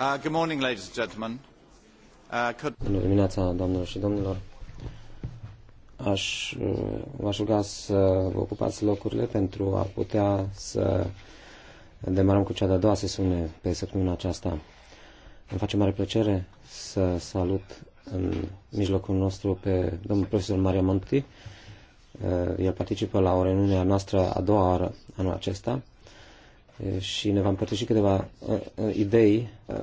Uh, uh, Bună dimineața, doamnelor și domnilor. Aș, uh, v-aș ruga să vă ocupați locurile pentru a putea să demarăm cu cea de-a doua sesiune pe săptămâna aceasta. Îmi face mare plăcere să salut în mijlocul nostru pe domnul profesor Maria Monti. El participă la o reuniune a noastră a doua oară anul acesta și ne va împărtăși câteva uh, uh, idei uh,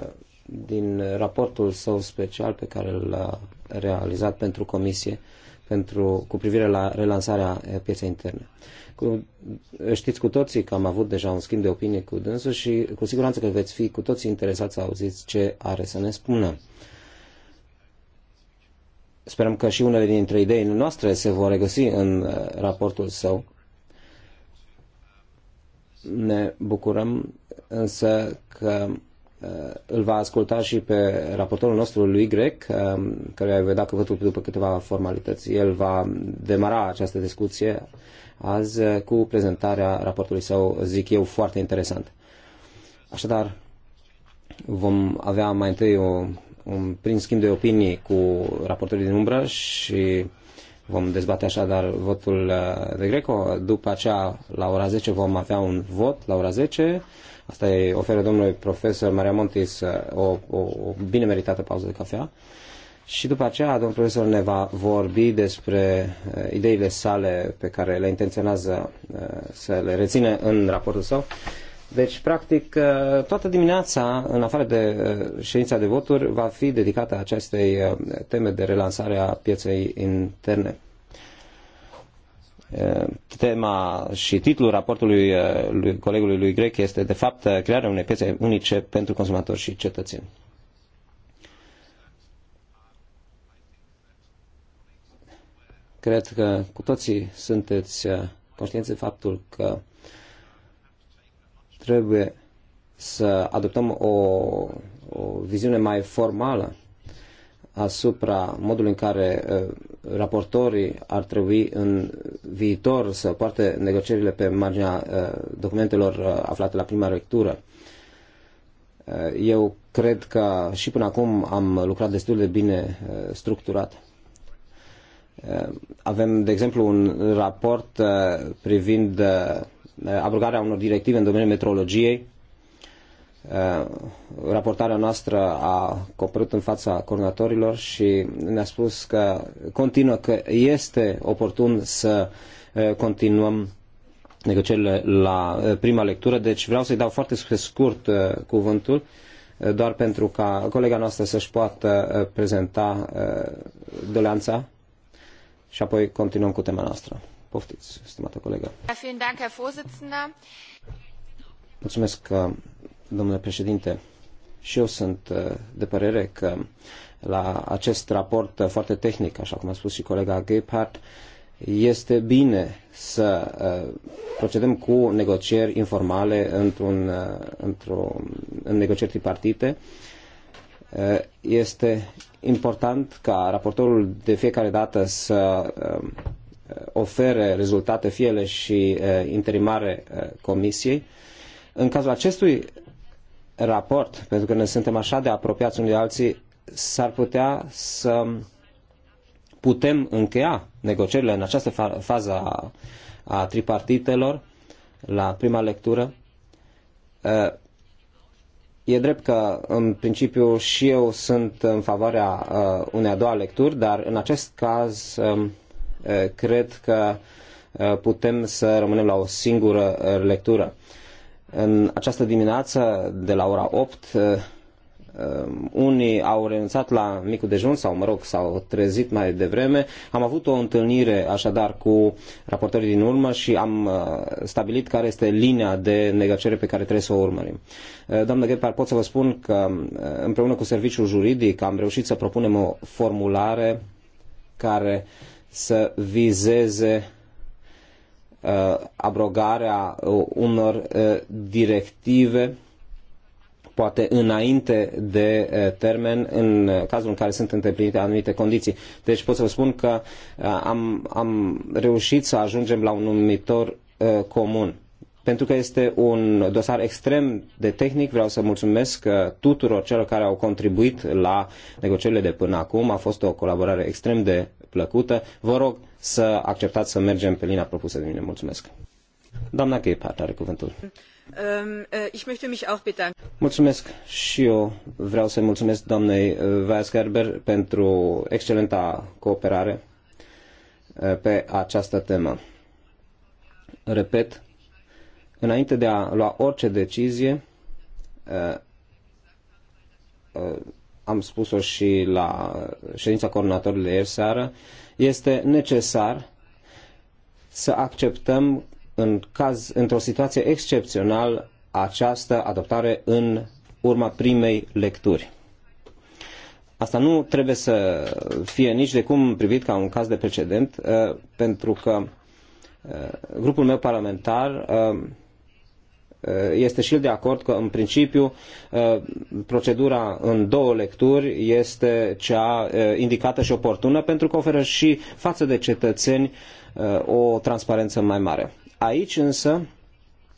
din raportul său special pe care l-a realizat pentru comisie pentru, cu privire la relansarea pieței interne. Cu, știți cu toții că am avut deja un schimb de opinie cu dânsul și cu siguranță că veți fi cu toții interesați să auziți ce are să ne spună. Sperăm că și unele dintre ideile noastre se vor regăsi în raportul său ne bucurăm însă că uh, îl va asculta și pe raportorul nostru, lui Grec, uh, care îi voi da cuvântul după câteva formalități. El va demara această discuție azi uh, cu prezentarea raportului său, zic eu, foarte interesant. Așadar, vom avea mai întâi o, un prim schimb de opinii cu raportorii din umbră și Vom dezbate așadar votul uh, de Greco. După aceea, la ora 10, vom avea un vot la ora 10. Asta îi oferă domnului profesor Maria Montis uh, o, o, o bine meritată pauză de cafea. Și după aceea, domnul profesor ne va vorbi despre uh, ideile sale pe care le intenționează uh, să le reține în raportul său. Deci, practic, uh, toată dimineața, în afară de uh, ședința de voturi, va fi dedicată acestei uh, teme de relansare a pieței interne. Tema și titlul raportului lui, colegului lui Grec este, de fapt, crearea unei piețe unice pentru consumatori și cetățeni. Cred că cu toții sunteți conștienți de faptul că Trebuie să adoptăm o, o viziune mai formală asupra modului în care uh, raportorii ar trebui în viitor să poarte negocierile pe marginea uh, documentelor uh, aflate la prima lectură. Eu cred că și până acum am lucrat destul de bine structurat. Avem, de exemplu, un raport privind abrogarea unor directive în domeniul metrologiei. Uh, raportarea noastră a coperut în fața coordonatorilor și ne-a spus că continuă că este oportun să uh, continuăm negocierile la uh, prima lectură, deci vreau să-i dau foarte scurt cuvântul doar pentru ca colega noastră să-și poată prezenta doleanța și apoi continuăm cu tema noastră. Poftiți, stimată colegă. Da, Mulțumesc, uh, domnule președinte. Și eu sunt uh, de părere că la acest raport uh, foarte tehnic, așa cum a spus și colega Gephardt, este bine să procedăm cu negocieri informale într-un, într-o, în negocieri tripartite. Este important ca raportorul de fiecare dată să Uh, ofere rezultate fiele și uh, interimare uh, comisiei. În cazul acestui raport, pentru că ne suntem așa de apropiați unii de alții, s-ar putea să putem încheia negocierile în această fază a, a tripartitelor la prima lectură. E drept că, în principiu, și eu sunt în favoarea unei a doua lecturi, dar în acest caz um, Eh, cred că eh, putem să rămânem la o singură eh, lectură. În această dimineață, de la ora 8, unii au renunțat la micul dejun sau, mă rog, s-au trezit mai devreme. Am avut o întâlnire așadar cu raportorii din urmă și am stabilit care este linia de negociere pe care trebuie să o urmărim. Doamnă Ghepar, pot să vă spun că împreună cu serviciul juridic am reușit să propunem o formulare care uh, să vizeze uh, abrogarea uh, unor uh, directive poate înainte de termen, în cazul în care sunt îndeplinite anumite condiții. Deci pot să vă spun că am, am reușit să ajungem la un numitor comun. Pentru că este un dosar extrem de tehnic, vreau să mulțumesc tuturor celor care au contribuit la negocierile de până acum. A fost o colaborare extrem de plăcută. Vă rog să acceptați să mergem pe linia propusă de mine. Mulțumesc. Doamna Gephardt are cuvântul. Um, uh, mulțumesc și eu vreau să-i mulțumesc doamnei uh, Weisgerber pentru excelenta cooperare uh, pe această temă. Repet, înainte de a lua orice decizie, am spus-o și la ședința coordonatorilor ieri seară, este necesar să acceptăm în caz, într-o situație excepțională această adoptare în urma primei lecturi. Asta nu trebuie să fie nici de cum privit ca un caz de precedent, uh, pentru că uh, grupul meu parlamentar uh, Eh, este și el de acord că, în principiu, eh, procedura în două lecturi este cea eh, indicată și oportună pentru că oferă și față de cetățeni o transparență mai mare. Aici însă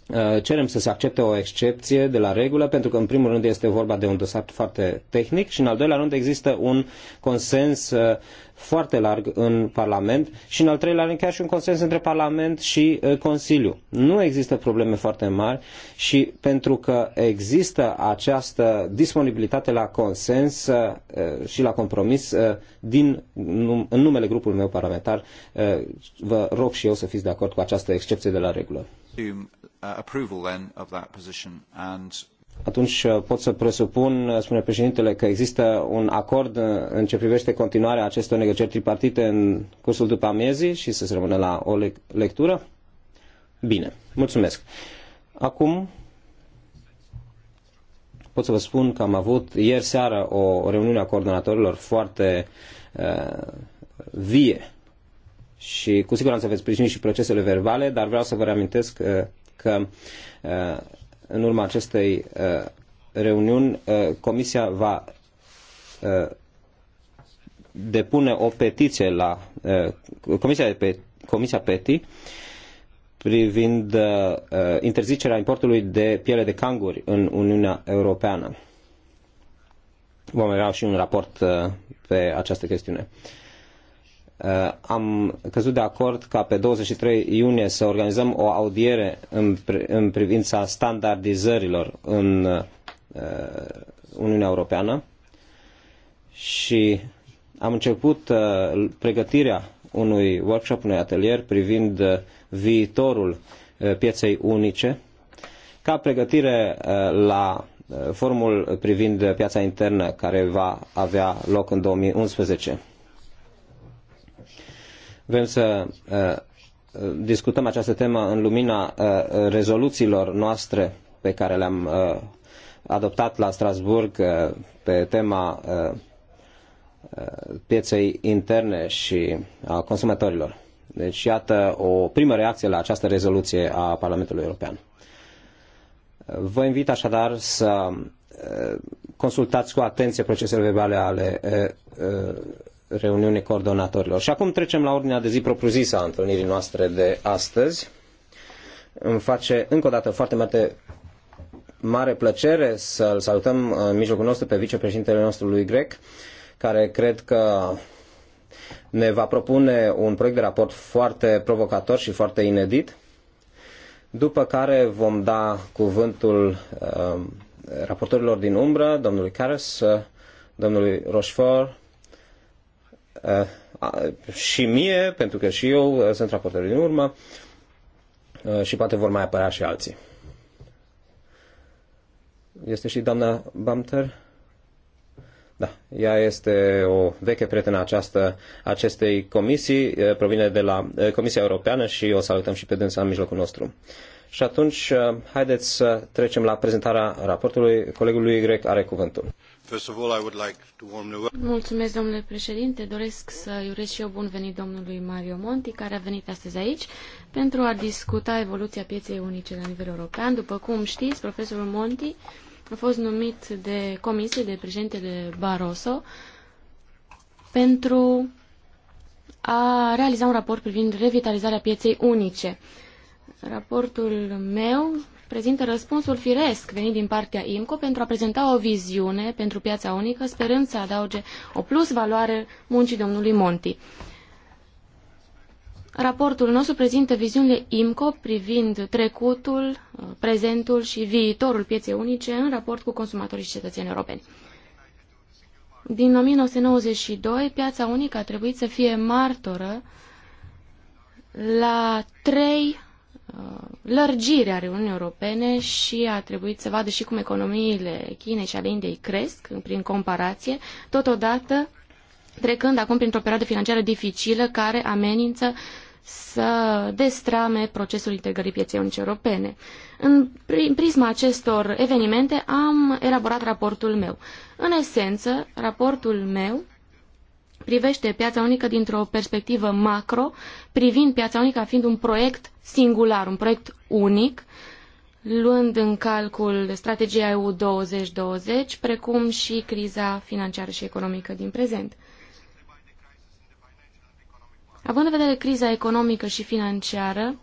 Uh, cerem să se accepte o excepție de la regulă, pentru că în primul rând este vorba de un dosar foarte tehnic și în al doilea rând există un consens uh, foarte larg în Parlament și în al treilea rând chiar și un consens între Parlament și uh, Consiliu. Nu există probleme foarte mari și pentru că există această disponibilitate la consens și la compromis din, în numele grupului meu parlamentar, vă rog și eu să fiți de acord cu această excepție de la regulă. Uh, Atunci uh, pot să presupun, uh, spune președintele, că există un acord în ce privește continuarea acestor negocieri tripartite în cursul după amiezii și să se rămână la o lectură? Bine, mulțumesc. Acum pot să vă spun că am avut ieri seară o reuniune a coordonatorilor foarte uh, vie și cu siguranță veți sprijini și procesele verbale, dar vreau să vă reamintesc uh, că uh, în urma acestei uh, reuniuni Comisia va depune o petiție la Comisia, de Comisia PETI privind interzicerea importului de piele de canguri în Uniunea Europeană. Vom avea și un raport pe această chestiune. Uh, am căzut de acord ca pe 23 iunie să organizăm o audiere în, în privința standardizărilor în uh, Uniunea Europeană și am început uh, pregătirea unui workshop, unui atelier privind viitorul pieței unice ca pregătire la formul privind piața internă care va avea loc în 2011. Vrem să uh, discutăm această temă în lumina uh, rezoluțiilor noastre pe care le-am uh, adoptat la Strasbourg pe tema pieței interne și a consumatorilor. Deci, iată o primă reacție la această rezoluție a Parlamentului European. Vă invit așadar să consultați cu atenție procesele verbale ale reuniune coordonatorilor. Și acum trecem la ordinea de zi propriu-zisă a întâlnirii noastre de astăzi. Îmi face încă o dată foarte mare, mare plăcere să-l salutăm în mijlocul nostru pe vicepreședintele nostru lui Grec, care cred că ne va propune un proiect de raport foarte provocator și foarte inedit, după care vom da cuvântul uh, raportorilor din umbră, domnului Caras, uh, domnului Rochefort, Uh, și mie, pentru că și eu uh, sunt raportorul din urmă uh, și poate vor mai apărea și alții. Este și doamna Bamter? Da, ea este o veche prietenă această, acestei comisii, provine de la Comisia Europeană și o salutăm și pe dânsa în mijlocul nostru. Și atunci, haideți să trecem la prezentarea raportului. Colegul lui Y are cuvântul. Mulțumesc, domnule președinte. Doresc să-i urez și eu bun venit domnului Mario Monti, care a venit astăzi aici pentru a discuta evoluția pieței unice la nivel european. După cum știți, profesorul Monti a fost numit de comisie de președintele Barroso pentru a realiza un raport privind revitalizarea pieței unice. Raportul meu prezintă răspunsul firesc venit din partea IMCO pentru a prezenta o viziune pentru piața unică, sperând să adauge o plus valoare muncii domnului Monti. Raportul nostru prezintă viziunile IMCO privind trecutul, prezentul și viitorul pieței unice în raport cu consumatorii și cetățenii europeni. Din 1992, piața unică a trebuit să fie martoră la trei Uh, lărgire a Uniunii Europene și a trebuit să vadă și cum economiile Chinei și ale Indiei cresc prin comparație, totodată trecând acum printr-o perioadă financiară dificilă care amenință să destrame procesul integrării pieței unice europene. În prisma acestor evenimente am elaborat raportul meu. În esență, raportul meu privește piața unică dintr-o perspectivă macro, privind piața unică fiind un proiect singular, un proiect unic, luând în calcul strategia EU 2020, precum și criza financiară și economică din prezent. Având în vedere criza economică și financiară,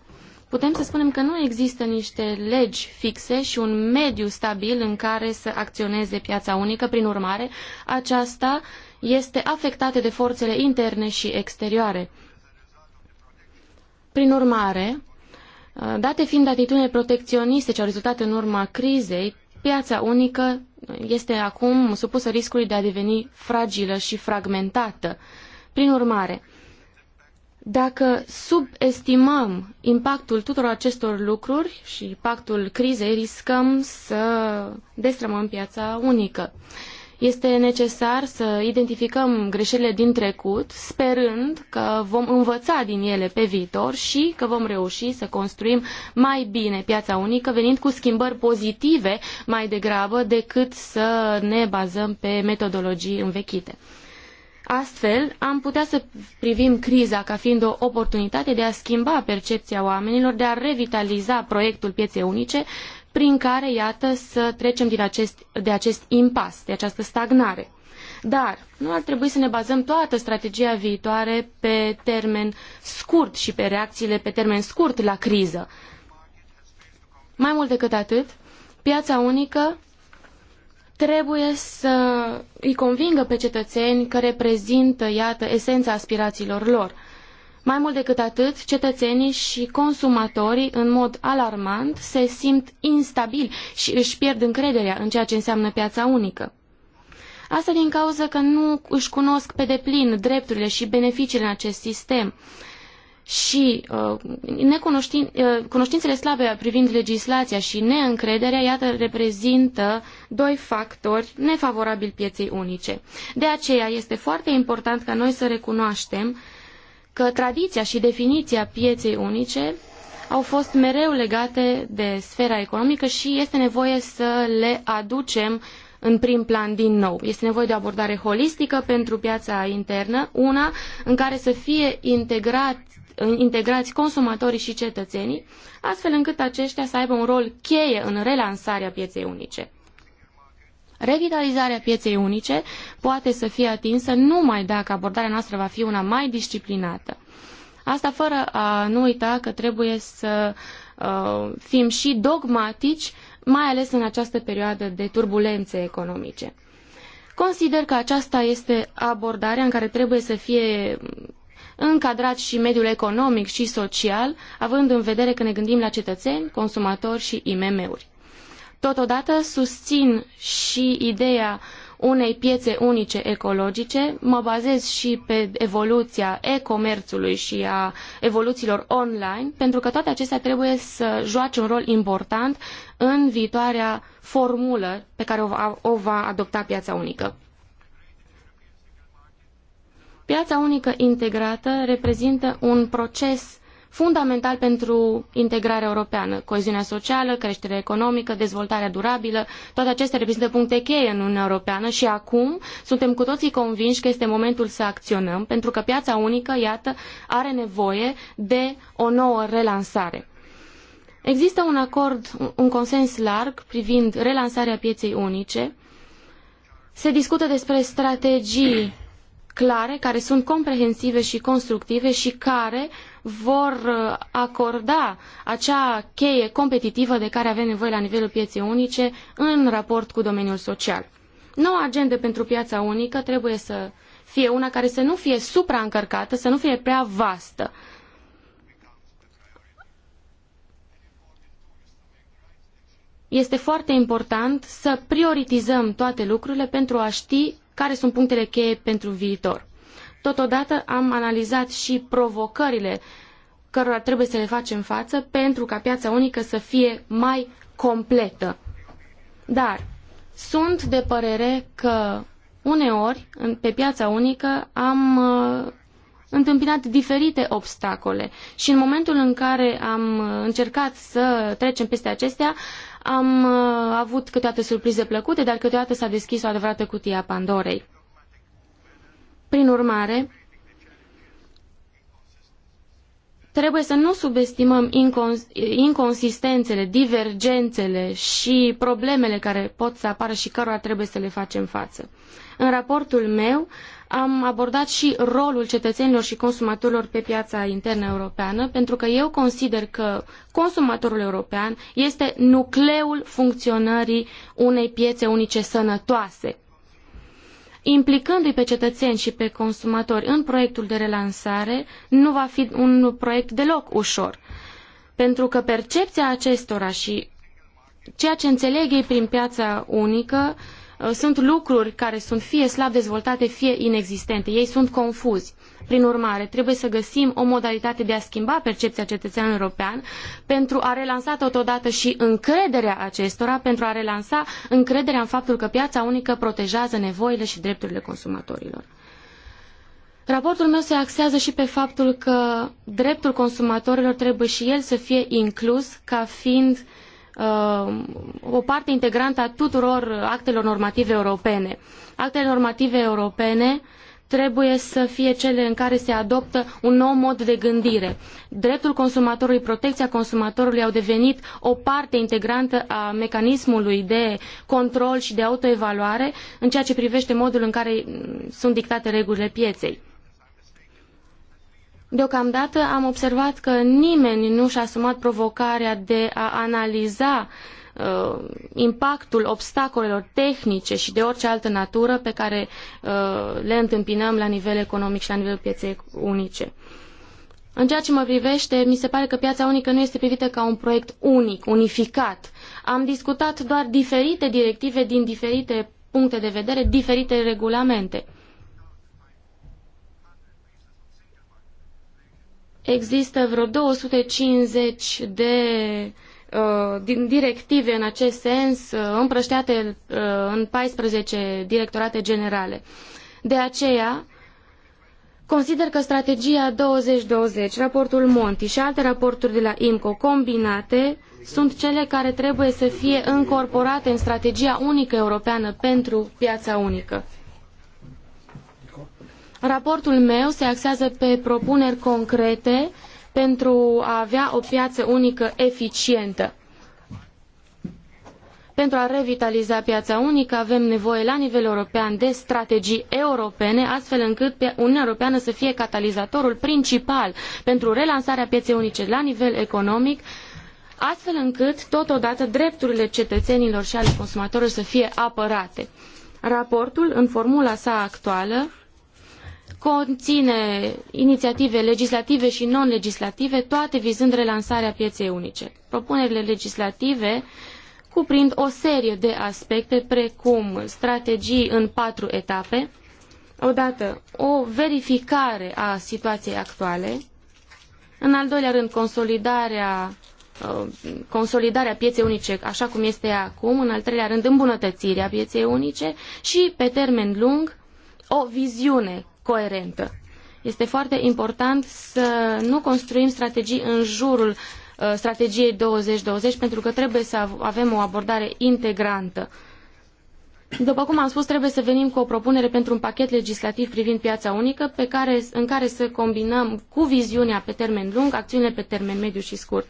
putem să spunem că nu există niște legi fixe și un mediu stabil în care să acționeze piața unică. Prin urmare, aceasta este afectată de forțele interne și exterioare. Prin urmare, date fiind atitudine protecționiste ce au rezultat în urma crizei, piața unică este acum supusă riscului de a deveni fragilă și fragmentată. Prin urmare, dacă subestimăm impactul tuturor acestor lucruri și impactul crizei, riscăm să destrămăm piața unică. Este necesar să identificăm greșelile din trecut, sperând că vom învăța din ele pe viitor și că vom reuși să construim mai bine piața unică, venind cu schimbări pozitive mai degrabă decât să ne bazăm pe metodologii învechite. Astfel, am putea să privim criza ca fiind o oportunitate de a schimba percepția oamenilor, de a revitaliza proiectul pieței unice prin care, iată, să trecem din acest, de acest impas, de această stagnare. Dar nu ar trebui să ne bazăm toată strategia viitoare pe termen scurt și pe reacțiile pe termen scurt la criză. Mai mult decât atât, piața unică trebuie să îi convingă pe cetățeni că reprezintă, iată, esența aspirațiilor lor. Mai mult decât atât, cetățenii și consumatorii, în mod alarmant, se simt instabili și își pierd încrederea în ceea ce înseamnă piața unică. Asta din cauza că nu își cunosc pe deplin drepturile și beneficiile în acest sistem. Și uh, uh cunoștințele slabe privind legislația și neîncrederea, iată, reprezintă doi factori nefavorabili pieței unice. De aceea este foarte important ca noi să recunoaștem uh, că tradiția și definiția pieței unice au fost mereu legate de sfera economică și este nevoie să le aducem în prim plan din nou. Este nevoie de o abordare holistică pentru piața internă, una în care să fie integrat, integrați consumatorii și cetățenii, astfel încât aceștia să aibă un rol cheie în relansarea pieței unice. Revitalizarea pieței unice poate să fie atinsă numai dacă abordarea noastră va fi una mai disciplinată. Asta fără a nu uita că trebuie să uh, fim și dogmatici, mai ales în această perioadă de turbulențe economice. Consider că aceasta este abordarea în care trebuie să fie încadrat și mediul economic și social, având în vedere că ne gândim la cetățeni, consumatori și IMM-uri. Totodată susțin și ideea unei piețe unice ecologice, mă bazez și pe evoluția e-comerțului și a evoluțiilor online, pentru că toate acestea trebuie să joace un rol important în viitoarea formulă pe care o va, o va adopta piața unică. Piața unică integrată reprezintă un proces fundamental pentru integrarea europeană. Coeziunea socială, creșterea economică, dezvoltarea durabilă, toate acestea reprezintă puncte cheie în Uniunea Europeană și acum suntem cu toții convinși că este momentul să acționăm, pentru că piața unică, iată, are nevoie de o nouă relansare. Există un acord, un consens larg privind relansarea pieței unice. Se discută despre strategii clare, care sunt comprehensive și constructive și care vor uh, acorda acea cheie competitivă de care avem nevoie la nivelul pieței unice în raport cu domeniul social. Noua agendă pentru piața unică trebuie să fie una care să nu fie supraîncărcată, să nu fie prea vastă. Este foarte important să prioritizăm toate lucrurile pentru a ști care sunt punctele cheie pentru viitor. Totodată am analizat și provocările cărora trebuie să le facem față pentru ca piața unică să fie mai completă. Dar sunt de părere că uneori pe piața unică am uh, întâmpinat diferite obstacole și în momentul în care am uh, încercat să trecem peste acestea, am uh, avut câteodată surprize plăcute, dar câteodată s-a deschis o adevărată cutie a Pandorei. Prin urmare, trebuie să nu subestimăm incons inconsistențele, divergențele și problemele care pot să apară și cărora trebuie să le facem față. În raportul meu am abordat și rolul cetățenilor și consumatorilor pe piața internă europeană, pentru că eu consider că consumatorul european este nucleul funcționării unei piețe unice sănătoase implicându-i pe cetățeni și pe consumatori în proiectul de relansare, nu va fi un proiect deloc ușor. Pentru că percepția acestora și ceea ce înțeleg ei prin piața unică Uh, sunt lucruri care sunt fie slab dezvoltate, fie inexistente. Ei sunt confuzi. Prin urmare, trebuie să găsim o modalitate de a schimba percepția cetățeanului european pentru a relansa totodată și încrederea acestora, pentru a relansa încrederea în faptul că piața unică protejează nevoile și drepturile consumatorilor. Raportul meu se axează și pe faptul că dreptul consumatorilor trebuie și el să fie inclus ca fiind uh, Uh, o parte integrantă a tuturor actelor normative europene. Actele normative europene trebuie să fie cele în care se adoptă un nou mod de gândire. Dreptul consumatorului, protecția consumatorului au devenit o parte integrantă a mecanismului de control și de autoevaluare în ceea ce privește modul în care sunt dictate regulile pieței. Deocamdată am observat că nimeni nu și-a asumat provocarea de a analiza uh, impactul obstacolelor tehnice și de orice altă natură pe care uh, le întâmpinăm la nivel economic și la nivelul pieței unice. În ceea ce mă privește, mi se pare că piața unică nu este privită ca un proiect unic, unificat. Am discutat doar diferite directive din diferite puncte de vedere, diferite regulamente. Există vreo 250 de uh, din directive în acest sens uh, împrăștiate uh, în 14 directorate generale. De aceea, consider că strategia 2020, raportul Monti și alte raporturi de la IMCO combinate sunt cele care trebuie să fie încorporate în strategia unică europeană pentru piața unică. Raportul meu se axează pe propuneri concrete pentru a avea o piață unică eficientă. Pentru a revitaliza piața unică avem nevoie la nivel european de strategii europene, astfel încât Uniunea Europeană să fie catalizatorul principal pentru relansarea pieței unice la nivel economic, astfel încât totodată drepturile cetățenilor și ale consumatorilor să fie apărate. Raportul, în formula sa actuală, conține inițiative legislative și non-legislative, toate vizând relansarea pieței unice. Propunerile legislative cuprind o serie de aspecte precum strategii în patru etape, odată o verificare a situației actuale, în al doilea rând consolidarea uh, consolidarea pieței unice așa cum este ea acum, în al treilea rând îmbunătățirea pieței unice și, pe termen lung, o viziune coerentă. Este foarte important să nu construim strategii în jurul uh, strategiei 2020 pentru că trebuie să avem o abordare integrantă. După cum am spus, trebuie să venim cu o propunere pentru un pachet legislativ privind piața unică pe care, în care să combinăm cu viziunea pe termen lung acțiunile pe termen mediu și scurt.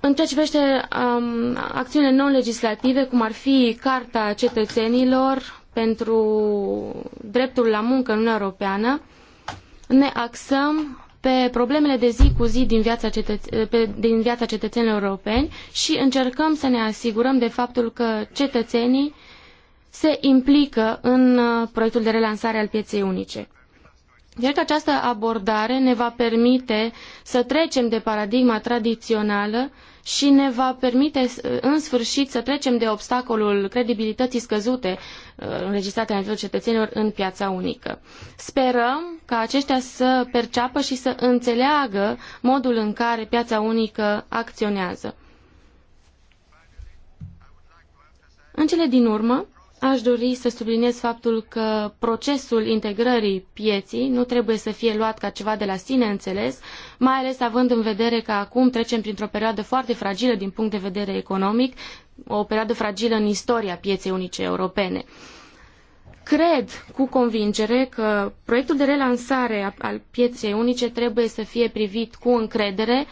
În ceea ce privește um, acțiunile non-legislative, cum ar fi Carta Cetățenilor, pentru dreptul la muncă în Uniunea Europeană, ne axăm pe problemele de zi cu zi din viața, cetăț- pe, din viața cetățenilor europeni și încercăm să ne asigurăm de faptul că cetățenii se implică în uh, proiectul de relansare al pieței unice. Cred că această abordare ne va permite să trecem de paradigma tradițională uh, și ne va permite în sfârșit să trecem de obstacolul credibilității scăzute uh, înregistrate la nivelul cetățenilor în piața unică. Sperăm ca aceștia să perceapă și să înțeleagă modul în care piața unică acționează. În cele din urmă, Aș dori să subliniez faptul că procesul integrării pieții nu trebuie să fie luat ca ceva de la sine înțeles, mai ales având în vedere că acum trecem printr-o perioadă foarte fragilă din punct de vedere economic, o perioadă fragilă în istoria pieței unice europene. Cred cu convingere că proiectul de relansare al pieței unice trebuie să fie privit cu încredere uh,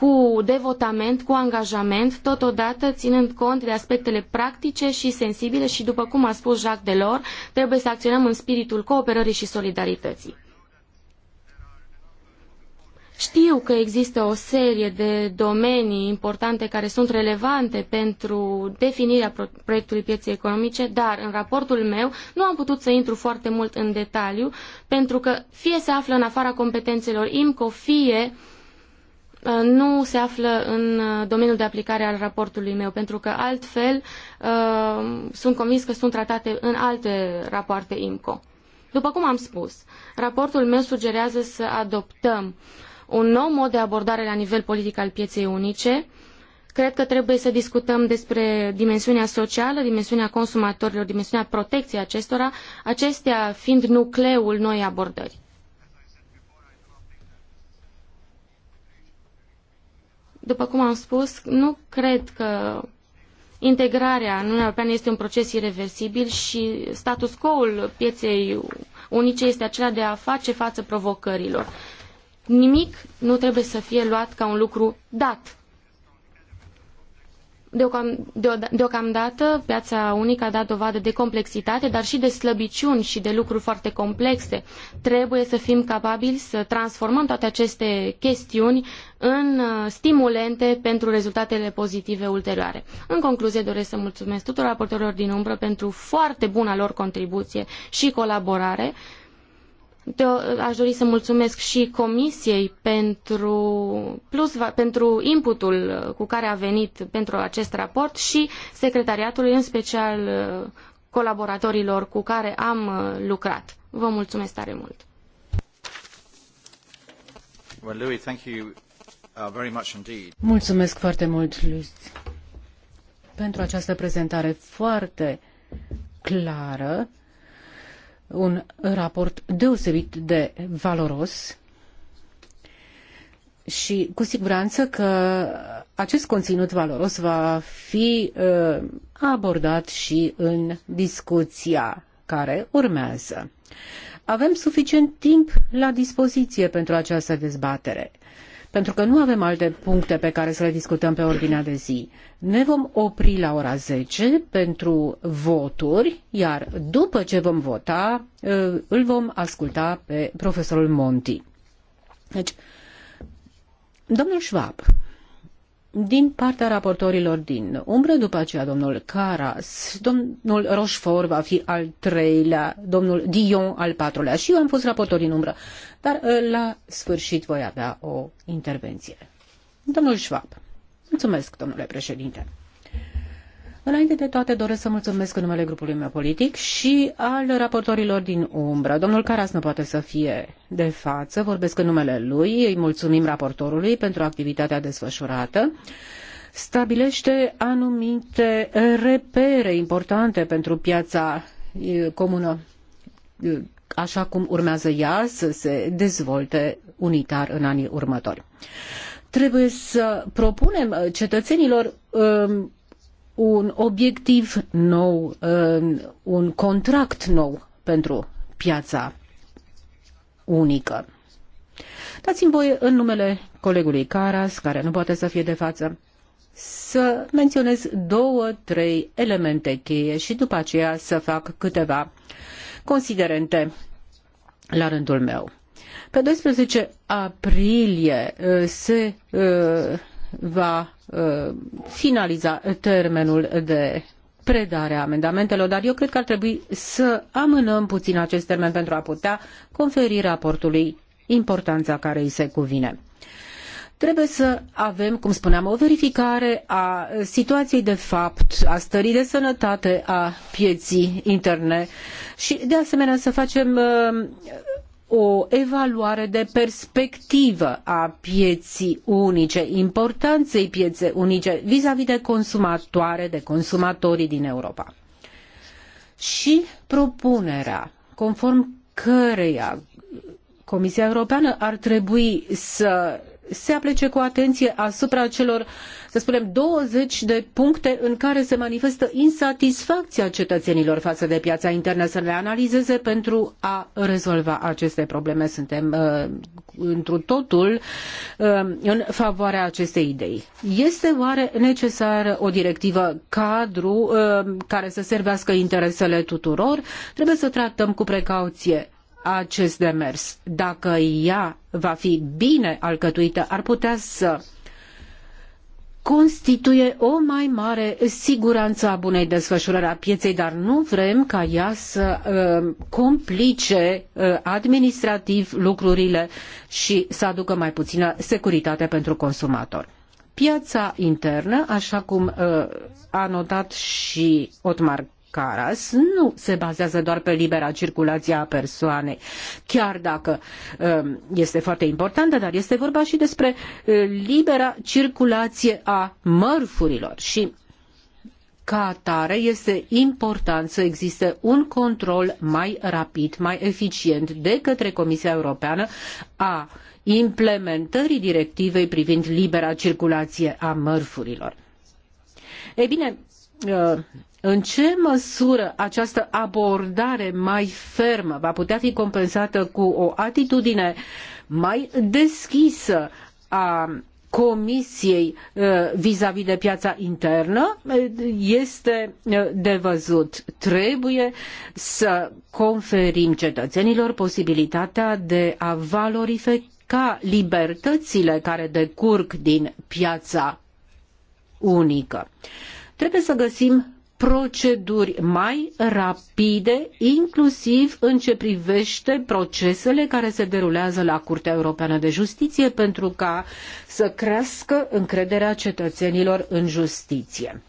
cu devotament, cu angajament, totodată ținând cont de aspectele practice și sensibile și, după cum a spus Jacques Delors, trebuie să acționăm în spiritul cooperării și solidarității. Știu că există o serie de domenii importante care sunt relevante pentru definirea proiectului pieței economice, dar în raportul meu nu am putut să intru foarte mult în detaliu, pentru că fie se află în afara competențelor IMCO, fie uh, Uh, nu se află în uh, domeniul de aplicare al raportului meu, pentru că altfel uh, sunt convins că sunt tratate în alte rapoarte IMCO. După cum am spus, raportul meu sugerează să adoptăm un nou mod de abordare la nivel politic al pieței unice. Cred că trebuie să discutăm despre dimensiunea socială, dimensiunea consumatorilor, dimensiunea protecției acestora, acestea fiind nucleul noii abordări. După cum am spus, nu cred că integrarea în Uniunea Europeană este un proces irreversibil și status quo-ul pieței unice este acela de a face față provocărilor. Nimic nu trebuie să fie luat ca un lucru dat. Deocam, deocamdată, piața unică a dat dovadă de complexitate, dar și de slăbiciuni și de lucruri foarte complexe. Trebuie să fim capabili să transformăm toate aceste chestiuni în uh, stimulente pentru rezultatele pozitive ulterioare. În concluzie, doresc să mulțumesc tuturor raportorilor din umbră pentru foarte buna lor contribuție și colaborare aș dori să mulțumesc și Comisiei pentru, plus, pentru inputul uh, cu care a venit pentru acest raport și secretariatului, în special uh, colaboratorilor cu care am uh, lucrat. Vă mulțumesc tare mult! Well, Louis, thank you very much indeed. Mulțumesc foarte mult, Louis, pentru această prezentare foarte clară un raport deosebit de valoros și cu siguranță că acest conținut valoros va fi uh, abordat și în discuția care urmează. Avem suficient timp la dispoziție pentru această dezbatere pentru că nu avem alte puncte pe care să le discutăm pe ordinea de zi. Ne vom opri la ora 10 pentru voturi, iar după ce vom vota, ă, îl vom asculta pe profesorul Monti. Deci, domnul Schwab, din partea raportorilor din umbră, după aceea domnul Caras, domnul Rochefort va fi al treilea, domnul Dion al patrulea și eu am fost raportor din umbră. Dar uh, la sfârșit voi avea o intervenție. Domnul Schwab. Mulțumesc, domnule președinte. Înainte de toate, doresc să mulțumesc în numele grupului meu politic și al raportorilor din umbră. Domnul Caras nu poate să fie de față, vorbesc în numele lui, îi mulțumim raportorului pentru activitatea desfășurată stabilește anumite repere importante pentru piața comună, așa cum urmează ea să se dezvolte unitar în anii următori. Trebuie să propunem uh, cetățenilor um, un obiectiv nou, un contract nou pentru piața unică. Dați-mi voie în numele colegului Caras, care nu poate să fie de față, să menționez două, trei elemente cheie și după aceea să fac câteva considerente la rândul meu. Pe 12 aprilie uh, se uh, va uh, finaliza termenul de predare a amendamentelor, dar eu cred că ar trebui să amânăm puțin acest termen pentru a putea conferi raportului importanța care îi se cuvine. Trebuie să avem, cum spuneam, o verificare a situației de fapt, a stării de sănătate a pieții interne și, de asemenea, să facem uh, o evaluare de perspectivă a pieții unice, importanței pieței unice vis-a-vis de consumatoare, de consumatorii din Europa. Și propunerea conform căreia Comisia Europeană ar trebui să se aplece cu atenție asupra celor, să spunem, 20 de puncte în care se manifestă insatisfacția cetățenilor față de piața internă, să le analizeze pentru a rezolva aceste probleme. Suntem uh, întru totul uh, în favoarea acestei idei. Este oare necesară o directivă cadru uh, care să servească interesele tuturor? Trebuie să tratăm cu precauție acest demers. Dacă ea va fi bine alcătuită, ar putea să constituie o mai mare siguranță a bunei desfășurări a pieței, dar nu vrem ca ea să uh, complice uh, administrativ lucrurile și să aducă mai puțină securitate pentru consumator. Piața internă, așa cum uh, a notat și Otmar Caras nu se bazează doar pe libera circulație a persoanei, chiar dacă um, este foarte importantă, dar este vorba și despre uh, libera circulație a mărfurilor și ca atare este important să existe un control mai rapid, mai eficient de către Comisia Europeană a implementării directivei privind libera circulație a mărfurilor. Ei bine, uh, în ce măsură această abordare mai fermă va putea fi compensată cu o atitudine mai deschisă a Comisiei uh, vis-a-vis de piața internă este uh, de văzut. Trebuie să conferim cetățenilor posibilitatea de a valorifica libertățile care decurg din piața unică. Trebuie să găsim proceduri mai rapide, inclusiv în ce privește procesele care se derulează la Curtea Europeană de Justiție, pentru ca să crească încrederea cetățenilor în justiție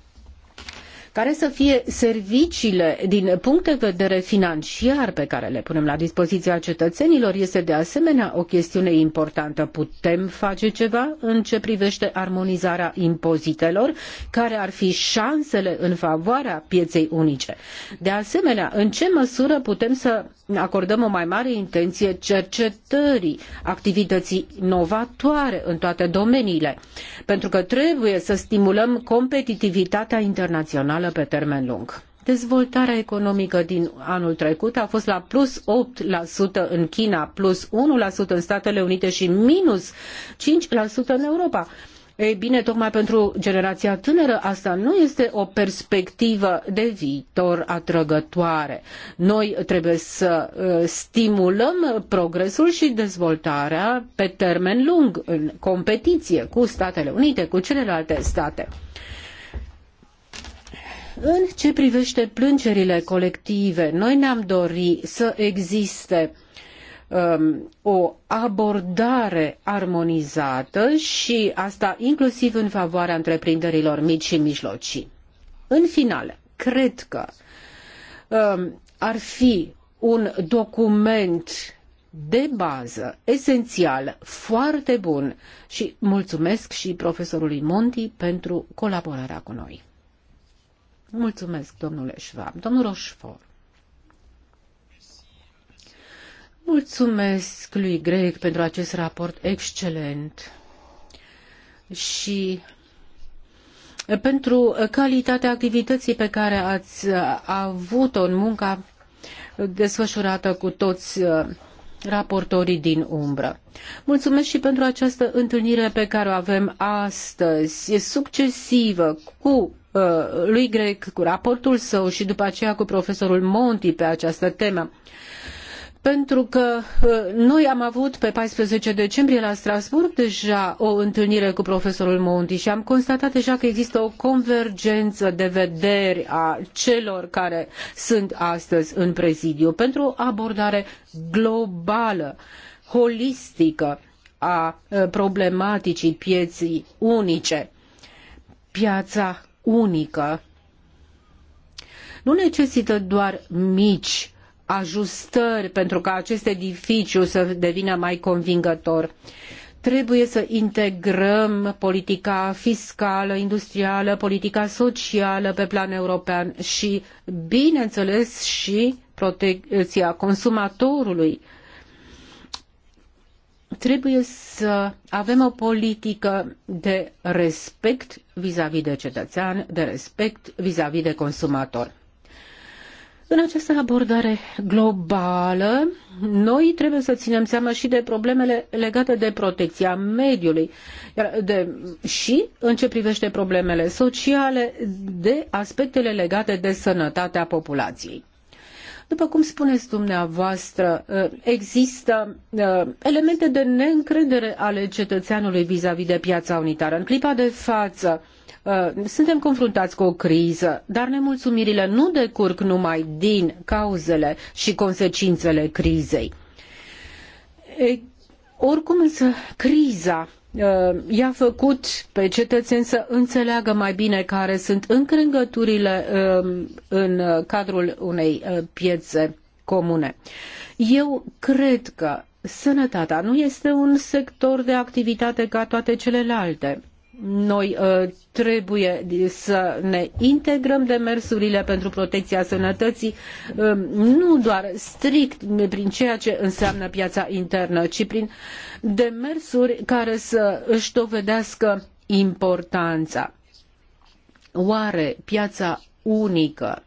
care să fie serviciile din punct de vedere financiar pe care le punem la dispoziția cetățenilor este de asemenea o chestiune importantă. Putem face ceva în ce privește armonizarea impozitelor, care ar fi șansele în favoarea pieței unice. De asemenea, în ce măsură putem să acordăm o mai mare intenție cercetării, activității novatoare în toate domeniile, pentru că trebuie să stimulăm competitivitatea internațională regională pe termen lung. Dezvoltarea economică din anul trecut a fost la plus 8% în China, plus 1% în Statele Unite și minus 5% în Europa. Ei bine, tocmai pentru generația tânără asta nu este o perspectivă de viitor atrăgătoare. Noi trebuie să uh, stimulăm progresul și dezvoltarea pe termen lung în competiție cu Statele Unite, cu celelalte state. În ce privește plângerile colective, noi ne-am dorit să existe um, o abordare armonizată și asta inclusiv în favoarea întreprinderilor mici și mijlocii. În final, cred că um, ar fi un document de bază, esențial, foarte bun și mulțumesc și profesorului Monti pentru colaborarea cu noi. Mulțumesc, domnule Schwab. Domnul Rochefort. Mulțumesc lui Greg pentru acest raport excelent și pentru calitatea activității pe care ați avut-o în munca desfășurată cu toți uh, raportorii din umbră. Mulțumesc și pentru această întâlnire pe care o avem astăzi, e succesivă cu Uh, lui Greg cu raportul său și după aceea cu profesorul Monti pe această temă pentru că uh, noi am avut pe 14 decembrie la Strasbourg deja o întâlnire cu profesorul Monti și am constatat deja că există o convergență de vederi a celor care sunt astăzi în prezidiu pentru o abordare globală, holistică a uh, problematicii pieții unice. Piața unică nu necesită doar mici ajustări pentru ca acest edificiu să devină mai convingător. Trebuie să integrăm politica fiscală, industrială, politica socială pe plan european și, bineînțeles, și protecția consumatorului Trebuie să avem o politică de respect vis-a-vis -vis de cetățean, de respect vis-a-vis -vis de consumator. În această abordare globală, noi trebuie să ținem seama și de problemele legate de protecția mediului iar de, și, în ce privește problemele sociale, de aspectele legate de sănătatea populației. După cum spuneți dumneavoastră, ă, există ă, elemente de neîncredere ale cetățeanului vis-a-vis de piața unitară. În clipa de față, ă, suntem confruntați cu o criză, dar nemulțumirile nu decurg numai din cauzele și consecințele crizei. Oricum însă, criza Uh, i-a făcut pe cetățeni să înțeleagă mai bine care sunt încrângăturile um, în cadrul unei uh, piețe comune. Eu cred că sănătatea nu este un sector de activitate ca toate celelalte. Noi uh, trebuie să ne integrăm demersurile pentru protecția sănătății, uh, nu doar strict prin ceea ce înseamnă piața internă, ci prin demersuri care să își dovedească importanța. Oare piața unică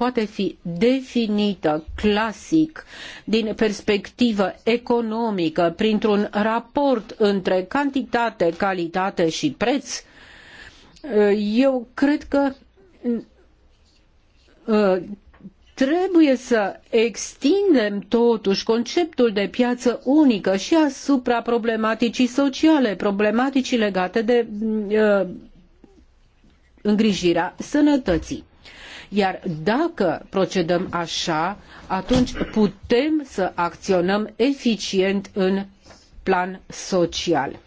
poate fi definită clasic din perspectivă economică printr-un raport între cantitate, calitate și preț, eu cred că uh, trebuie să extindem totuși conceptul de piață unică și asupra problematicii sociale, problematicii legate de uh, îngrijirea sănătății. Iar dacă procedăm așa, atunci putem să acționăm eficient în plan social.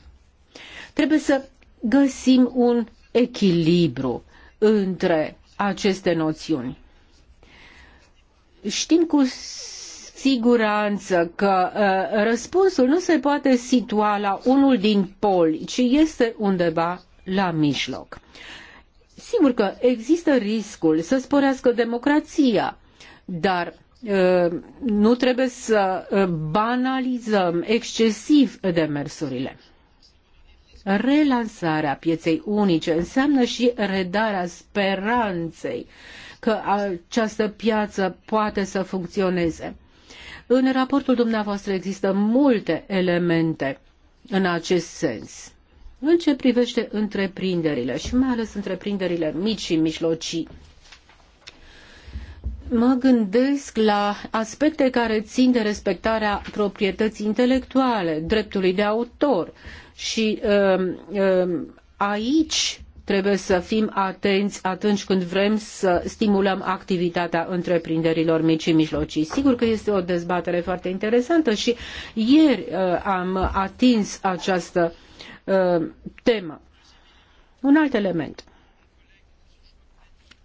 Trebuie să găsim un echilibru între aceste noțiuni. Știm cu siguranță că uh, răspunsul nu se poate situa la unul din poli, ci este undeva la mijloc. Sigur că există riscul să sporească democrația, dar nu trebuie să banalizăm excesiv demersurile. Relansarea pieței unice înseamnă și redarea speranței că această piață poate să funcționeze. În raportul dumneavoastră există multe elemente în acest sens. În ce privește întreprinderile și mai ales întreprinderile mici și mijlocii, mă gândesc la aspecte care țin de respectarea proprietății intelectuale, dreptului de autor și um, um, aici trebuie să fim atenți atunci când vrem să stimulăm activitatea întreprinderilor mici și mijlocii. Sigur că este o dezbatere foarte interesantă și ieri uh, am atins această uh, Uh, temă. Un alt element.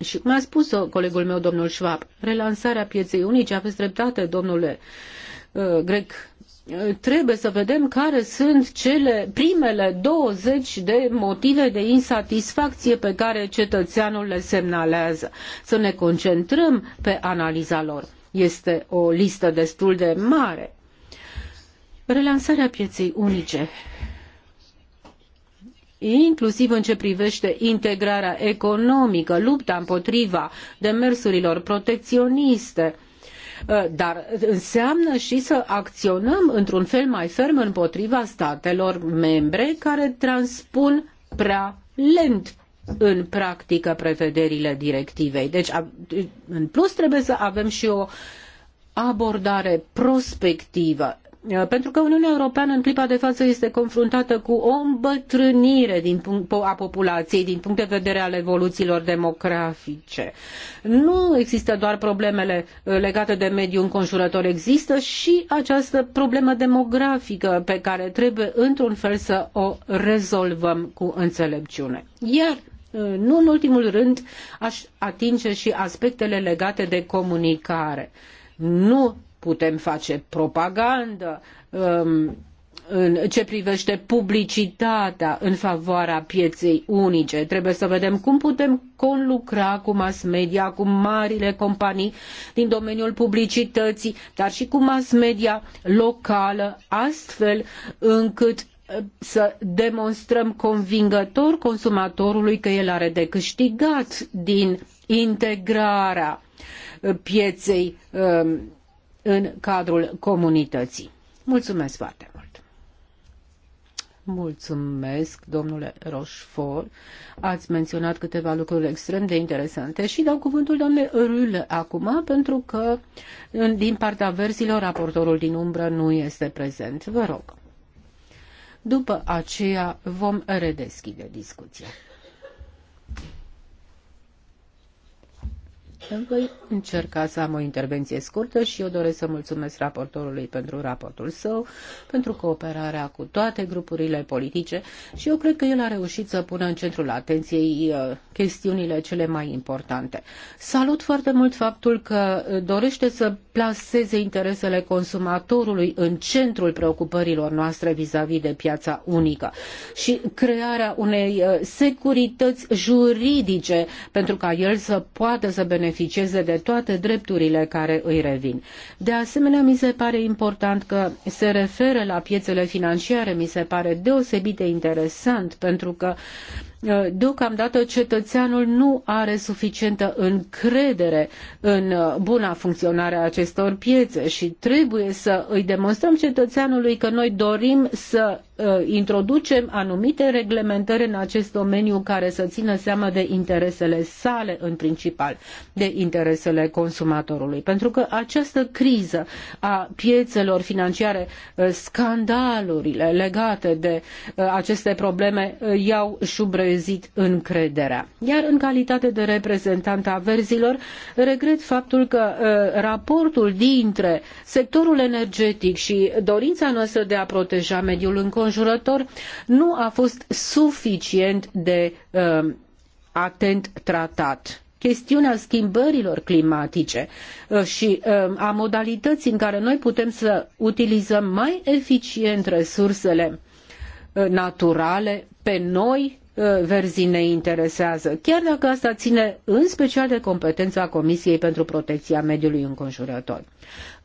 Și cum a spus colegul meu, domnul Schwab, relansarea pieței unice, aveți dreptate, domnule uh, grec, uh, trebuie să vedem care sunt cele primele 20 de motive de insatisfacție pe care cetățeanul le semnalează. Să ne concentrăm pe analiza lor. Este o listă destul de mare. Relansarea pieței unice inclusiv în ce privește integrarea economică, lupta împotriva demersurilor protecționiste, uh, dar înseamnă și să acționăm într-un fel mai ferm împotriva statelor membre care transpun prea lent în practică prevederile directivei. Deci, în plus, trebuie să avem și o abordare prospectivă. Uh, pentru că Uniunea Europeană în clipa de față este confruntată cu o îmbătrânire din punct, a populației din punct de vedere al evoluțiilor demografice. Nu există doar problemele uh, legate de mediul înconjurător, există și această problemă demografică pe care trebuie într-un fel să o rezolvăm cu înțelepciune. Iar uh, nu în ultimul rând aș atinge și aspectele legate de comunicare. Nu putem face propagandă um, în ce privește publicitatea în favoarea pieței unice. Trebuie să vedem cum putem conlucra cu mass media, cu marile companii din domeniul publicității, dar și cu mass media locală, astfel încât uh, să demonstrăm convingător consumatorului că el are de câștigat din integrarea pieței um, în cadrul comunității. Mulțumesc foarte mult! Mulțumesc, domnule Rochefort. Ați menționat câteva lucruri extrem de interesante și dau cuvântul doamnei Râle acum, pentru că din partea verzilor raportorul din umbră nu este prezent. Vă rog. După aceea vom redeschide discuția. Voi încerca să am o intervenție scurtă și eu doresc să mulțumesc raportorului pentru raportul său, pentru cooperarea cu toate grupurile politice și eu cred că el a reușit să pună în centrul atenției uh, chestiunile cele mai importante. Salut foarte mult faptul că uh, dorește să plaseze interesele consumatorului în centrul preocupărilor noastre vis-a-vis de piața unică și crearea unei uh, securități juridice pentru ca el să poată să beneficieze de toate drepturile care îi revin. De asemenea, mi se pare important că se referă la piețele financiare, mi se pare deosebit de interesant pentru că Uh, deocamdată cetățeanul nu are suficientă încredere în uh, buna funcționare a acestor piețe și trebuie să îi demonstrăm cetățeanului că noi dorim să uh, introducem anumite reglementări în acest domeniu care să țină seama de interesele sale în principal, de interesele consumatorului. Pentru că această criză a piețelor financiare, scandalurile legate de aceste probleme iau șubre trezit încrederea. Iar în calitate de reprezentant a verzilor, regret faptul că uh, raportul dintre sectorul energetic și dorința noastră de a proteja mediul înconjurător nu a fost suficient de uh, atent tratat chestiunea schimbărilor climatice uh, și a modalității în care noi putem să utilizăm mai eficient resursele naturale pe noi Uh, verzii ne interesează, chiar dacă asta ține în special de competența Comisiei pentru Protecția Mediului Înconjurător.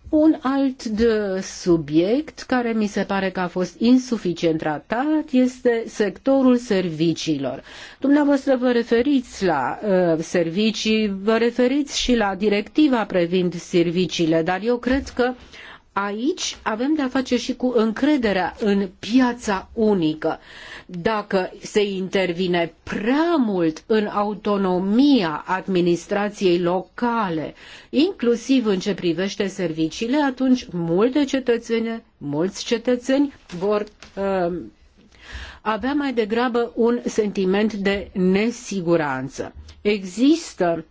Un alt de subiect care mi se pare că a fost insuficient tratat este sectorul serviciilor. Dumneavoastră vă referiți la uh, servicii, vă referiți și la directiva privind serviciile, dar eu cred că uh, Aici avem de-a face și cu încrederea în piața unică. Dacă se intervine prea mult în autonomia administrației locale, inclusiv în ce privește serviciile, atunci multe cetățeni, mulți cetățeni vor uh, avea mai degrabă un sentiment de nesiguranță. Există,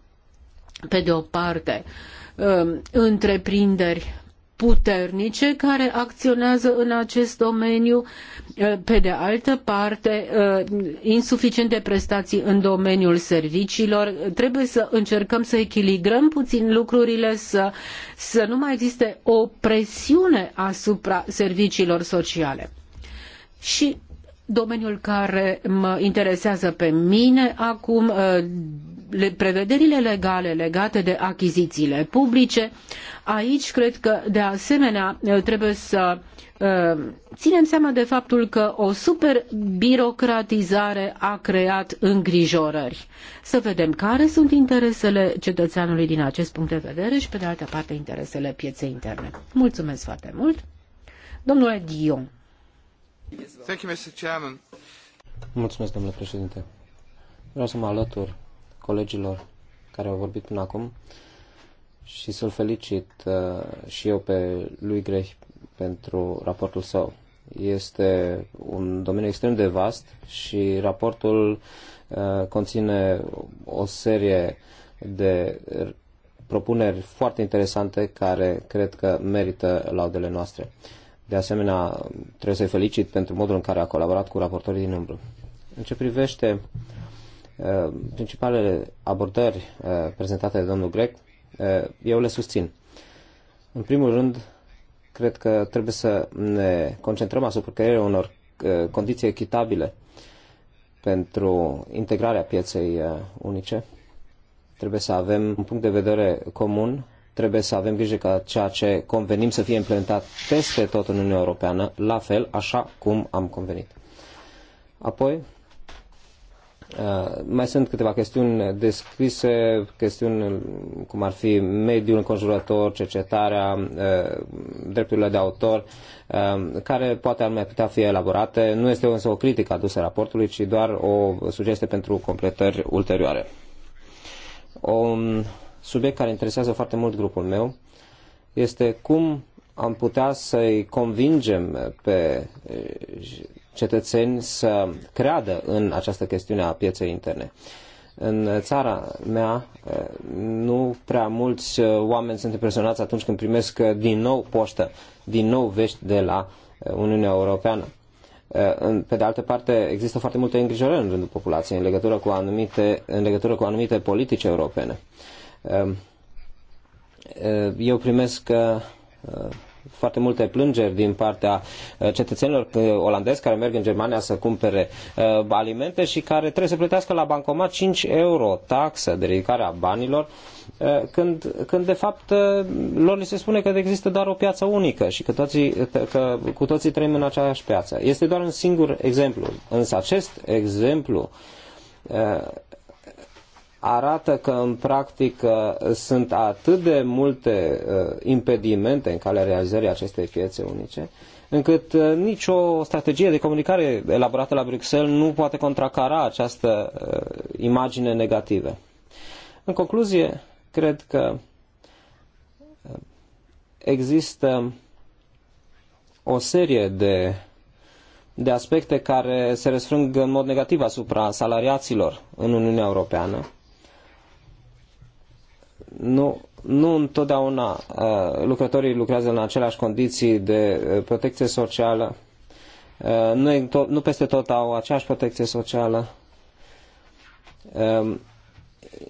pe de o parte, uh, întreprinderi puternice care acționează în acest domeniu, eh, pe de altă parte eh, insuficiente prestații în domeniul serviciilor. Trebuie să încercăm să echilibrăm puțin lucrurile, să, să nu mai existe o presiune asupra serviciilor sociale. Și domeniul care mă interesează pe mine acum, eh, prevederile legale legate de achizițiile publice. Aici cred că de asemenea eh, trebuie să eh, ținem seama de faptul că o superbirocratizare a creat îngrijorări. Să vedem care sunt interesele cetățeanului din acest punct de vedere și, pe de altă parte, interesele pieței interne. Mulțumesc foarte mult. Domnule Dion. Mulțumesc, domnule președinte. Vreau să mă alătur colegilor care au vorbit până acum și să-l felicit uh, și eu pe lui Greh pentru raportul său. Este un domeniu extrem de vast și raportul uh, conține o serie de propuneri foarte interesante care cred că merită laudele noastre. De asemenea, trebuie să-i felicit pentru modul în care a colaborat cu raportorii din umbră. În ce privește uh, Eh, principalele abordări eh, prezentate de domnul Grec, eh, eu le susțin. În primul rând, cred că trebuie să ne concentrăm asupra creierii unor condiții echitabile pentru integrarea pieței unice. Trebuie să avem un punct de vedere comun, trebuie să avem grijă ca ceea ce convenim să fie implementat peste tot în Uniunea Europeană, la fel așa cum am convenit. Apoi, Uh, mai sunt câteva chestiuni descrise, chestiuni cum ar fi mediul înconjurător, cercetarea, uh, drepturile de autor, uh, care poate ar mai putea fi elaborate. Nu este însă o critică adusă raportului, ci doar o sugestie pentru completări ulterioare. Un subiect care interesează foarte mult grupul meu este cum am putea să-i convingem pe cetățeni să creadă în această chestiune a pieței interne. În țara mea nu prea mulți uh, oameni sunt impresionați atunci când primesc uh, din nou poștă, din nou vești de la uh, Uniunea Europeană. Pe de altă parte, există foarte multe îngrijorări în rândul populației în legătură cu anumite, în legătură cu anumite politici europene. Eu primesc foarte multe plângeri din partea uh, cetățenilor uh, olandezi care merg în Germania să cumpere uh, alimente și care trebuie să plătească la bancomat 5 euro taxă de ridicare a banilor, când, când de fapt lor li se spune că există doar o piață unică și că, toții, că cu toții trăim în aceeași piață. Este doar un singur exemplu, însă acest exemplu arată că în practică sunt atât de multe uh, impedimente în calea realizării acestei piețe unice, încât uh, nicio strategie de comunicare elaborată la Bruxelles nu poate contracara această uh, imagine negativă. În concluzie, cred că există o serie de, de aspecte care se răsfrâng în mod negativ asupra salariaților în Uniunea Europeană nu, nu întotdeauna uh, lucrătorii lucrează în aceleași condiții de uh, protecție socială, uh, nu, nu peste tot au aceeași protecție socială. Um,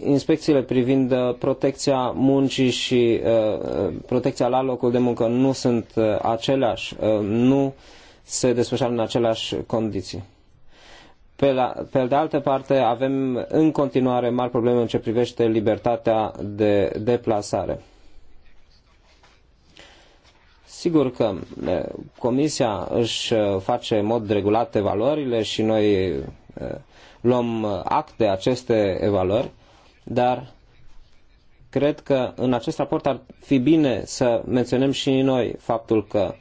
inspecțiile privind protecția muncii și protecția la locul de muncă nu sunt aceleași, nu se desfășoară în aceleași condiții. Pe, la, pe de altă parte, avem în continuare mari probleme în ce privește libertatea de deplasare. Sigur că Comisia își face în mod regulat evaluările și noi luăm act de aceste evaluări, dar cred că în acest raport ar fi bine să menționăm și noi faptul că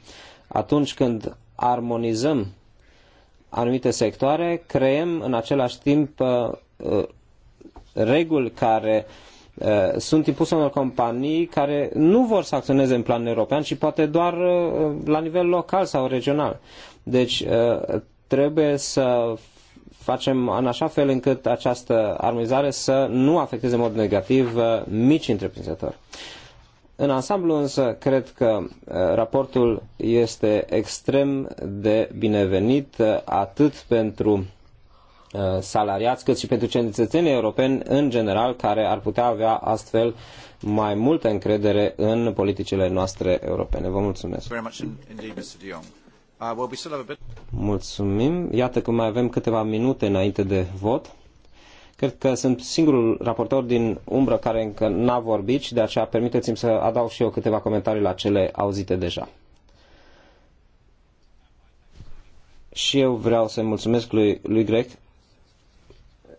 atunci când armonizăm anumite sectoare, creăm în același timp uh, uh, reguli care uh, sunt impuse unor companii care nu vor să acționeze în plan european, ci poate doar la nivel local sau regional. Deci trebuie să facem în așa fel încât această armonizare să nu afecteze în mod negativ mici întreprinzători. În ansamblu însă, cred că uh, raportul este extrem de binevenit uh, atât pentru uh, salariați cât și pentru cetățenii europeni în general care ar putea avea astfel mai multă încredere în politicile noastre europene. Vă mulțumesc! Mulțumim! Iată că mai avem câteva minute înainte de vot. Cred că sunt singurul raportor din umbră care încă n-a vorbit și de aceea permiteți-mi să adaug și eu câteva comentarii la cele auzite deja. Și eu vreau să-i mulțumesc lui, lui Greg.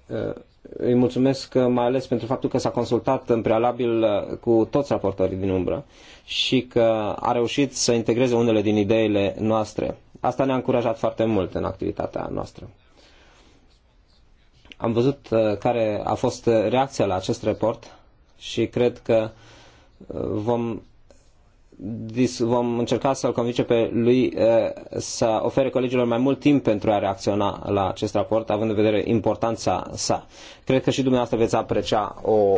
Uh, îi mulțumesc uh, mai ales pentru faptul că s-a consultat în prealabil uh, cu toți raportorii din umbră și că a reușit să integreze unele din ideile noastre. Asta ne-a încurajat foarte mult în activitatea noastră. Am văzut uh, care a fost uh, reacția la acest report și cred că uh, vom, vom încerca să-l convinge pe lui să ofere colegilor mai mult timp pentru a reacționa la acest raport, având în vedere importanța sa. Cred că și dumneavoastră veți aprecia o,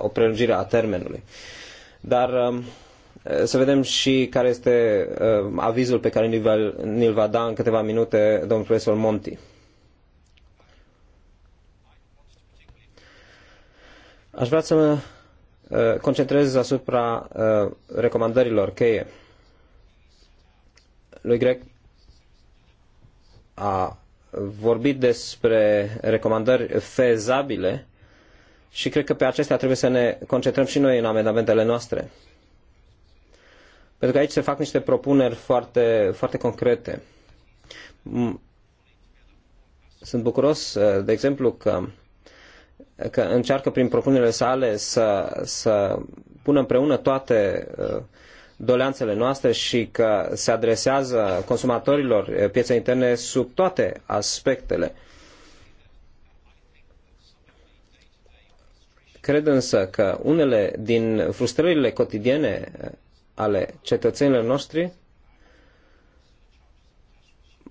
o prelungire a termenului. Dar um, să vedem și care este avizul pe care ni-l va da în câteva minute domnul profesor Monti. Aș vrea să mă uh, concentrez asupra uh, recomandărilor cheie. Lui Greg a vorbit despre recomandări fezabile și cred că pe acestea trebuie să ne concentrăm și noi în amendamentele noastre. Pentru că aici se fac niște propuneri foarte, foarte concrete. Sunt bucuros, uh, de exemplu, că că încearcă prin propunerile sale să, să pună împreună toate uh, doleanțele noastre și că se adresează consumatorilor uh, pieței interne sub toate aspectele. Cred însă că unele din frustrările cotidiene uh, ale cetățenilor noștri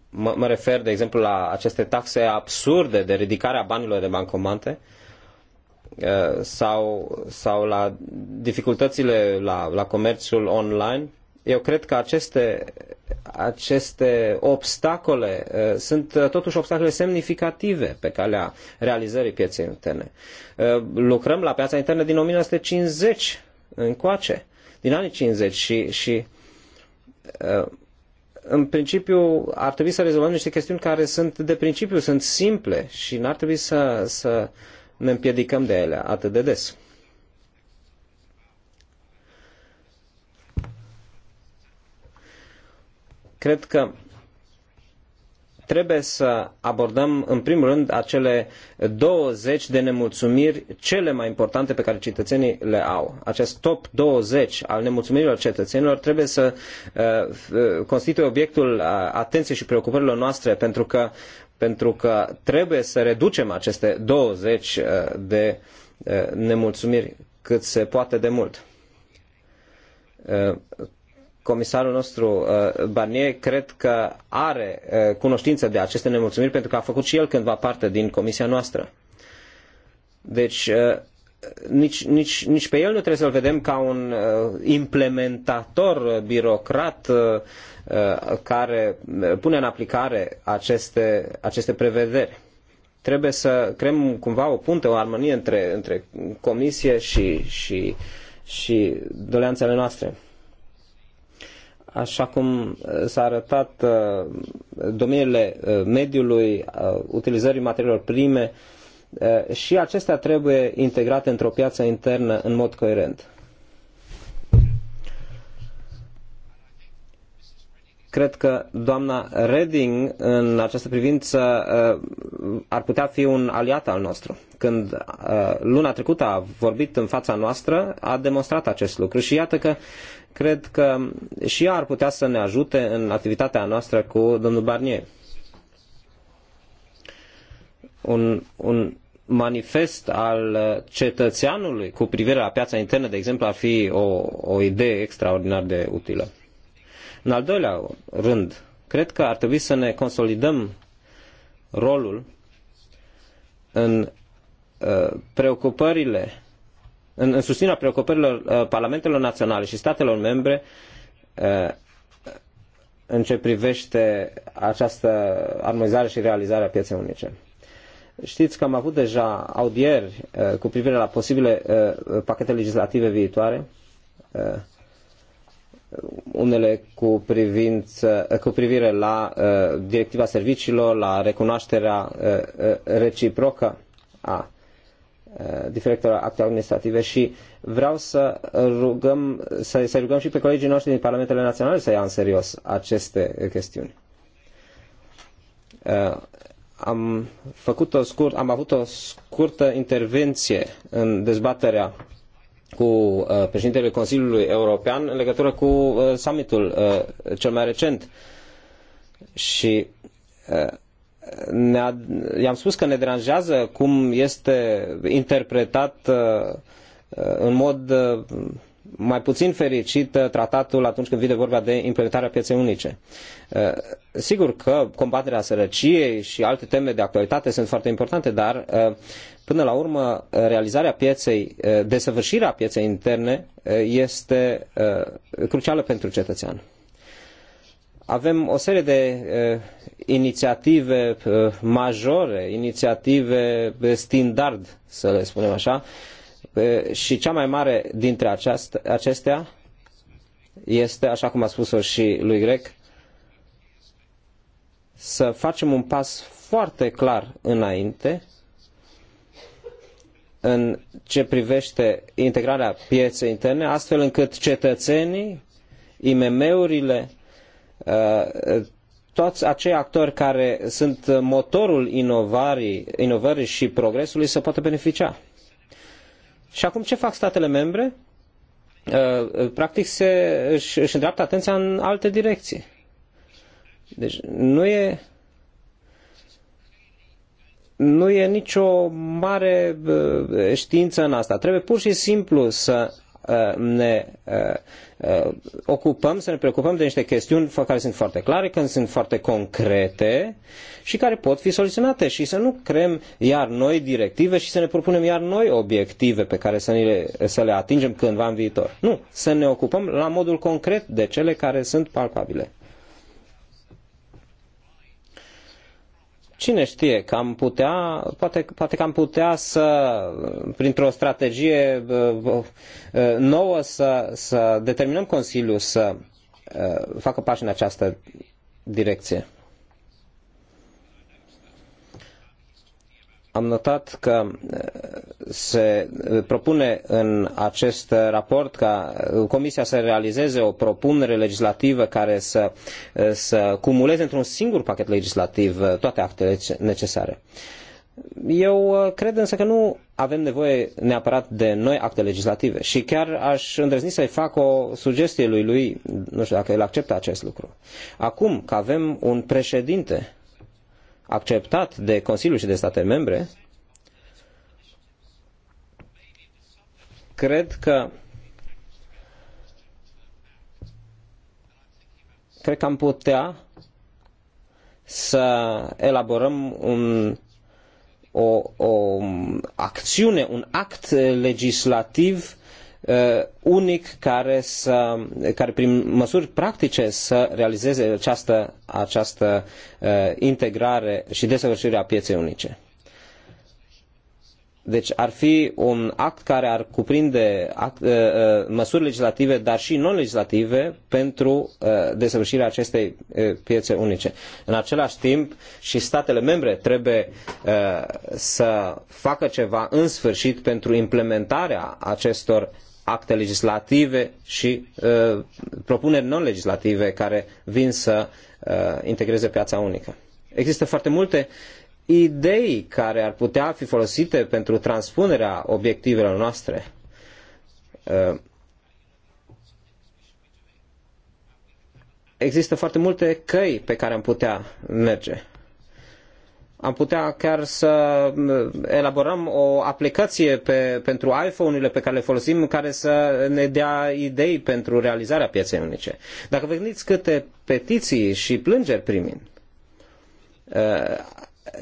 mă, refer, de exemplu, la aceste taxe absurde de ridicare a banilor de bancomante, Eh, sau, sau la dificultățile la, la comerțul online, eu cred că aceste, aceste obstacole eh, sunt eh, totuși obstacole semnificative pe calea realizării pieței interne. lucrăm la piața internă din 1950 încoace, din anii 50 și, și în principiu ar trebui să rezolvăm niște chestiuni care sunt de principiu, sunt simple și n-ar trebui să, să uh, ne împiedicăm de ele atât de des. Cred că trebuie să abordăm în primul rând acele 20 de nemulțumiri cele mai importante pe care cetățenii le au. Acest top 20 al nemulțumirilor cetățenilor trebuie să uh, uh constituie obiectul uh, atenției și preocupărilor noastre pentru că pentru că trebuie să reducem aceste 20 uh, de uh, nemulțumiri cât se poate de mult. Uh, comisarul nostru Barnier cred că are cunoștință de aceste nemulțumiri pentru că a făcut și el cândva parte din comisia noastră. Deci nici, nici, nici pe el nu trebuie să-l vedem ca un uh, implementator birocrat uh, uh, care pune în aplicare aceste, aceste prevederi. Trebuie să creăm cumva o punte, o armonie între, între comisie și, și, și doleanțele noastre așa cum s-a arătat domeniile mediului, utilizării materiilor prime, Eh, și acestea trebuie integrate într-o piață internă în mod coerent. Cred că doamna Reding în această privință eh, ar putea fi un aliat al nostru. Când eh, luna trecută a vorbit în fața noastră, a demonstrat acest lucru și iată că cred că și ea ar putea să ne ajute în activitatea noastră cu domnul Barnier un, un manifest al cetățeanului cu privire la piața internă, de exemplu, ar fi o, o idee extraordinar de utilă. În al doilea rând, cred că ar trebui să ne consolidăm rolul în uh, preocupările, în, în susținerea preocupărilor uh, parlamentelor naționale și statelor membre uh, în ce privește această armonizare și realizarea pieței unice. Știți că am avut deja audieri uh, cu privire la posibile uh, pachete legislative viitoare, uh, unele cu, privință, cu privire la directiva serviciilor, la recunoașterea reciprocă a diferitelor acte administrative și vreau să rugăm, să, să rugăm și pe colegii noștri din Parlamentele Naționale să ia în serios aceste chestiuni am, făcut o scurt, am avut o scurtă intervenție în dezbaterea cu uh, președintele Consiliului European în legătură cu uh, summitul uh, cel mai recent. Și uh, i-am spus că ne deranjează cum este interpretat uh, uh în mod uh, mai puțin fericit uh, tratatul atunci când vine vorba de implementarea pieței unice. Uh, sigur că combaterea sărăciei și alte teme de actualitate sunt foarte importante, dar uh, până la urmă realizarea pieței, desăvârșirea pieței interne este crucială pentru cetățean. Avem o serie de inițiative majore, inițiative standard, să le spunem așa, uh, și cea mai mare dintre aceast, acestea este, așa cum a spus-o și lui Grec, să facem un pas foarte clar înainte în ce privește integrarea pieței interne, astfel încât cetățenii, IMM-urile, toți acei actori care sunt motorul inovării, inovării și progresului să poată beneficia. Și acum ce fac statele membre? Uh, uh, practic se, își, își îndreaptă atenția în alte direcții. Deci nu e, nu e nicio mare uh, știință în asta. Trebuie pur și simplu să Uh, ne uh, uh, ocupăm, să ne preocupăm de niște chestiuni care sunt foarte clare, când sunt foarte concrete și care pot fi soluționate și să nu creăm iar noi directive și să ne propunem iar noi obiective pe care să, le, să le atingem cândva în viitor. Nu, să ne ocupăm la modul concret de cele care sunt palpabile. Cine știe că am putea, poate, poate că am putea să, printr-o strategie nouă, să, să determinăm Consiliul să ă, facă pași în această direcție. am notat că uh, se uh, propune în acest raport ca uh, Comisia să realizeze o propunere legislativă care să, să cumuleze într-un singur pachet legislativ toate actele necesare. Eu cred însă că nu avem nevoie neapărat de noi acte legislative și chiar aș îndrăzni să-i fac o sugestie lui lui, nu știu dacă el acceptă acest lucru. Acum că avem un președinte acceptat de Consiliu și de state membre, cred că cred că am putea să elaborăm un, o, o acțiune, un act legislativ Uh, unic care, să, care prin măsuri practice să realizeze această, această uh, integrare și desăvârșire a pieței unice. Deci ar fi un act care ar cuprinde act, uh, uh, măsuri legislative, dar și non-legislative pentru uh, desăvârșirea acestei uh, piețe unice. În același timp și statele membre trebuie uh, să facă ceva în sfârșit pentru implementarea acestor acte legislative și uh, propuneri non-legislative care vin să uh, integreze piața unică. Există foarte multe idei care ar putea fi folosite pentru transpunerea obiectivelor noastre. Uh, există foarte multe căi pe care am putea merge am putea chiar să mm, elaborăm o aplicație pe, pentru iPhone-urile pe care le folosim care să ne dea idei pentru realizarea pieței unice. Dacă vă gândiți câte petiții și plângeri primim, eh,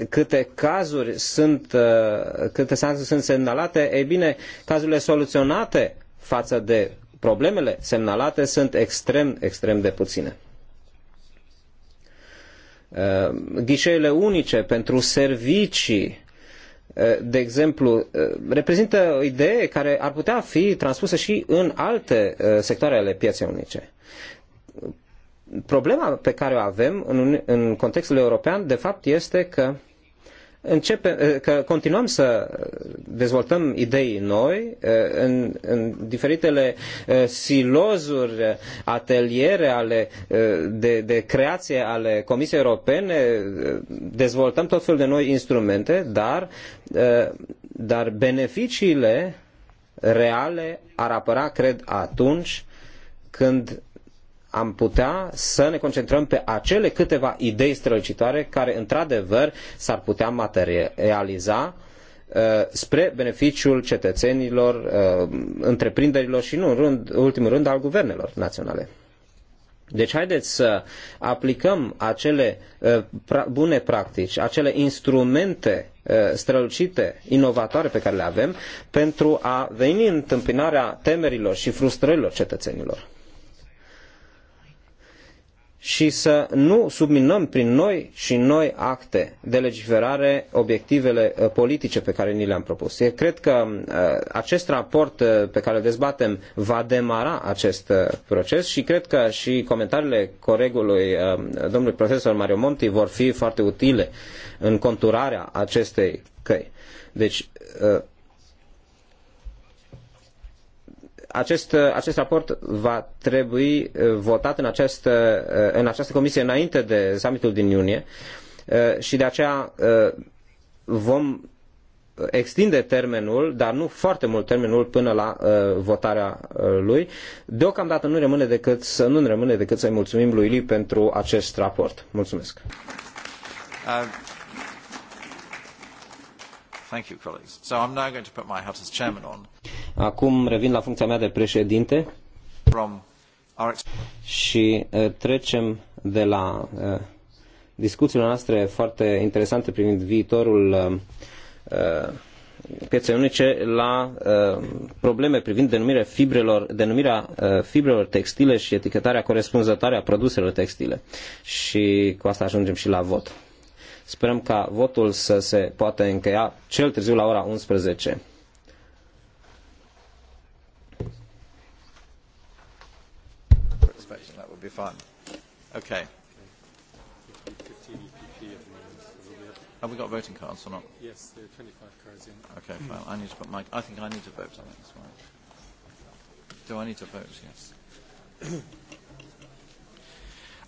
câte cazuri sunt, eh, câte sunt semnalate, ei bine, cazurile soluționate față de problemele semnalate sunt extrem, extrem de puține. Uh, ghișeele unice pentru servicii, uh, de exemplu, uh, reprezintă o idee care ar putea fi transpusă și în alte sectoare ale pieței unice. Problema pe care o avem în, în contextul european, de fapt, este că uh, începe, eh, că continuăm să dezvoltăm idei noi eh, în, în diferitele eh, silozuri, ateliere ale, de, de creație ale Comisiei Europene, dezvoltăm tot felul de noi instrumente, dar, dar beneficiile reale ar apăra, cred, atunci când am putea să ne concentrăm pe acele câteva idei strălucitoare care, într-adevăr, s-ar putea materializa uh, spre beneficiul cetățenilor, uh, întreprinderilor și, nu în rând, ultimul rând, al guvernelor naționale. Deci haideți să aplicăm acele uh, bune practici, acele instrumente strălucite, inovatoare pe care le avem pentru a veni în întâmpinarea temerilor și frustrărilor cetățenilor și să nu subminăm prin noi și noi acte de legiferare obiectivele uh, politice pe care ni le-am propus. Eu cred că uh, acest raport uh, pe care îl dezbatem va demara acest proces și cred că și comentariile colegului domnului profesor Mario Monti vor fi foarte utile în conturarea acestei căi. Deci acest, acest raport va trebui uh, votat în această, uh, în această comisie înainte de summitul din iunie uh, și de aceea vom extinde termenul, dar nu foarte mult termenul până la uh, votarea uh, lui. Deocamdată nu rămâne decât să nu rămâne decât să-i mulțumim lui Lee pentru acest raport. Mulțumesc. Uh. Thank you, colleagues. So I'm now going to put my hat as chairman on. Acum revin la funcția mea de președinte. From our... Și uh, trecem de la uh, discuțiile noastre foarte interesante privind viitorul uh, uh, pieței unice la uh, probleme privind denumirea fibrelor, denumirea uh, fibrelor textile și etichetarea corespunzătoare a produselor textile. Și cu asta ajungem și la vot. Sperăm ca votul să se poată încheia cel târziu la ora 11. Have we got voting cards or not? Yes, there are 25 cards in. Okay, fine. I need to put my. I think I need to vote on it as well. Do I need to vote? Yes.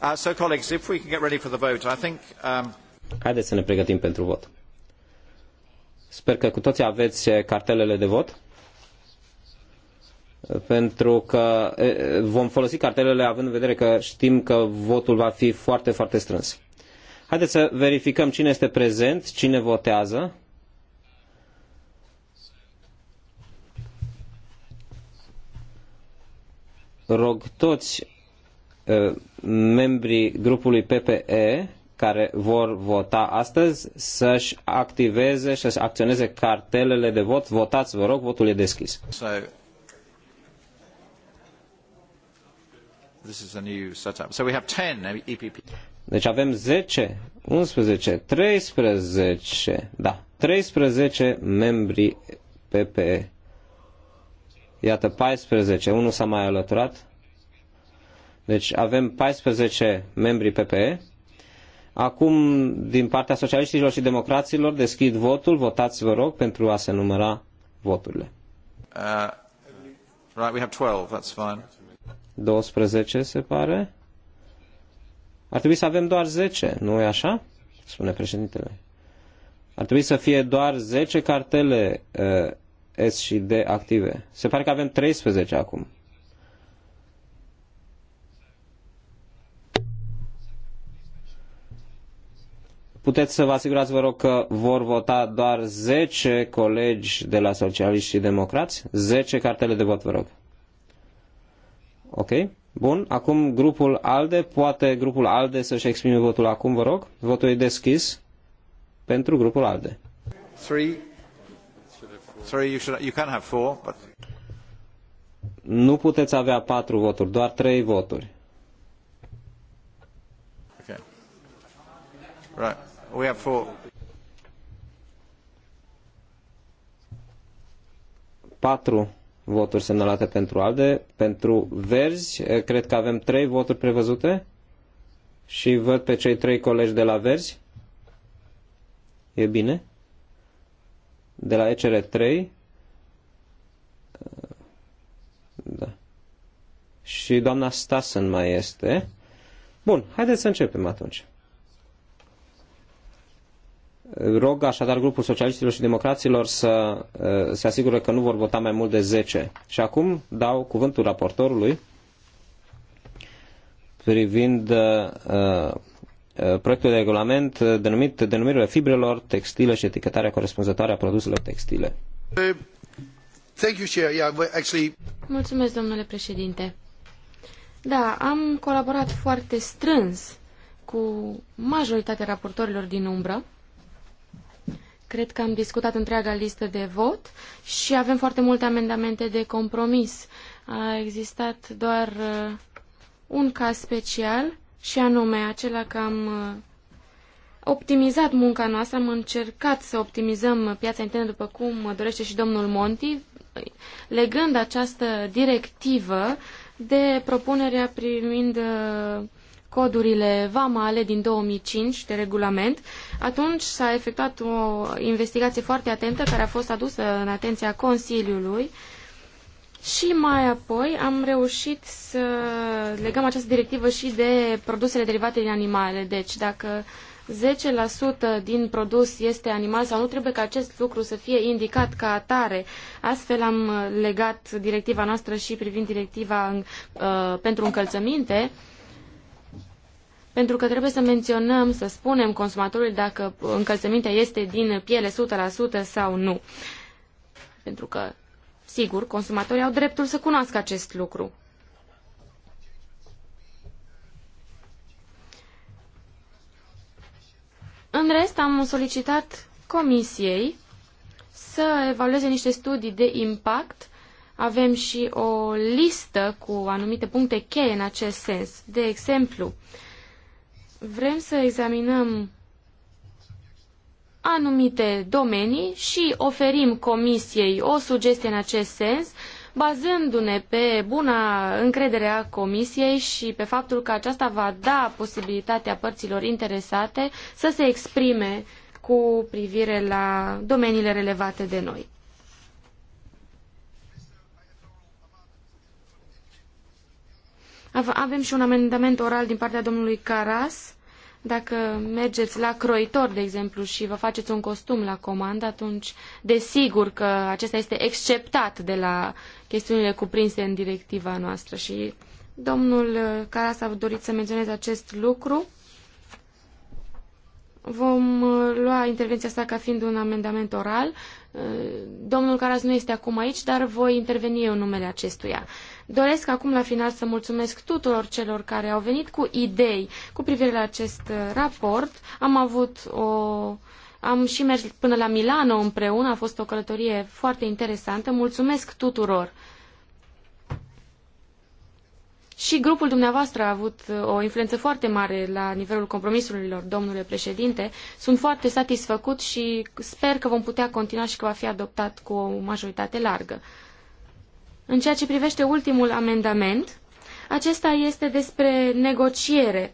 uh, so, colleagues, if we can get ready for the vote, I think. Um, Haideți să ne pregătim pentru vot. Sper că cu toții aveți eh, cartelele de vot pentru că eh, vom folosi cartelele având în vedere că știm că votul va fi foarte, foarte strâns. Haideți să verificăm cine este prezent, cine votează. Rog toți eh, membrii grupului PPE care vor vota astăzi să-și activeze să-și acționeze cartelele de vot. Votați, vă rog, votul e deschis. So, this is a new setup. So we have 10 EPP. Deci avem 10, 11, 13, da, 13 membri PPE. Iată, 14, unul s-a mai alăturat. Deci avem 14 membri PPE Acum, din partea socialiștilor și democraților, deschid votul. Votați, vă rog, pentru a se număra voturile. Uh, right, we have 12, that's fine. 12, se pare. Ar trebui să avem doar 10, nu e așa? Spune președintele. Ar trebui să fie doar 10 cartele uh, S și D active. Se pare că avem 13 acum. Puteți să vă asigurați, vă rog, că vor vota doar 10 colegi de la Socialiști și Democrați? 10 cartele de vot, vă rog. Ok? Bun. Acum grupul ALDE. Poate grupul ALDE să-și exprime votul acum, vă rog. Votul e deschis pentru grupul ALDE. you, should, you can have but... Nu puteți avea patru voturi, doar trei voturi. Okay. Right we have four. Patru voturi semnalate pentru ALDE. Pentru Verzi, eh, cred că avem trei voturi prevăzute și văd pe cei trei colegi de la Verzi. E bine? De la ECR 3. Eh, da. Și doamna Stassen mai este. Bun, haideți să începem atunci. Rog așadar grupul socialiștilor și democraților să se asigure că nu vor vota mai mult de 10. Și acum dau cuvântul raportorului privind uh, proiectul de regulament denumit denumirile fibrelor textile și etichetarea corespunzătoare a produselor textile. Mulțumesc, domnule președinte. Da, am colaborat foarte strâns cu majoritatea raportorilor din umbră Cred că am discutat întreaga listă de vot și avem foarte multe amendamente de compromis. A existat doar uh, un caz special și anume acela că am uh, optimizat munca noastră, am încercat să optimizăm piața internă după cum dorește și domnul Monti, legând această directivă de propunerea privind uh, codurile vamale din 2005 de regulament. Atunci s-a efectuat o investigație foarte atentă care a fost adusă în atenția Consiliului și mai apoi am reușit să legăm această directivă și de produsele derivate din animale. Deci dacă 10% din produs este animal sau nu, trebuie ca acest lucru să fie indicat ca atare. Astfel am legat directiva noastră și privind directiva uh, pentru încălțăminte. Uh, pentru că trebuie să menționăm, să spunem consumatorului dacă încălțămintea este din piele 100% sau nu. Pentru că, sigur, consumatorii au dreptul să cunoască acest lucru. În rest, am solicitat comisiei să evalueze niște studii de impact. Avem și o listă cu anumite puncte cheie în acest sens. De exemplu, uh, vrem să examinăm anumite domenii și oferim comisiei o sugestie în acest sens, bazându-ne pe buna încredere a comisiei și pe faptul că aceasta va da posibilitatea părților interesate să se exprime cu privire la domeniile relevate de noi. Avem și un amendament oral din partea domnului Caras. Dacă mergeți la croitor, de exemplu, și vă faceți un costum la comandă, atunci desigur că acesta este exceptat de la chestiunile cuprinse în directiva noastră. Și domnul uh, Caras a dorit să menționeze acest lucru. Vom uh, lua intervenția asta ca fiind un amendament oral. Uh, domnul Caras nu este acum aici, dar voi interveni eu în numele acestuia. Doresc acum la final să mulțumesc tuturor celor care au venit cu idei cu privire la acest uh, raport. Am avut o am și mers până la Milano împreună, a fost o călătorie foarte interesantă. Mulțumesc tuturor! Și grupul dumneavoastră a avut uh, o influență foarte mare la nivelul compromisurilor, domnule președinte. Sunt foarte satisfăcut și sper că vom putea continua și că va fi adoptat cu o majoritate largă. În ceea ce privește ultimul amendament, acesta este despre negociere.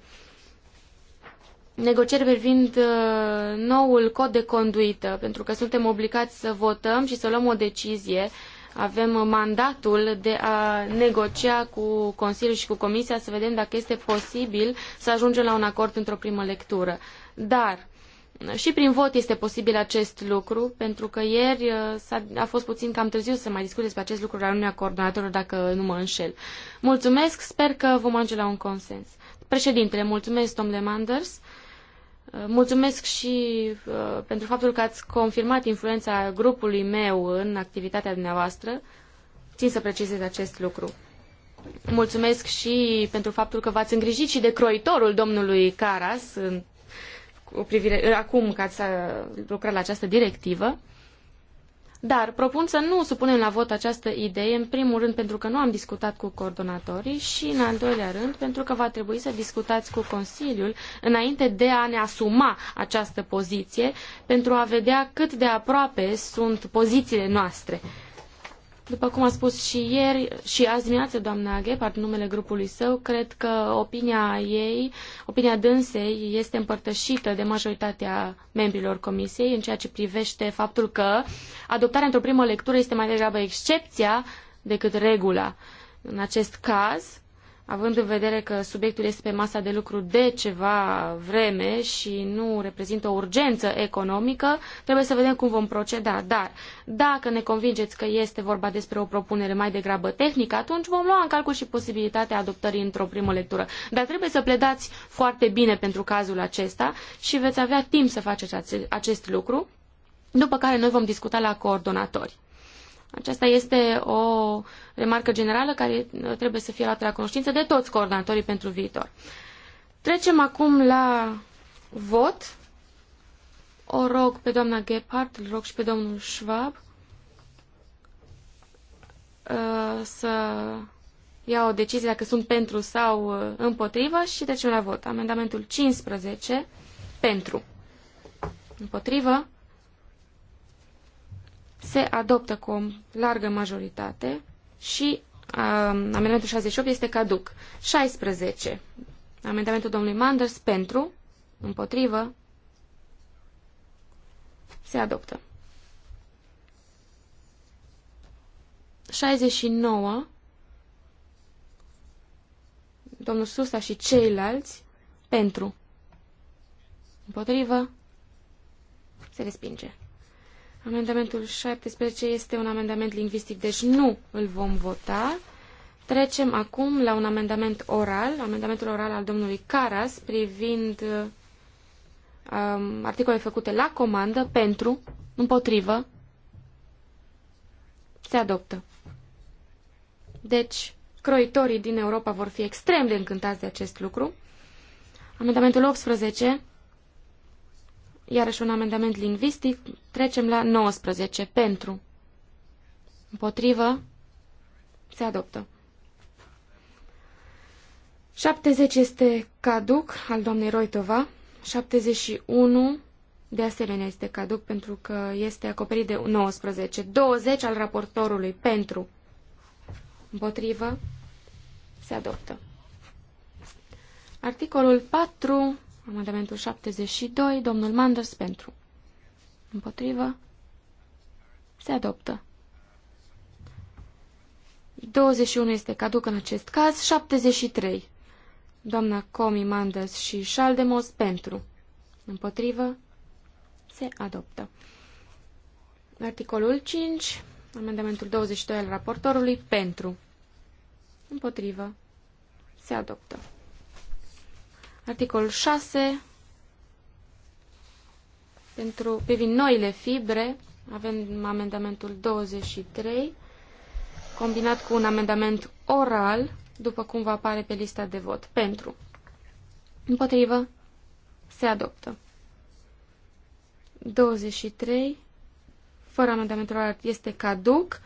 Negocieri privind uh, noul cod de conduită, pentru că suntem obligați să votăm și să luăm o decizie. Avem mandatul de a negocia cu Consiliul și cu Comisia să vedem dacă este posibil să ajungem la un acord într-o primă lectură. Dar și prin vot este posibil acest lucru, pentru că ieri uh, a a fost puțin cam târziu să mai discute despre acest lucru la Uniunea Coordonatorilor, dacă nu mă înșel. Mulțumesc, sper că vom ajunge la un consens. Președintele, mulțumesc, domnule Manders. Uh, mulțumesc și uh, pentru faptul că ați confirmat influența grupului meu în activitatea dumneavoastră. Țin să precizez acest lucru. Mulțumesc și pentru faptul că v-ați îngrijit și de croitorul domnului Caras în cu privire, acum că ați uh, lucrat la această directivă, dar propun să nu supunem la vot această idee, în primul rând pentru că nu am discutat cu coordonatorii și, în al doilea rând, pentru că va trebui să discutați cu Consiliul înainte de a ne asuma această poziție pentru a vedea cât de aproape sunt pozițiile noastre. Uh, după cum a spus și ieri și azi dimineață doamna Gephardt, numele grupului său, cred că opinia ei, opinia dânsei este împărtășită de majoritatea membrilor comisiei în ceea ce privește faptul că adoptarea într-o primă lectură este mai degrabă excepția decât regula. În acest caz, având în vedere că subiectul este pe masa de lucru de ceva vreme și nu reprezintă o urgență economică, trebuie să vedem cum vom proceda. Dar dacă ne convingeți că este vorba despre o propunere mai degrabă tehnică, atunci vom lua în calcul și posibilitatea adoptării într-o primă lectură. Dar trebuie să pledați foarte bine pentru cazul acesta și veți avea timp să faceți acest lucru, după care noi vom discuta la coordonatori. Aceasta este o remarcă generală care trebuie să fie luată la conștiință de toți coordonatorii pentru viitor. Trecem acum la vot. O rog pe doamna Gephardt, îl rog și pe domnul Schwab uh, să ia o decizie dacă sunt pentru sau uh, împotrivă și trecem la vot. Amendamentul 15 pentru. Împotrivă se adoptă cu o largă majoritate și um, amendamentul 68 este caduc. 16. Amendamentul domnului Manders pentru, împotrivă, se adoptă. 69. Domnul Susta și ceilalți pentru, împotrivă, se respinge. Amendamentul 17 este un amendament lingvistic, deci nu îl vom vota. Trecem acum la un amendament oral, amendamentul oral al domnului Caras privind um, articole făcute la comandă pentru, împotrivă, se adoptă. Deci, croitorii din Europa vor fi extrem de încântați de acest lucru. Amendamentul 18 Iarăși un amendament lingvistic. Trecem la 19. Pentru. Împotrivă. Se adoptă. 70 este caduc al doamnei Roitova. 71 de asemenea este caduc pentru că este acoperit de 19. 20 al raportorului pentru. Împotrivă. Se adoptă. Articolul 4 Amendamentul 72, domnul Manders pentru. Împotrivă. Se adoptă. 21 este caduc în acest caz. 73. Doamna Comi Manders și Șaldemos pentru. Împotrivă. Se adoptă. Articolul 5. Amendamentul 22 al raportorului pentru. Împotrivă. Se adoptă. Articolul 6. Pentru, privind noile fibre, avem amendamentul 23, combinat cu un amendament oral, după cum va apare pe lista de vot. Pentru. Împotrivă. Se adoptă. 23. Fără amendamentul oral este caduc.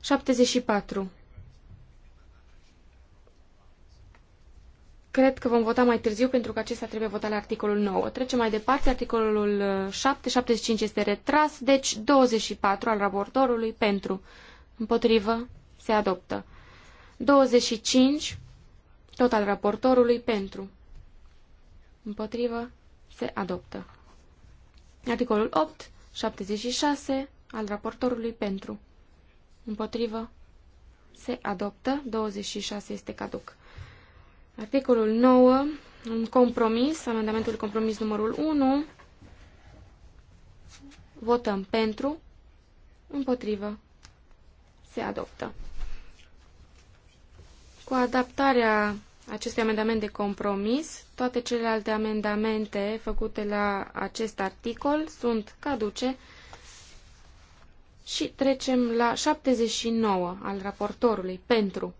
74. Cred că vom vota mai târziu pentru că acesta trebuie votat la articolul 9. Trecem mai departe. Articolul 7, uh, 75 este retras, deci 24 al raportorului pentru. Împotrivă se adoptă. 25 tot al raportorului pentru. Împotrivă se adoptă. Articolul 8, 76 al raportorului pentru. Împotrivă se adoptă. 26 este caduc. Articolul 9, un compromis, amendamentul compromis numărul 1. Votăm pentru, împotrivă, se adoptă. Cu adaptarea acestui amendament de compromis, toate celelalte amendamente făcute la acest articol sunt caduce și trecem la 79 al raportorului pentru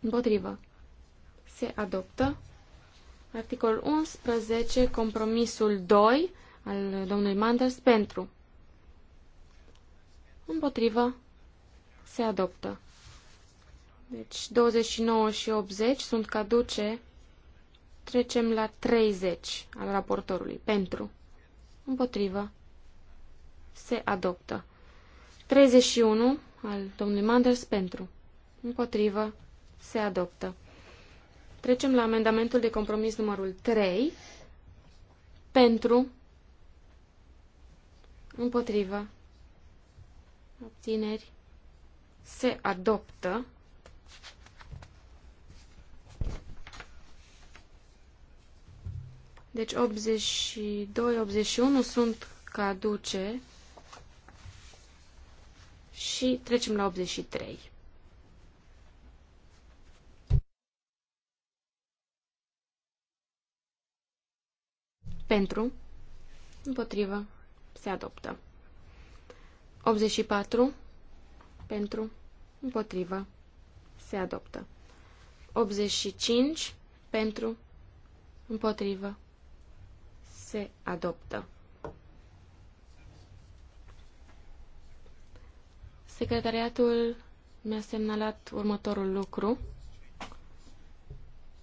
Împotrivă. Se adoptă. Articol 11, compromisul 2 al domnului Manders pentru. Împotrivă. Se adoptă. Deci 29 și 80 sunt caduce. Trecem la 30 al raportorului. Pentru. Împotrivă. Se adoptă. 31 al domnului Manders pentru. Împotrivă. Se adoptă. Trecem la amendamentul de compromis numărul 3. Pentru. Împotrivă. Obțineri. Se adoptă. Deci 82-81 sunt caduce și trecem la 83. Pentru. Împotrivă. Se adoptă. 84. Pentru. Împotrivă. Se adoptă. 85. Pentru. Împotrivă. Se adoptă. Secretariatul mi-a semnalat următorul lucru.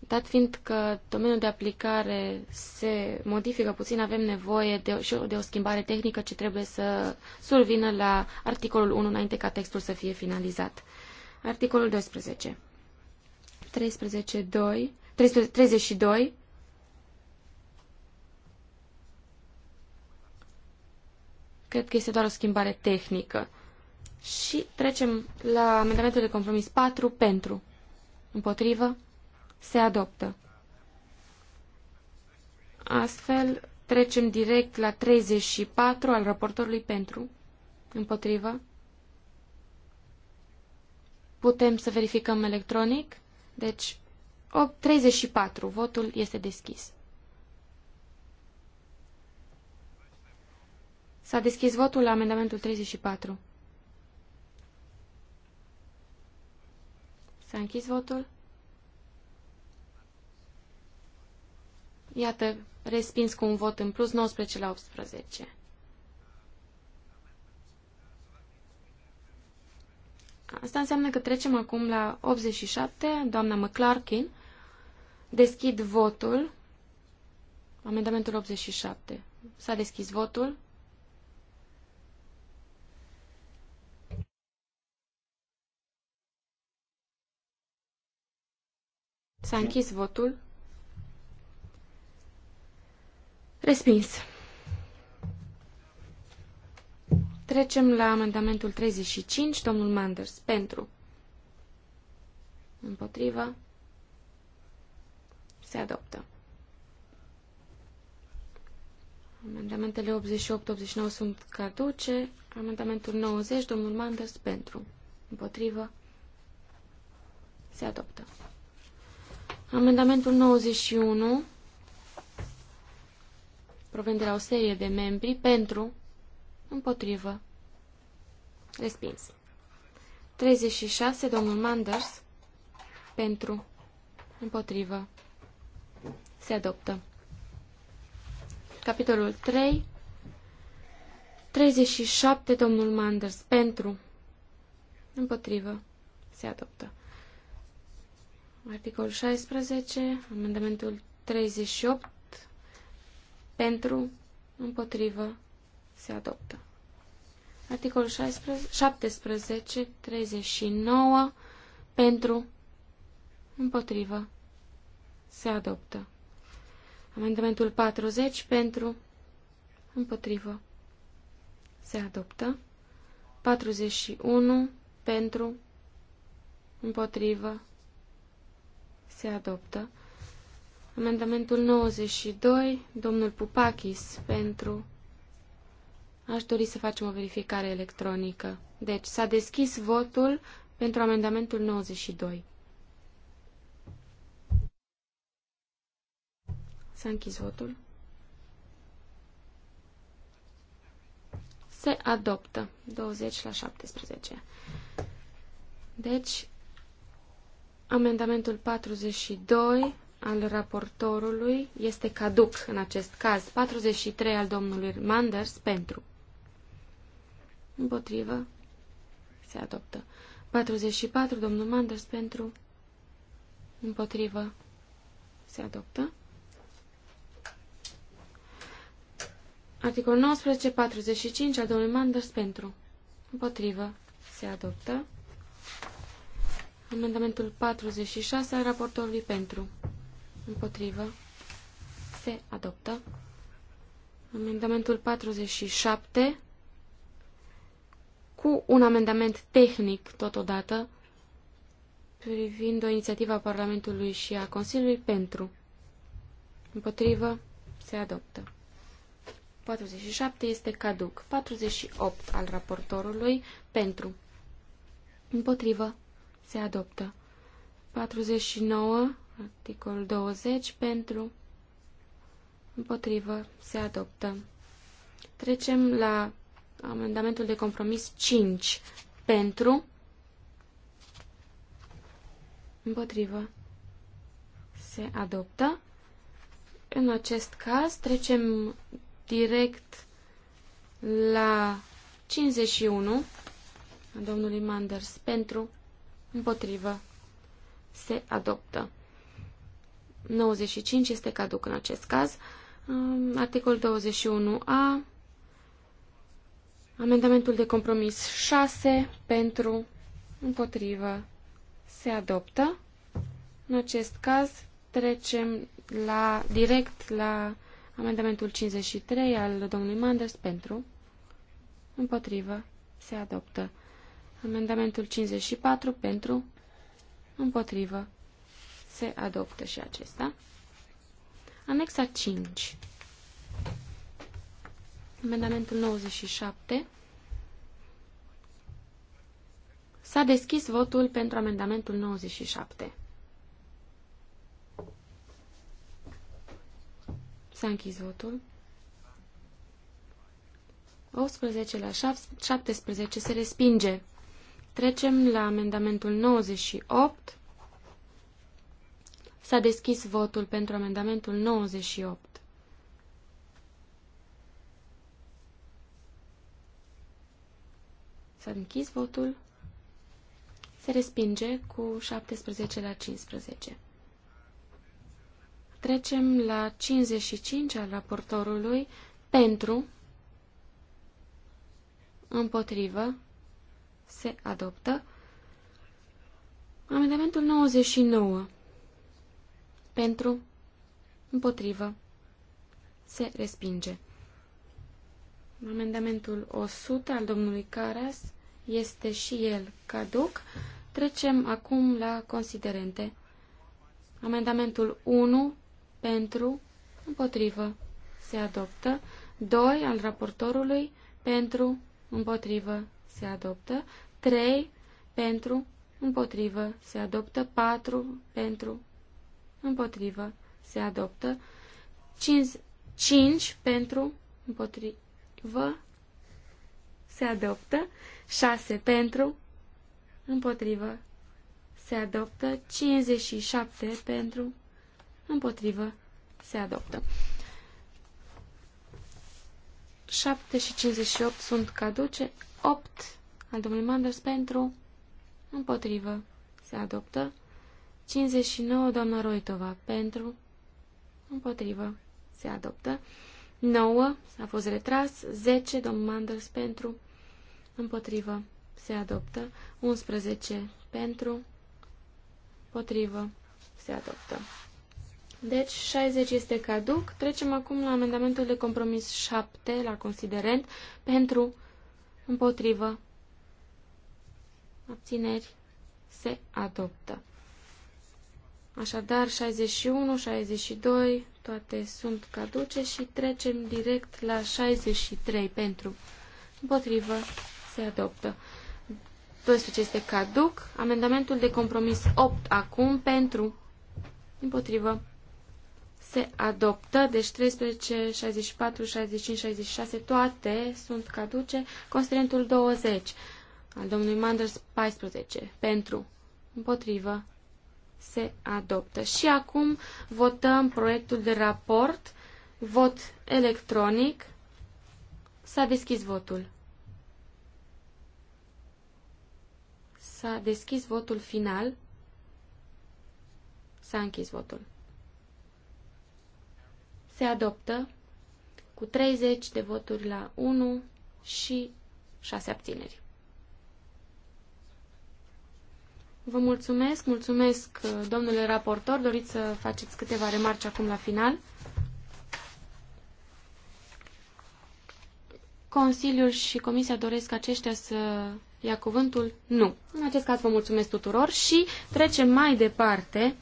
Dat fiind că domeniul de aplicare se modifică puțin, avem nevoie de, și de o schimbare tehnică ce trebuie să survină la articolul 1 înainte ca textul să fie finalizat. Articolul 12. 13, 2, 13, 32 Cred că este doar o schimbare tehnică. Și trecem la amendamentul de compromis 4 pentru. Împotrivă? se adoptă. Astfel, trecem direct la 34 al raportorului pentru, împotrivă. Putem să verificăm electronic. Deci, 8, 34, votul este deschis. S-a deschis votul la amendamentul 34. S-a închis votul. Iată, respins cu un vot în plus, 19 la 18. Asta înseamnă că trecem acum la 87, doamna McClarkin. Deschid votul. Amendamentul 87. S-a deschis votul. S-a închis votul. Respins. Trecem la amendamentul 35, domnul Manders. Pentru. Împotrivă. Se adoptă. Amendamentele 88-89 sunt caduce. Amendamentul 90, domnul Manders, pentru. Împotrivă. Se adoptă. Amendamentul 91 provenind de la o serie de membri, pentru, împotrivă, respins. 36, domnul Manders, pentru, împotrivă, se adoptă. Capitolul 3, 37, domnul Manders, pentru, împotrivă, se adoptă. Articolul 16, amendamentul 38, pentru, împotrivă, se adoptă. Articolul 16, 17, 39, pentru, împotrivă, se adoptă. Amendamentul 40, pentru, împotrivă, se adoptă. 41, pentru, împotrivă, se adoptă. Amendamentul 92, domnul Pupakis, pentru... Aș dori să facem o verificare electronică. Deci, s-a deschis votul pentru amendamentul 92. S-a închis votul. Se adoptă. 20 la 17. Deci, amendamentul 42 al raportorului este caduc în acest caz. 43 al domnului Manders pentru. Împotrivă. Se adoptă. 44 domnul Manders pentru. Împotrivă. Se adoptă. Articolul 19, 45 al domnului Manders pentru. Împotrivă. Se adoptă. Amendamentul 46 al raportorului pentru. Împotrivă. Se adoptă. Amendamentul 47 cu un amendament tehnic totodată privind o inițiativă a Parlamentului și a Consiliului pentru. Împotrivă. Se adoptă. 47 este caduc. 48 al raportorului pentru. Împotrivă. Se adoptă. 49 Articol 20 pentru împotrivă se adoptă. Trecem la amendamentul de compromis 5 pentru împotrivă se adoptă. În acest caz trecem direct la 51 a domnului Manders pentru împotrivă se adoptă. 95 este caduc în acest caz. Um, Articol 21a. Amendamentul de compromis 6 pentru împotrivă se adoptă. În acest caz trecem la, direct la amendamentul 53 al domnului Manders pentru împotrivă se adoptă. Amendamentul 54 pentru împotrivă se adoptă și acesta. Anexa 5. Amendamentul 97. S-a deschis votul pentru amendamentul 97. S-a închis votul. 18 la 17 se respinge. Trecem la amendamentul 98. S-a deschis votul pentru amendamentul 98. S-a închis votul. Se respinge cu 17 la 15. Trecem la 55 al raportorului pentru, împotrivă, se adoptă. Amendamentul 99 pentru, împotrivă, se respinge. Amendamentul 100 al domnului Caras este și el caduc. Trecem acum la considerente. Amendamentul 1 pentru, împotrivă, se adoptă. 2 al raportorului pentru, împotrivă, se adoptă. 3 pentru, împotrivă, se adoptă. 4 pentru, împotrivă, se adoptă. 5, 5 pentru, împotrivă, se adoptă. 6 pentru, împotrivă, se adoptă. 57 pentru, împotrivă, se adoptă. 7 și 58 sunt caduce, 8 al domnului Manders pentru, împotrivă, se adoptă. 59, doamna Roitova, pentru, împotrivă, se adoptă. 9, a fost retras. 10, domnul Manders, pentru, împotrivă, se adoptă. 11, pentru, împotrivă, se adoptă. Deci 60 este caduc. Trecem acum la amendamentul de compromis 7, la considerent, pentru, împotrivă, abțineri, se adoptă. Așadar, 61, 62, toate sunt caduce și trecem direct la 63 pentru împotrivă se adoptă. 12 este caduc. Amendamentul de compromis 8 acum pentru împotrivă se adoptă. Deci 13, 64, 65, 66 toate sunt caduce. Considerentul 20 al domnului Manders 14 pentru împotrivă se adoptă. Și acum votăm proiectul de raport, vot electronic. S-a deschis votul. S-a deschis votul final. S-a închis votul. Se adoptă cu 30 de voturi la 1 și 6 abțineri. Vă mulțumesc, mulțumesc, uh, domnule raportor. Doriți să faceți câteva remarci acum la final? Consiliul și Comisia doresc aceștia să ia cuvântul? Nu. În acest caz vă mulțumesc tuturor și trecem mai departe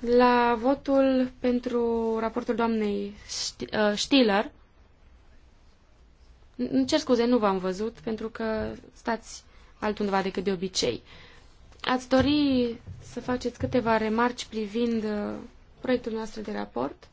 la votul pentru raportul doamnei uh, Stiller. Îmi cer scuze, nu v-am văzut pentru că stați altundeva decât de obicei. Ați dori să faceți câteva remarci privind uh, proiectul nostru de raport?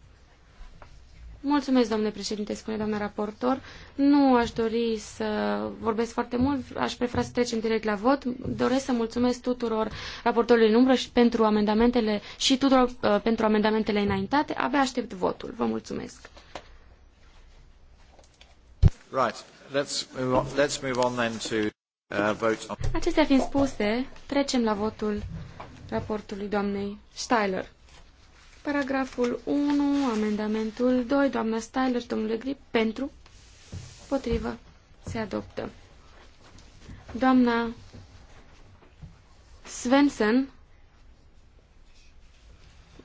Mulțumesc, domnule președinte, spune doamna raportor. Nu aș dori să vorbesc foarte mult, aș prefera să trecem direct la vot. Doresc să mulțumesc tuturor raportorilor în umbră și pentru amendamentele și tuturor uh, pentru amendamentele înaintate. Abia aștept votul. Vă mulțumesc. Right. Let's move on, let's move on then to... Uh, Acestea fiind spuse, trecem la votul raportului doamnei Steiler. Paragraful 1, amendamentul 2, doamna Steiler și domnule Grip, pentru, potrivă, se adoptă. Doamna Svensson,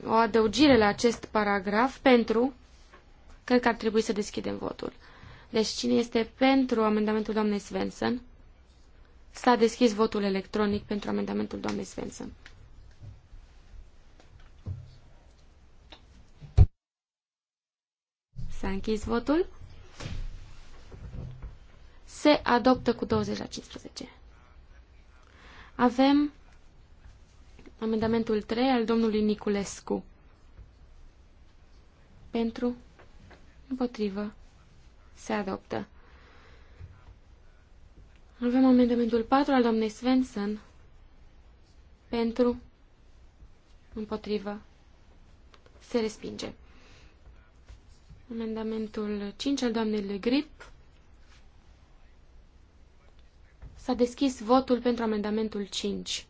o adăugire la acest paragraf, pentru, cred că ar trebui să deschidem votul. Deci cine este pentru amendamentul doamnei Svensson? S-a deschis votul electronic pentru amendamentul doamnei Svensson. S-a închis votul. Se adoptă cu 20 la 15. Avem amendamentul 3 al domnului Niculescu. Pentru, împotrivă, se adoptă. Avem amendamentul 4 al doamnei Svensson. Pentru. Împotrivă. Se respinge. Amendamentul 5 al doamnei Le Grip. S-a deschis votul pentru amendamentul 5.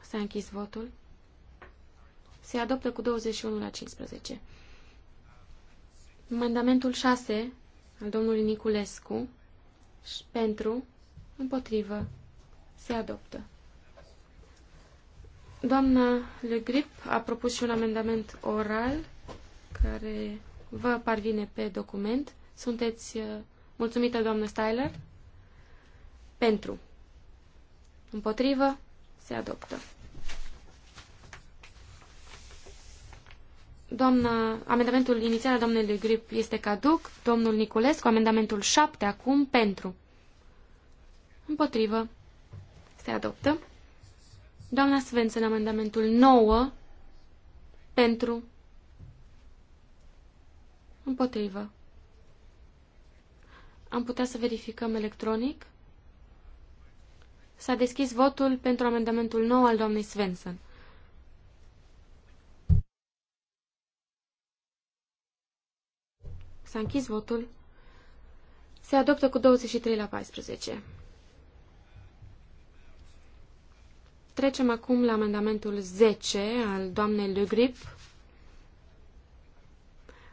S-a închis votul. Se adoptă cu 21 la 15. Amendamentul 6 al domnului Niculescu pentru, împotrivă, se adoptă. Doamna Le Grip a propus și un amendament oral care vă parvine pe document. Sunteți uh, mulțumită, doamnă Styler? Pentru. Împotrivă, se adoptă. Doamna, amendamentul inițial al domnului Grip este caduc. Domnul Niculescu, amendamentul 7 acum pentru. Împotrivă. Se adoptă. Doamna Svensson, amendamentul 9 pentru. Împotrivă. Am putea să verificăm electronic? S-a deschis votul pentru amendamentul 9 al doamnei Svensson. S-a închis votul. Se adoptă cu 23 la 14. Trecem acum la amendamentul 10 al doamnei Le Grip.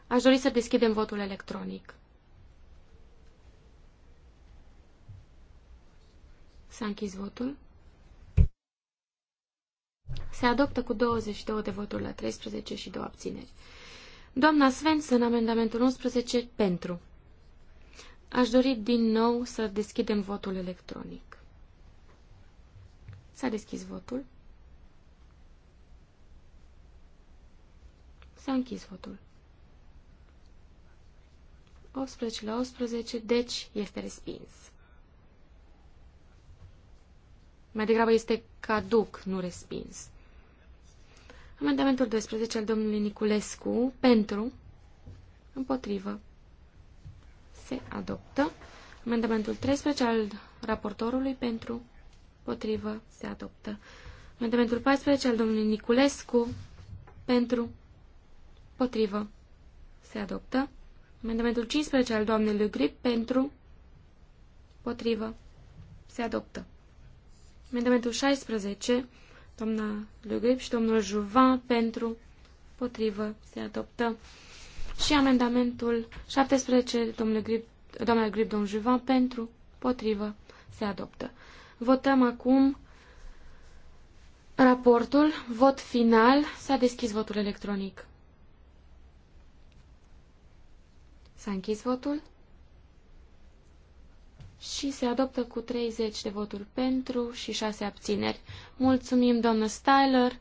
Aș dori să deschidem votul electronic. S-a închis votul. Se adoptă cu 22 de voturi la 13 și 2 abțineri. Doamna Svensson, amendamentul 11, pentru. Aș dori din nou să deschidem votul electronic. S-a deschis votul. S-a închis votul. 18 la 18, deci este respins. Mai degrabă este caduc, nu respins. Amendamentul 12 al domnului Niculescu pentru, împotrivă, se adoptă. Amendamentul 13 al raportorului pentru, împotrivă, se adoptă. Amendamentul 14 al domnului Niculescu pentru, împotrivă, se adoptă. Amendamentul 15 al doamnei lui Grip pentru, împotrivă, se adoptă. Amendamentul 16 doamna Le Grip și domnul Juvan pentru, potrivă, se adoptă. Și amendamentul 17, domnul Grip, doamna Grip, domnul Juvan pentru, potrivă, se adoptă. Votăm acum raportul, vot final, s-a deschis votul electronic. S-a închis votul și se adoptă cu 30 de voturi pentru și 6 abțineri. Mulțumim, doamnă Styler.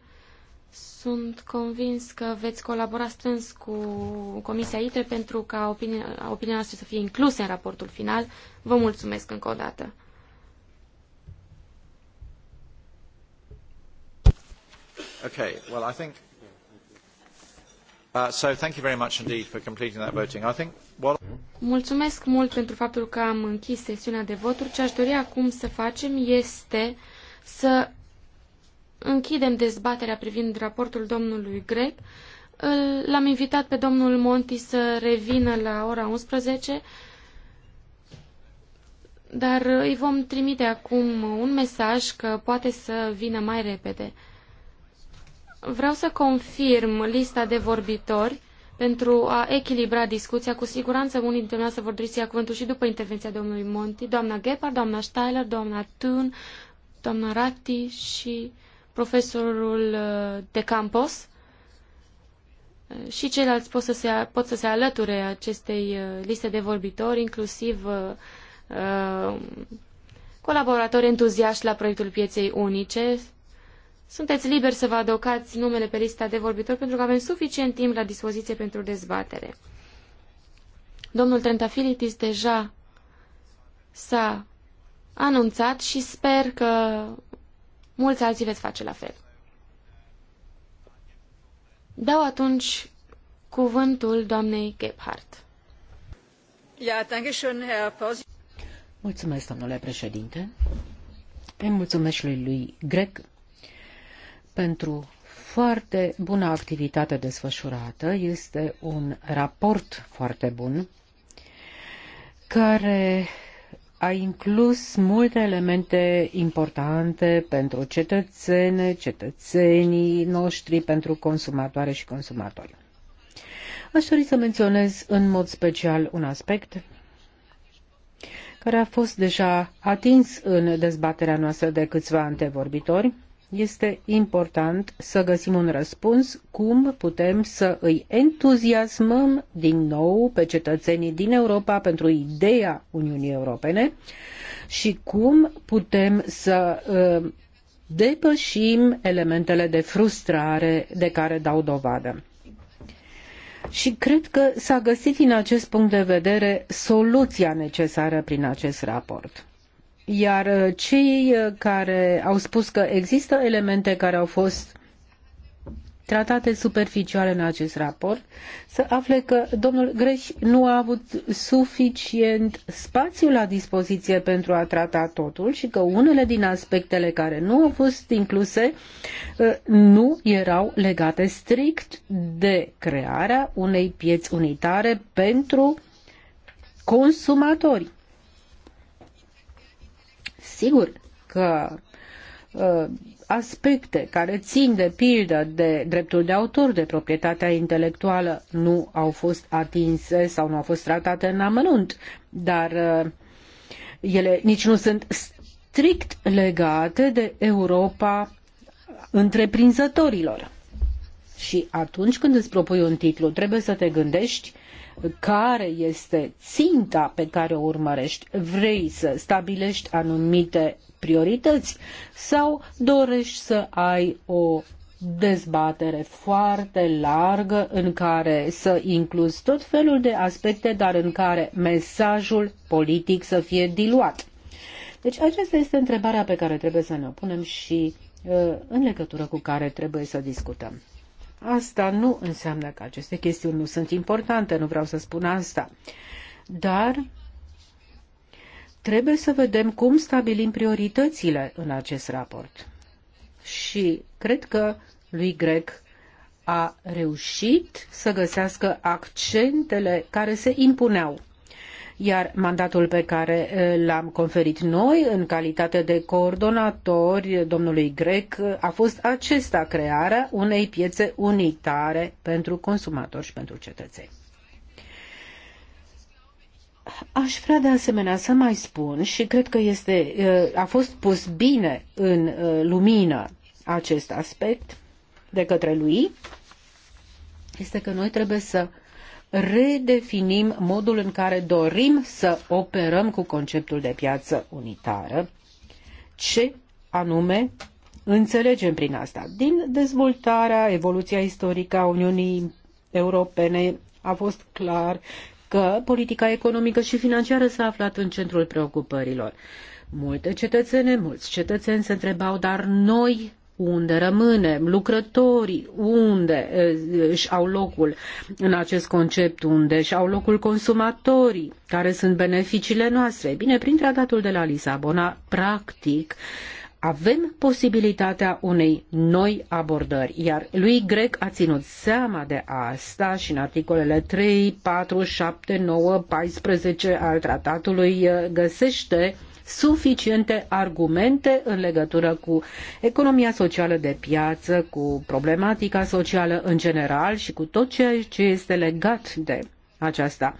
Sunt convins că veți colabora strâns cu Comisia ITRE pentru ca opinia, opinia noastră să fie inclusă în raportul final. Vă mulțumesc încă o dată. Okay, well, I think Mulțumesc mult pentru faptul că am închis sesiunea de voturi. Ce aș dori acum să facem este să închidem dezbaterea privind raportul domnului Grec. L-am invitat pe domnul Monti să revină la ora 11, dar îi vom trimite acum un mesaj că poate să vină mai repede. Vreau să confirm lista de vorbitori pentru a echilibra discuția. Cu siguranță unii dintre noi să vor dori să ia cuvântul și după intervenția domnului Monti, doamna Gepard, doamna Steiler, doamna Thun, doamna Ratti și profesorul uh, de Campos. Și ceilalți pot să se, pot să se alăture acestei uh, liste de vorbitori, inclusiv uh, uh, colaboratori entuziaști la proiectul pieței unice, sunteți liberi să vă adocați numele pe lista de vorbitori pentru că avem suficient timp la dispoziție pentru dezbatere. Domnul Trentafilitis deja s-a anunțat și sper că mulți alții veți face la fel. Dau atunci cuvântul doamnei Gebhardt. Ja, danke schön, Herr Mulțumesc, domnule președinte. Îi mulțumesc lui, lui Greg pentru foarte bună activitate desfășurată. Este un raport foarte bun care a inclus multe elemente importante pentru cetățene, cetățenii noștri, pentru consumatoare și consumatori. Aș dori să menționez în mod special un aspect care a fost deja atins în dezbaterea noastră de câțiva antevorbitori, este important să găsim un răspuns cum putem să îi entuziasmăm din nou pe cetățenii din Europa pentru ideea Uniunii Europene și cum putem să ă, depășim elementele de frustrare de care dau dovadă. Și cred că s-a găsit din acest punct de vedere soluția necesară prin acest raport iar uh, cei uh, care au spus că există elemente care au fost tratate superficial în acest raport, să afle că domnul Greș nu a avut suficient spațiu la dispoziție pentru a trata totul și că unele din aspectele care nu au fost incluse uh, nu erau legate strict de crearea unei pieți unitare pentru consumatori. Sigur că ă, aspecte care țin de pildă de dreptul de autor, de proprietatea intelectuală, nu au fost atinse sau nu au fost tratate în amănunt, dar ă, ele nici nu sunt strict legate de Europa întreprinzătorilor. Și atunci când îți propui un titlu, trebuie să te gândești care este ținta pe care o urmărești. Vrei să stabilești anumite priorități sau dorești să ai o dezbatere foarte largă în care să incluzi tot felul de aspecte, dar în care mesajul politic să fie diluat. Deci aceasta este întrebarea pe care trebuie să ne o punem și uh, în legătură cu care trebuie să discutăm. Asta nu înseamnă că aceste chestiuni nu sunt importante, nu vreau să spun asta. Dar trebuie să vedem cum stabilim prioritățile în acest raport. Și cred că lui Greg a reușit să găsească accentele care se impuneau iar mandatul pe care l-am conferit noi în calitate de coordonatori domnului Grec a fost acesta, crearea unei piețe unitare pentru consumatori și pentru cetățeni. Aș vrea de asemenea să mai spun și cred că este, a fost pus bine în lumină acest aspect de către lui, este că noi trebuie să redefinim modul în care dorim să operăm cu conceptul de piață unitară. Ce anume înțelegem prin asta? Din dezvoltarea, evoluția istorică a Uniunii Europene a fost clar că politica economică și financiară s-a aflat în centrul preocupărilor. Multe cetățene, mulți cetățeni se întrebau, dar noi unde rămânem, lucrătorii unde își au locul în acest concept, unde își au locul consumatorii, care sunt beneficiile noastre. bine, prin tratatul de la Lisabona, practic, avem posibilitatea unei noi abordări, iar lui Grec a ținut seama de asta și în articolele 3, 4, 7, 9, 14 al tratatului găsește uh, suficiente argumente în legătură cu economia socială de piață, cu problematica socială în general și cu tot ceea ce este legat de aceasta.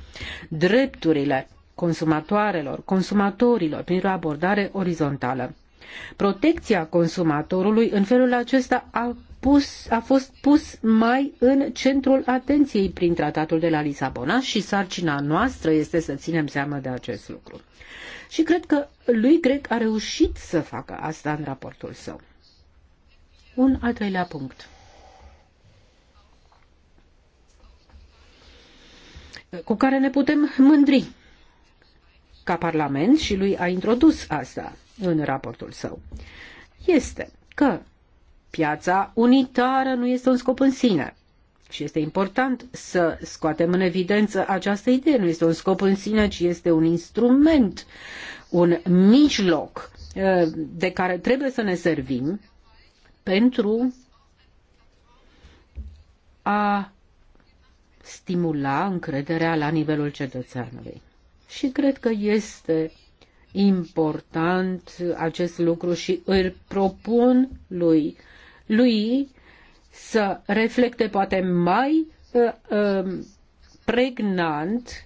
Drepturile consumatoarelor, consumatorilor, printr-o abordare orizontală. Protecția consumatorului în felul acesta a, pus, a fost pus mai în centrul atenției prin tratatul de la Lisabona și sarcina noastră este să ținem seama de acest lucru și cred că lui Greg a reușit să facă asta în raportul său. Un al treilea punct. cu care ne putem mândri ca Parlament și lui a introdus asta în raportul său, este că piața unitară nu este un scop în sine. Și este important să scoatem în evidență această idee. Nu este un scop în sine, ci este un instrument, un mijloc uh, de care trebuie să ne servim pentru a stimula încrederea la nivelul cetățeanului. Și cred că este important acest lucru și îl propun lui, lui să reflecte poate mai uh, um, pregnant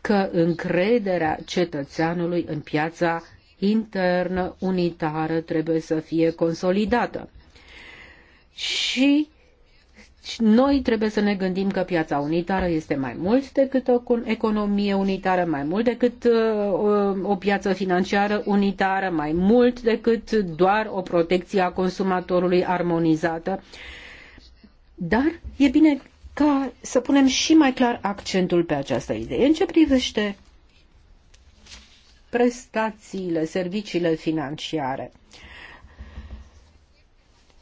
că încrederea cetățeanului în piața internă unitară trebuie să fie consolidată. Și și noi trebuie să ne gândim că piața unitară este mai mult decât o economie unitară, mai mult decât o, uh, uh, o piață financiară unitară, mai mult decât doar o protecție a consumatorului armonizată. Dar e bine ca să punem și mai clar accentul pe această idee. În ce privește prestațiile, serviciile financiare.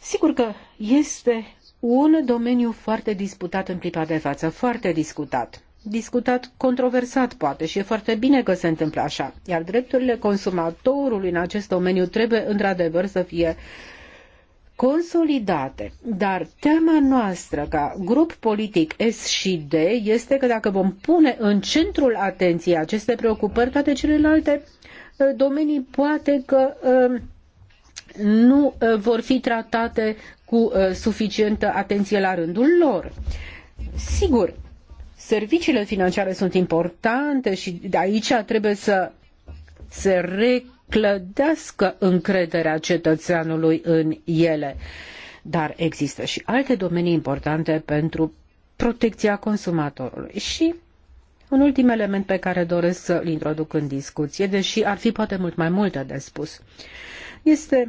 Sigur că este un domeniu foarte disputat în clipa de față, foarte discutat. Discutat, controversat poate și e foarte bine că se întâmplă așa. Iar drepturile consumatorului în acest domeniu trebuie într-adevăr să fie consolidate. Dar teama noastră ca grup politic S și D este că dacă vom pune în centrul atenției aceste preocupări, toate celelalte eh, domenii poate că uh, nu uh, vor fi tratate cu uh, suficientă atenție la rândul lor. Sigur, serviciile financiare sunt importante și de aici trebuie să se reclădească încrederea cetățeanului în ele. Dar există și alte domenii importante pentru protecția consumatorului. Și un ultim element pe care doresc să-l introduc în discuție, deși ar fi poate mult mai multe de spus, este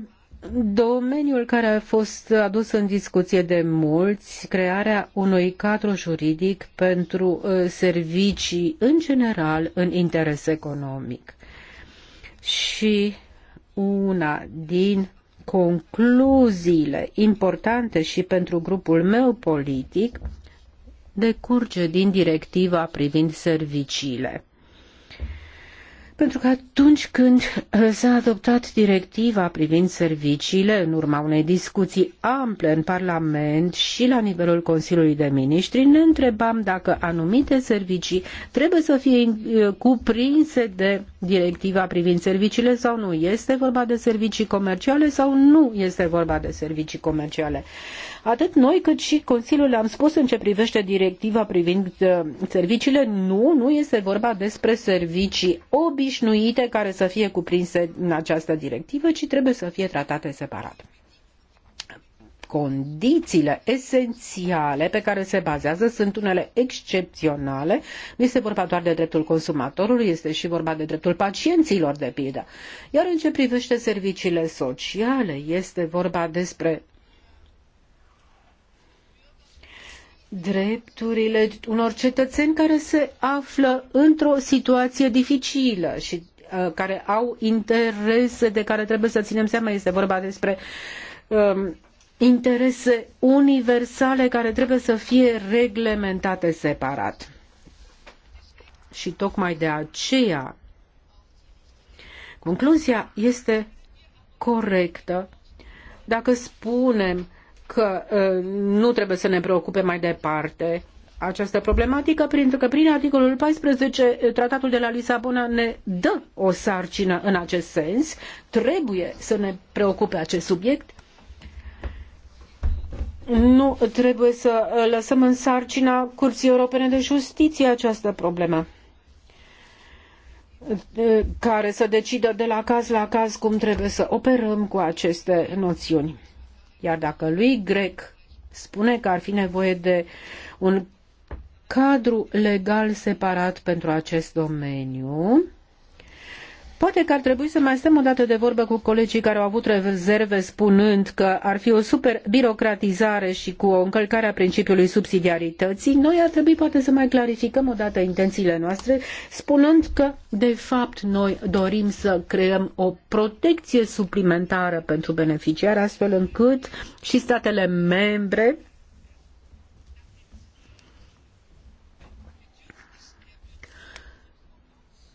Domeniul care a fost adus în discuție de mulți, crearea unui cadru juridic pentru uh, servicii în general în interes economic. Și una din concluziile importante și pentru grupul meu politic decurge din directiva privind serviciile. Pentru că atunci când uh, s-a adoptat directiva privind serviciile, în urma unei discuții ample în Parlament și la nivelul Consiliului de Ministri, ne întrebam dacă anumite servicii trebuie să fie uh, cuprinse de directiva privind serviciile sau nu. Este vorba de servicii comerciale sau nu este vorba de servicii comerciale. Atât noi cât și Consiliul am spus în ce privește directiva privind uh, serviciile, nu, nu este vorba despre servicii obișnuite care să fie cuprinse în această directivă, ci trebuie să fie tratate separat condițiile esențiale pe care se bazează sunt unele excepționale. Nu este vorba doar de dreptul consumatorului, este și vorba de dreptul pacienților, de pildă. Iar în ce privește serviciile sociale, este vorba despre drepturile unor cetățeni care se află într-o situație dificilă și uh, care au interese de care trebuie să ținem seama. Este vorba despre um, interese universale care trebuie să fie reglementate separat. Și tocmai de aceea concluzia este corectă dacă spunem că ă, nu trebuie să ne preocupe mai departe această problematică, pentru că prin articolul 14 ă, tratatul de la Lisabona ne dă o sarcină în acest sens. Trebuie să ne preocupe acest subiect. Nu trebuie să ă, lăsăm în sarcina Curții Europene de Justiție această problemă care să decidă de la caz la caz cum trebuie să operăm cu aceste noțiuni. Iar dacă lui Grec spune că ar fi nevoie de un cadru legal separat pentru acest domeniu, Poate că ar trebui să mai stăm o dată de vorbă cu colegii care au avut rezerve spunând că ar fi o super birocratizare și cu o încălcare a principiului subsidiarității. Noi ar trebui poate să mai clarificăm o dată intențiile noastre spunând că de fapt noi dorim să creăm o protecție suplimentară pentru beneficiari astfel încât și statele membre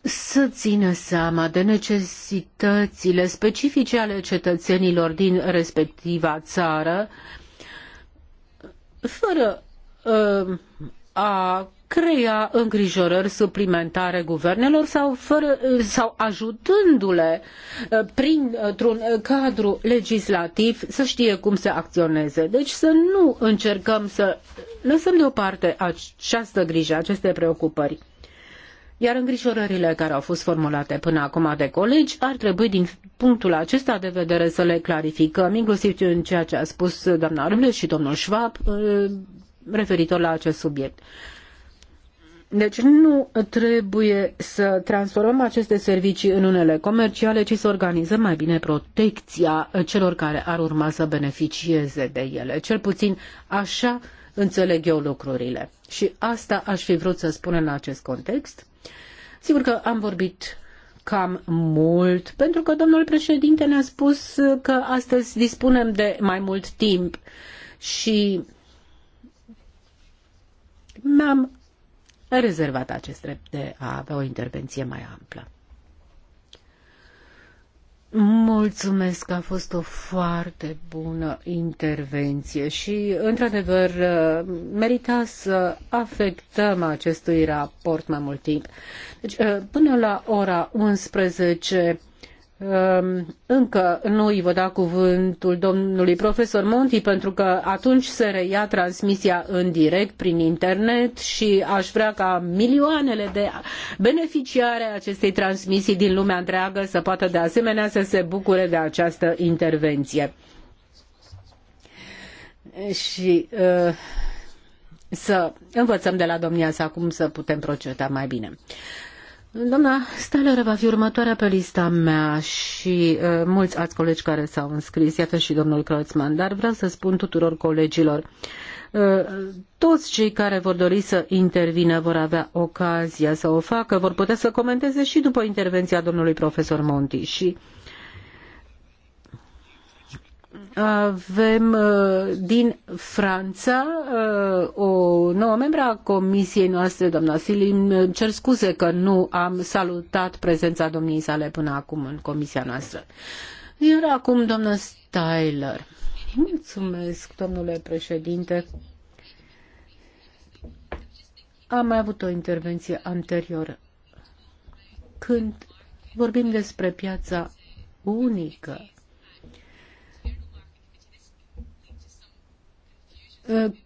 să țină seama de necesitățile specifice ale cetățenilor din respectiva țară, fără uh, a crea îngrijorări suplimentare guvernelor sau, fără, uh, sau ajutându-le uh, printr-un cadru legislativ să știe cum să acționeze. Deci să nu încercăm să lăsăm deoparte această grijă, aceste preocupări. Iar îngrijorările care au fost formulate până acum de colegi ar trebui din punctul acesta de vedere să le clarificăm, inclusiv în ceea ce a spus doamna Râle și domnul Schwab uh, referitor la acest subiect. Deci nu trebuie să transformăm aceste servicii în unele comerciale, ci să organizăm mai bine protecția celor care ar urma să beneficieze de ele. Cel puțin așa înțeleg eu lucrurile. Și asta aș fi vrut să spun în acest context. Sigur că am vorbit cam mult, pentru că domnul președinte ne-a spus că astăzi dispunem de mai mult timp și mi-am rezervat acest drept de a avea o intervenție mai amplă. Mulțumesc, a fost o foarte bună intervenție și, într-adevăr, merita să afectăm acestui raport mai mult timp. Deci, până la ora 11 Ehm, încă nu îi vă da cuvântul domnului profesor Monti pentru că atunci se reia transmisia în direct prin internet și aș vrea ca milioanele de beneficiari ai acestei transmisii din lumea întreagă să poată de asemenea să se bucure de această intervenție. Și uh, să învățăm de la domnia sa cum să putem proceda mai bine. Uh, Doamna Stalere va fi următoarea pe lista mea și uh, mulți alți colegi care s-au înscris, iată și domnul Kreutzmann, dar vreau să spun tuturor colegilor, uh, toți cei care vor dori să intervină vor avea ocazia să o facă, vor putea să comenteze și după intervenția domnului profesor Monti și uh, avem uh, din Franța uh, o nouă membră a comisiei noastre, doamna Silim. Cer scuze că nu am salutat prezența domniei sale până acum în comisia noastră. Iar acum, doamna Styler. Mulțumesc, domnule președinte. Am mai avut o intervenție anterioră. Când vorbim despre piața unică,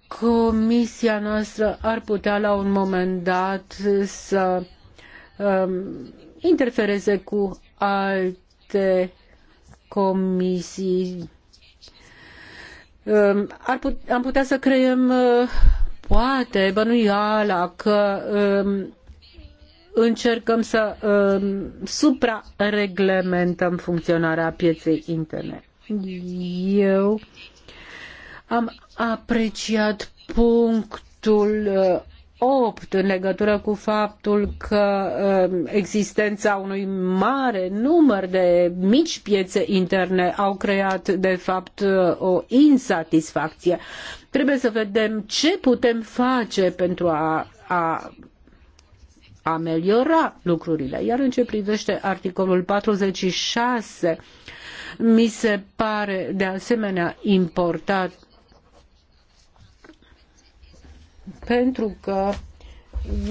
Comisia noastră ar putea la un moment dat să um, interfereze cu alte comisii. Um, ar put, am putea să creăm uh, poate bănuiala că um, încercăm să suprareglementăm funcționarea pieței interne. Eu am apreciat punctul 8 uh, în legătură cu faptul că uh, existența unui mare număr de mici piețe interne au creat de fapt uh, o insatisfacție. Trebuie să vedem ce putem face pentru a, a ameliora lucrurile. Iar în ce privește articolul 46, mi se pare de asemenea important pentru că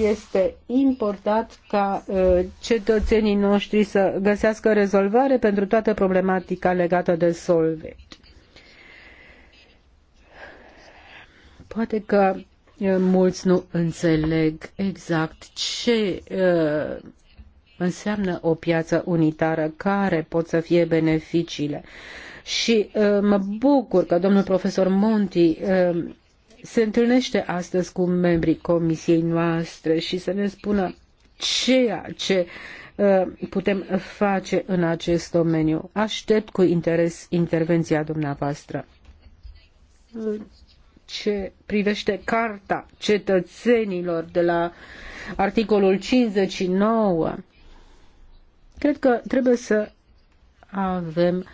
este important ca uh, cetățenii noștri să găsească rezolvare pentru toată problematica legată de Solvit. Poate că uh, mulți nu înțeleg exact ce uh, înseamnă o piață unitară, care pot să fie beneficiile. Și mă bucur că domnul profesor Monti se întâlnește astăzi cu membrii comisiei noastre și să ne spună ceea ce uh, putem face în acest domeniu. Aștept cu interes intervenția dumneavoastră. Ce privește Carta Cetățenilor de la articolul 59, cred că trebuie să avem uh,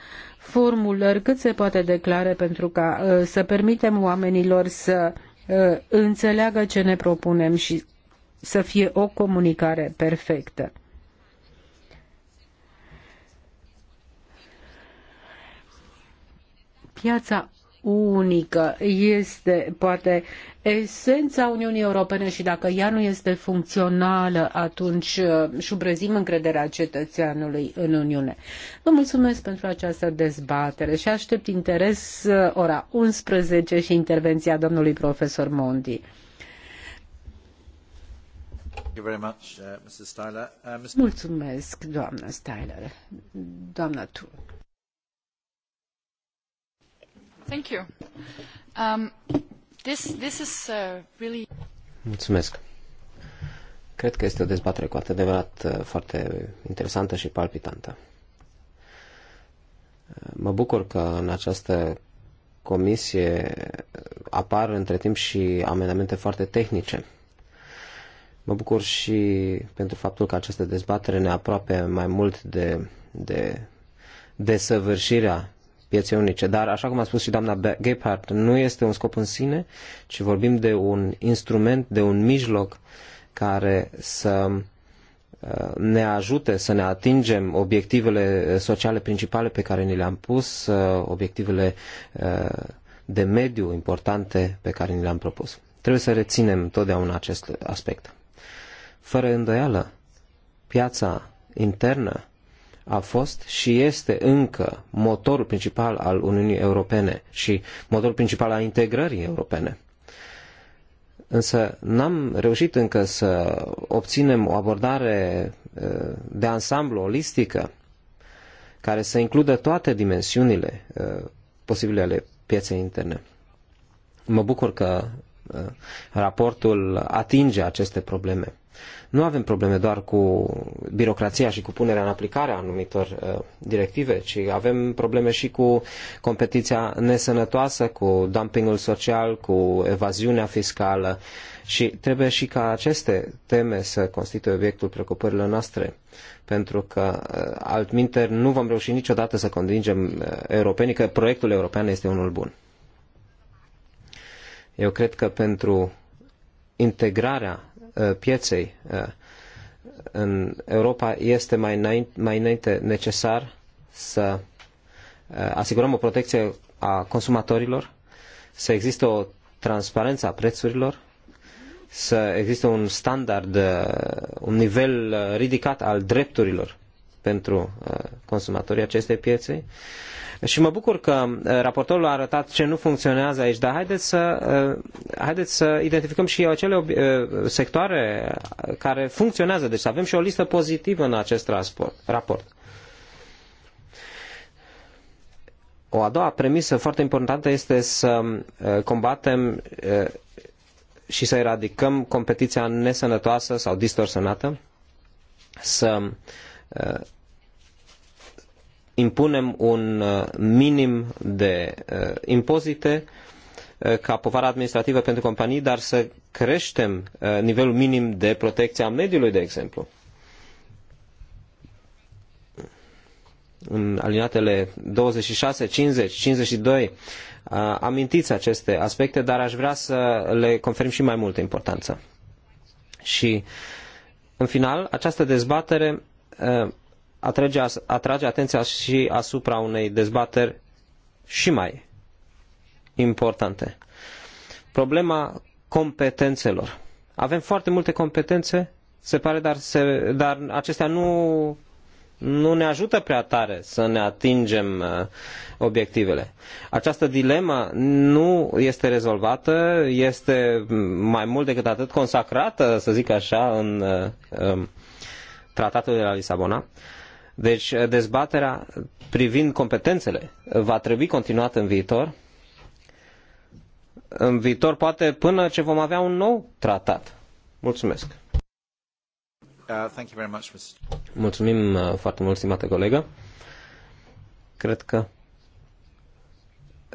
formulări cât se poate declare pentru ca uh, să permitem oamenilor să uh, înțeleagă ce ne propunem și să fie o comunicare perfectă. Piața unică este poate esența Uniunii Europene și dacă ea nu este funcțională, atunci uh, șubrezim încrederea cetățeanului în Uniune. Vă mulțumesc pentru această dezbatere și aștept interes uh, ora 11 și intervenția domnului profesor Mondi. Uh, mulțumesc, doamnă Styler. Doamna Tu. Um, uh, Mulțumesc. Cred că este o dezbatere cu adevărat uh, foarte interesantă și palpitantă. Uh, mă bucur că în această comisie apar între timp și amendamente foarte tehnice. Mă bucur și pentru faptul că această dezbatere ne aproape mai mult de, de desăvârșirea pieței unice. Dar, așa cum a spus și doamna Gephardt, nu este un scop în sine, ci vorbim de un instrument, de un mijloc care să uh, ne ajute să ne atingem obiectivele uh, sociale principale pe care ni le-am pus, uh, obiectivele de mediu importante pe care ni le-am propus. Trebuie să reținem totdeauna acest aspect. Fără îndoială, piața internă a fost și este încă motorul principal al Uniunii Europene și motorul principal al integrării europene. Însă n-am reușit încă să obținem o abordare de ansamblu olistică care să includă toate dimensiunile posibile ale pieței interne. Mă bucur că raportul atinge aceste probleme. Nu avem probleme doar cu birocrația și cu punerea în aplicare a anumitor uh, directive, ci avem probleme și cu competiția nesănătoasă, cu dumpingul social, cu evaziunea fiscală și trebuie și ca aceste teme să constituie obiectul preocupărilor noastre, pentru că uh, altminteri nu vom reuși niciodată să convingem uh, europenii că proiectul european este unul bun. Eu cred că pentru integrarea Uh, pieței uh, în Europa este mai înainte, mai înainte necesar să uh, asigurăm o protecție a consumatorilor, să existe o transparență a prețurilor, să existe un standard, un nivel ridicat al drepturilor pentru consumatorii acestei piețe și mă bucur că uh, raportorul a arătat ce nu funcționează aici, dar haideți să, uh, haideți să identificăm și acele uh, sectoare care funcționează, deci să avem și o listă pozitivă în acest raport. O a doua premisă foarte importantă este să combatem și să eradicăm competiția nesănătoasă sau distorsionată, să impunem un uh, minim de uh, impozite uh, ca povară administrativă pentru companii, dar să creștem nivelul minim de protecție a mediului, de exemplu. În alinatele 26, 50, 52, amintiți aceste aspecte, dar aș vrea să le conferim și mai multă importanță. Și, în final, această dezbatere atrage, atrage atenția și asupra unei dezbateri și mai importante. Problema competențelor. Avem foarte multe competențe, se pare, dar, se, dar acestea nu, nu ne ajută prea tare să ne atingem uh, obiectivele. Această dilemă nu este rezolvată, este mai mult decât atât consacrată, să zic așa, în, în uh, um, tratatul de la Lisabona. Uh, deci uh, dezbaterea privind competențele va trebui continuată în viitor. În viitor poate până ce vom avea un nou tratat. Mulțumesc. Uh, Mulțumim uh, foarte mult, stimate colegă. Cred că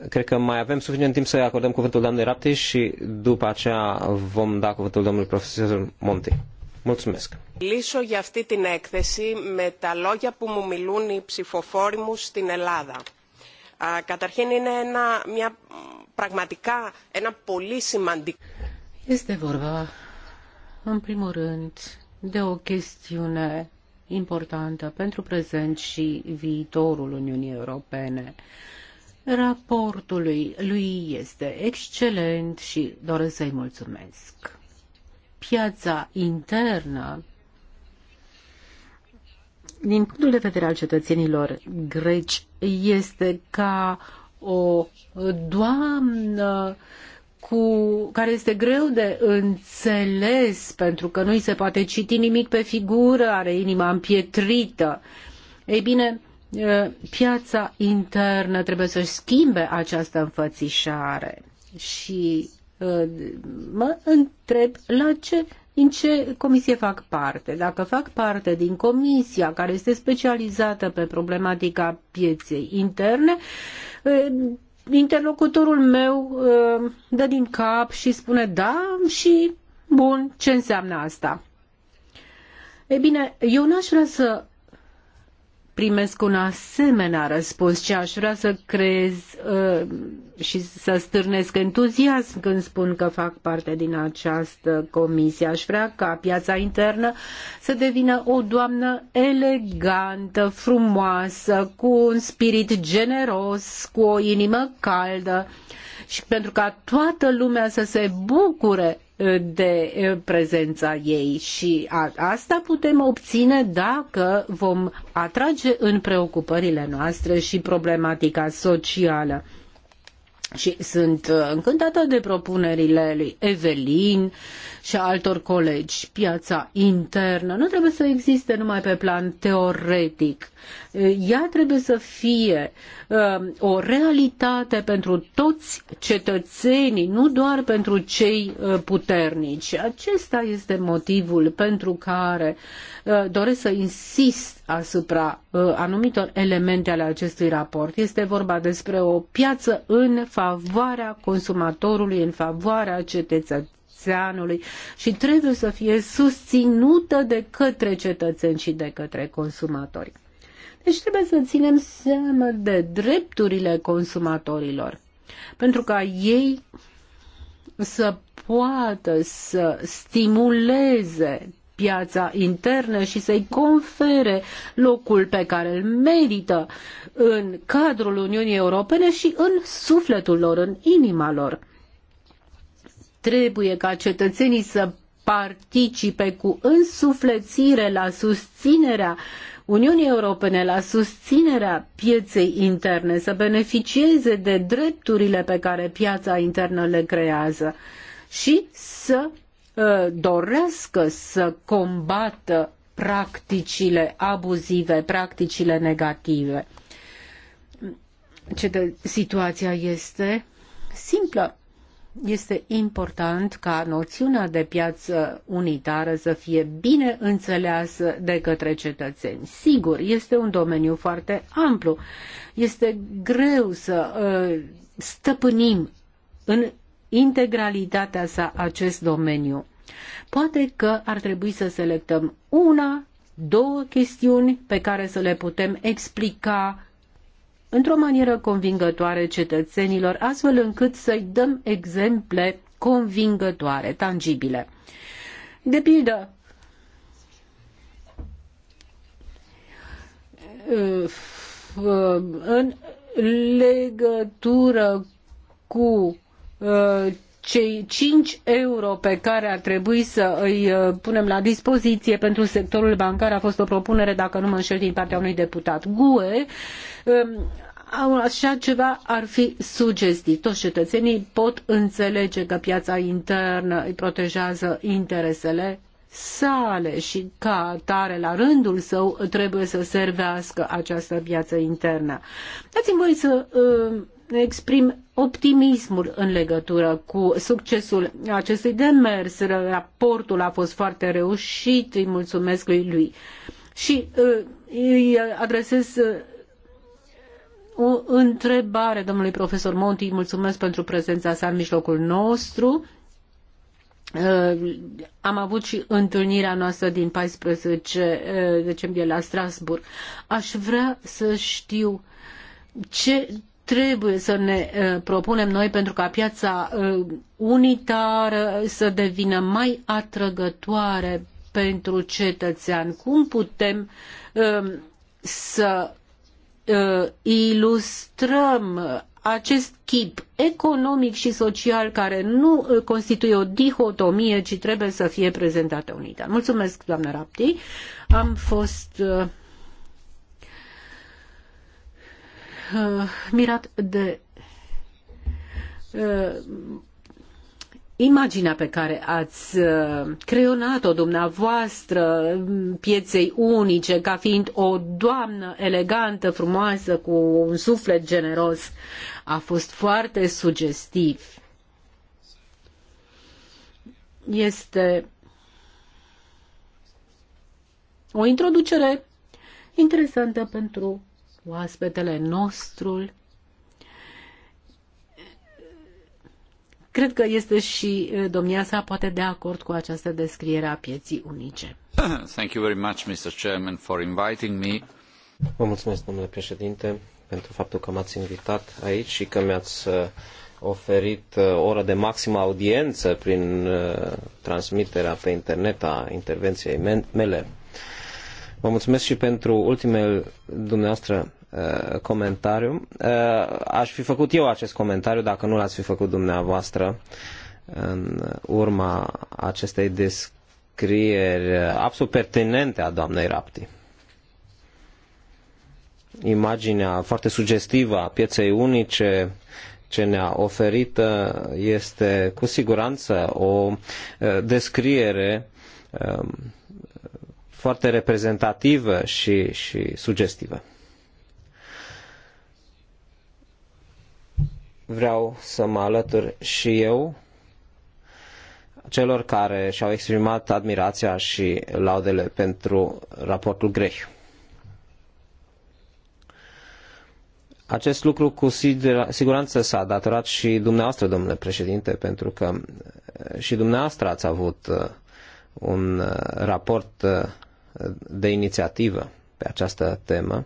cred că mai avem suficient timp să acordăm cuvântul doamnei Rapti și după aceea vom da cuvântul domnului profesor Monti. Mulțumesc! Λύσω για αυτή την έκθεση με τα λόγια που μου μιλούν οι ψηφοφόροι μου στην Ελλάδα. Α, καταρχήν είναι ένα, μια, πραγματικά ένα πολύ σημαντικό... Este vorba, în primul rând, de o chestiune importantă pentru prezent și viitorul Uniunii Europene. Raportul lui este excelent și doresc să-i mulțumesc piața internă, din punctul de vedere al cetățenilor greci, este ca o doamnă cu, care este greu de înțeles pentru că nu îi se poate citi nimic pe figură, are inima împietrită. Ei bine, piața internă trebuie să-și schimbe această înfățișare și mă întreb la ce, din ce comisie fac parte. Dacă fac parte din comisia care este specializată pe problematica pieței interne, interlocutorul meu dă din cap și spune da și bun, ce înseamnă asta? E bine, eu n-aș vrea să primesc un asemenea răspuns, ci aș vrea să creez și să stârnesc entuziasm când spun că fac parte din această comisie. Aș vrea ca piața internă să devină o doamnă elegantă, frumoasă, cu un spirit generos, cu o inimă caldă și pentru ca toată lumea să se bucure de prezența ei și asta putem obține dacă vom atrage în preocupările noastre și problematica socială. Și sunt uh, încântată de propunerile lui Evelin și a altor colegi. Piața internă nu trebuie să existe numai pe plan teoretic. Uh, ea trebuie să fie uh, o realitate pentru toți cetățenii, nu doar pentru cei puternici. Acesta este motivul pentru care doresc să insist asupra uh, anumitor elemente ale acestui raport. Este vorba despre o piață în favoarea consumatorului, în favoarea cetățenului cetățeanului și trebuie să fie susținută de către cetățeni și de către consumatori. Deci trebuie să ținem seama de drepturile consumatorilor, pentru ca ei să poată să stimuleze piața internă și să-i confere locul pe care îl merită în cadrul Uniunii Europene și în sufletul lor, în inima lor. Trebuie ca cetățenii să participe cu însuflețire la susținerea Uniunii Europene la susținerea pieței interne, să beneficieze de drepturile pe care piața internă le creează și să Uh, doresc să combată practicile abuzive, practicile negative. Ce de, situația este simplă. Este important ca noțiunea de piață unitară să fie bine înțeleasă de către cetățeni. Sigur, este un domeniu foarte amplu. Este greu să uh, stăpânim în integralitatea sa acest domeniu. Poate că ar trebui să selectăm una, două chestiuni pe care să le putem explica într-o manieră convingătoare cetățenilor, astfel încât să-i dăm exemple convingătoare, tangibile. De pildă, în legătură cu Uh, cei cinci euro pe care ar trebui să îi uh, punem la dispoziție pentru sectorul bancar a fost o propunere, dacă nu mă înșel, din partea unui deputat GUE. Um, așa ceva ar fi sugestiv. Toți cetățenii pot înțelege că piața internă îi protejează interesele sale și ca atare la rândul său trebuie să servească această piață internă. Dați-mi voi să uh, exprim optimismul în legătură cu succesul acestui demers. Raportul a fost foarte reușit, îi mulțumesc lui lui. Și uh, îi adresez uh, o întrebare domnului profesor Monti, mulțumesc pentru prezența sa în mijlocul nostru. Uh, am avut și întâlnirea noastră din 14 decembrie la Strasbourg. Aș vrea să știu ce trebuie să ne uh, propunem noi pentru ca piața uh, unitară să devină mai atrăgătoare pentru cetățean. Cum putem um, să uh, ilustrăm acest chip economic și social care nu constituie o dihotomie, ci trebuie să fie prezentată unitar. Mulțumesc, doamnă Rapti. Am fost Uh, mirat de uh, imaginea pe care ați uh, creionat-o dumneavoastră um, pieței unice ca fiind o doamnă elegantă, frumoasă, cu un suflet generos, a fost foarte sugestiv. Este o introducere interesantă pentru oaspetele nostru. Cred că este și domnia sa poate de acord cu această descriere a pieții unice. Thank you very much, Mr. Chairman, for inviting me. Vă mulțumesc, domnule președinte, pentru faptul că m-ați invitat aici și că mi-ați uh, oferit uh, o oră de maximă audiență prin uh, transmiterea pe internet a intervenției mele. Vă mulțumesc și pentru ultimele dumneavoastră uh, comentariu. Uh, aș fi făcut eu acest comentariu dacă nu l-ați fi făcut dumneavoastră în urma acestei descrieri absolut pertinente a doamnei Rapti. Imaginea foarte sugestivă a pieței unice ce ne-a oferit uh, este cu siguranță o descriere um, foarte reprezentativă și, și sugestivă. Vreau să mă alătur și eu celor care și-au exprimat admirația și laudele pentru raportul Grech. Acest lucru cu siguranță s-a datorat și dumneavoastră, domnule președinte, pentru că și dumneavoastră ați avut un raport de inițiativă pe această temă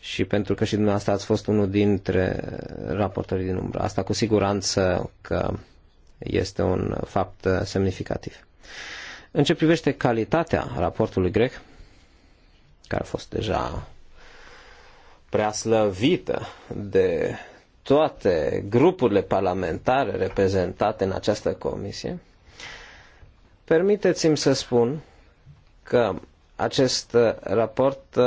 și pentru că și dumneavoastră ați fost unul dintre raportorii din umbră. Asta cu siguranță că este un fapt semnificativ. În ce privește calitatea raportului grec, care a fost deja prea slăvită de toate grupurile parlamentare reprezentate în această comisie, permiteți-mi să spun că acest uh, raport uh,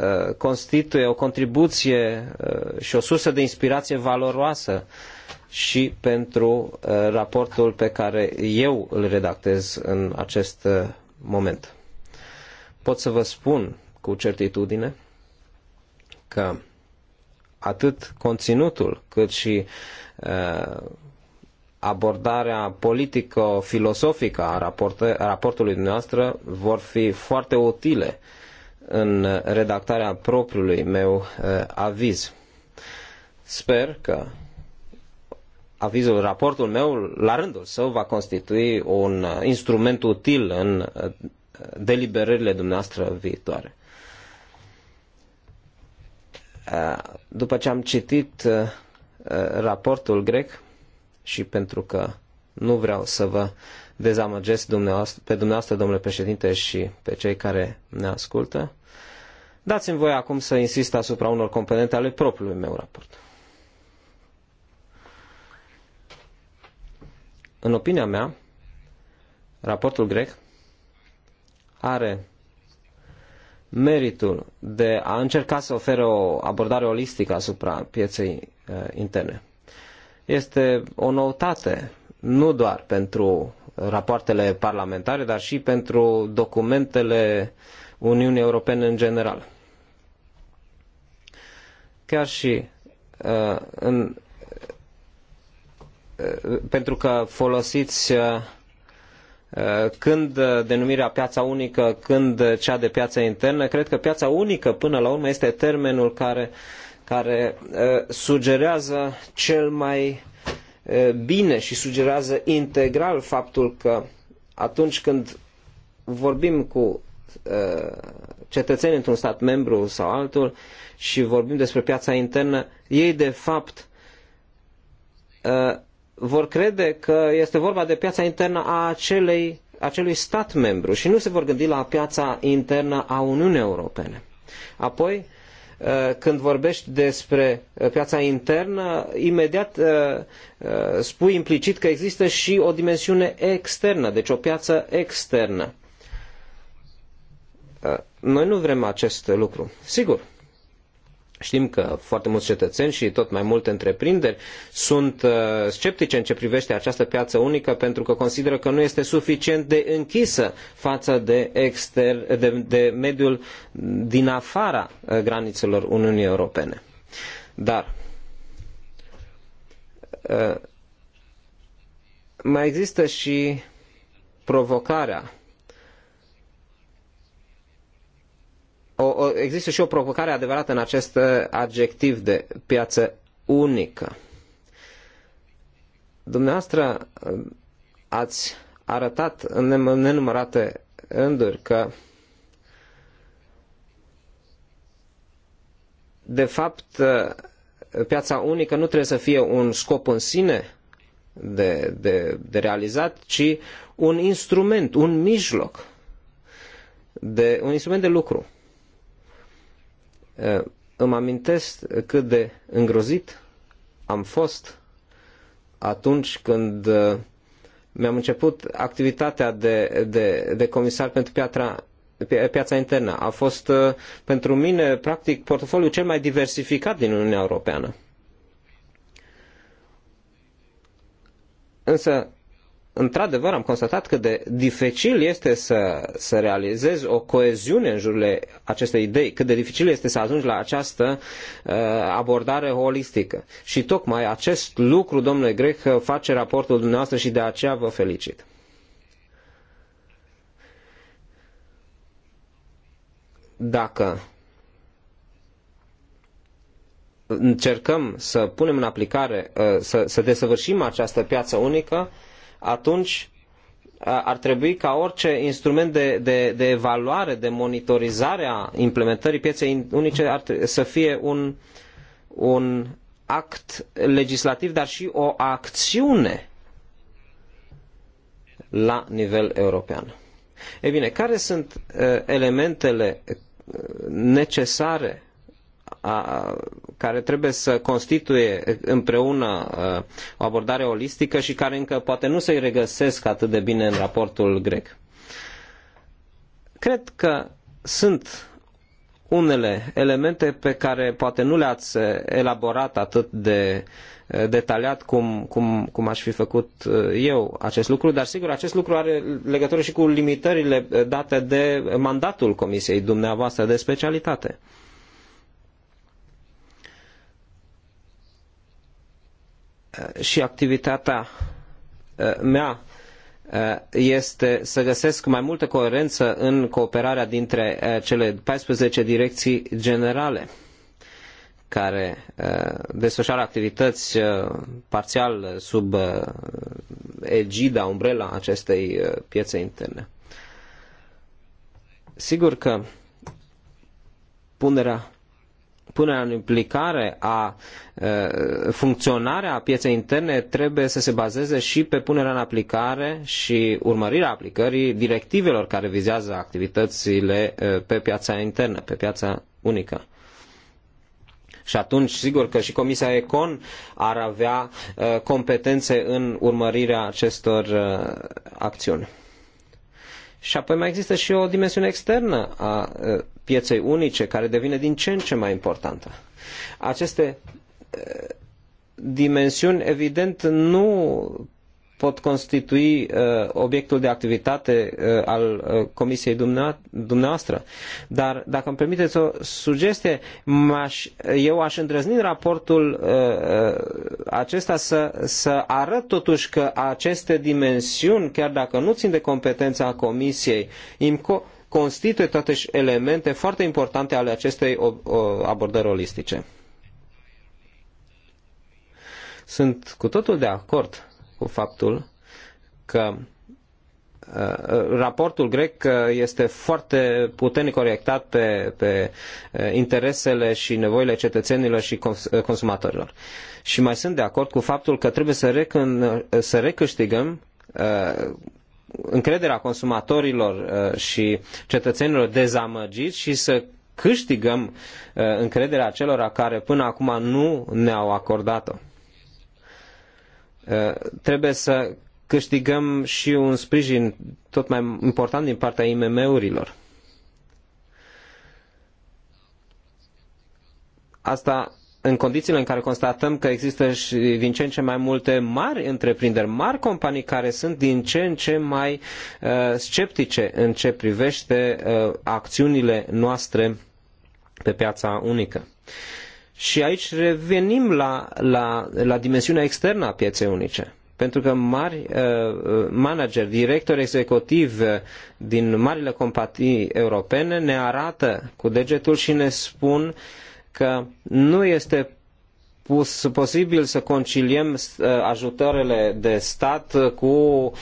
uh, constituie o contribuție și o sursă de inspirație valoroasă și pentru raportul pe care eu îl redactez în acest moment. Pot să vă spun cu certitudine că atât conținutul cât și abordarea politico-filosofică a raportului dumneavoastră vor fi foarte utile în redactarea propriului meu uh, aviz. Sper că avizul, raportul meu, la rândul său, va constitui un instrument util în uh, deliberările dumneavoastră viitoare. Uh, după ce am citit raportul grec, și pentru că nu vreau să vă dezamăgesc dumneavoastră, pe dumneavoastră, domnule președinte, și pe cei care ne ascultă, dați-mi voi acum să insist asupra unor componente ale propriului meu raport. În opinia mea, raportul grec are meritul de a încerca să ofere o abordare olistică asupra pieței uh, interne este o noutate, nu doar pentru rapoartele parlamentare, dar și pentru documentele Uniunii Europene în general. Chiar și uh, în, uh, pentru că folosiți uh, uh când denumirea piața unică, când cea de piață internă, cred că piața unică până la urmă este termenul care uh, care uh, sugerează cel mai uh, bine și sugerează integral faptul că atunci când vorbim cu uh, cetățeni într-un stat membru sau altul și vorbim despre piața internă, ei de fapt vor crede că este vorba de piața internă a acelei, acelui stat membru și nu se vor gândi la piața internă a Uniunii Europene. Apoi, Eh, când vorbești despre eh, piața internă, imediat eh, spui implicit că există și o dimensiune externă, deci o piață externă. Noi nu vrem acest lucru. Sigur, Știm că foarte mulți cetățeni și tot mai multe întreprinderi sunt uh, sceptice în ce privește această piață unică pentru că consideră că nu este suficient de închisă față de, exter, de, de mediul din afara uh, granițelor Uniunii Europene. Dar uh, mai există și provocarea o, o, există și o provocare adevărată în acest uh, adjectiv de piață unică. Dumneavoastră uh, ați arătat în nenumărate rânduri că de fapt uh, piața unică nu trebuie să fie un scop în sine de, de, de realizat, ci un instrument, un mijloc, de, un instrument de lucru Eh, îmi amintesc cât de îngrozit am fost atunci când eh, mi-am început activitatea de, de, de comisar pentru piatra, eh, piața internă. A fost pentru mine, practic, portofoliul cel mai diversificat din Uniunea Europeană. Însă, într-adevăr am constatat cât de dificil este să, să realizezi o coeziune în jurul acestei idei, cât de dificil este să ajungi la această uh, abordare holistică. Și tocmai acest lucru, domnule Grec, face raportul dumneavoastră și de aceea vă felicit. Dacă încercăm să punem în aplicare, uh, să, să desăvârșim această piață unică, atunci ar trebui ca orice instrument de, de, de evaluare, de monitorizare a implementării pieței unice să fie un, un act legislativ, dar și o acțiune la nivel european. Ei bine, care sunt elementele necesare a, care trebuie să constituie împreună o abordare olistică și care încă poate nu se regăsesc atât de bine în raportul grec. Cred că sunt unele elemente pe care poate nu le-ați elaborat atât de detaliat cum, cum, cum aș fi făcut eu acest lucru, dar sigur acest lucru are legătură și cu limitările date de mandatul Comisiei dumneavoastră de specialitate. Eh, și activitatea eh, mea eh, este să găsesc mai multă coerență în cooperarea dintre cele 14 direcții generale care desfășoară activități parțial sub egida, umbrela acestei piețe interne. Sigur că punerea punerea în implicare a funcționarea pieței interne trebuie să se bazeze și pe punerea în aplicare și urmărirea aplicării directivelor care vizează activitățile pe piața internă, pe piața unică. Și atunci, sigur că și Comisia Econ ar avea competențe în urmărirea acestor acțiuni. Și apoi mai există și o dimensiune externă a pieței unice, care devine din ce în ce mai importantă. Aceste eh, dimensiuni, evident, nu pot constitui uh, obiectul de activitate uh, al uh, comisiei dumneavoastră. Dar, dacă îmi permiteți o sugestie, aș eu aș îndrăzni în raportul uh, acesta să, să arăt totuși că aceste dimensiuni, chiar dacă nu țin de competența comisiei IMCO, constituie totuși elemente foarte importante ale acestei abordări olistice. Sunt cu totul de acord cu faptul că uh, raportul grec uh, este foarte puternic orientat pe, pe, uh, interesele și nevoile cetățenilor și consumatorilor. Și mai sunt de acord cu faptul că trebuie să, recân, să recâștigăm încrederea consumatorilor uh, și cetățenilor dezamăgiți și să câștigăm uh, încrederea celor care până acum nu ne-au acordat-o. Uh, trebuie să câștigăm și un sprijin tot mai important din partea IMM-urilor. Asta în condițiile în care constatăm că există și din ce în ce mai multe mari întreprinderi, mari companii care sunt din ce în ce mai uh, sceptice în ce privește uh, acțiunile noastre pe piața unică. Și aici revenim la, la, la dimensiunea externă a pieței unice. Pentru că mari uh, manageri, directori executivi uh, din marile companii europene ne arată cu degetul și ne spun uh, că nu este pus, posibil să conciliem uh, ajutoarele de stat cu uh,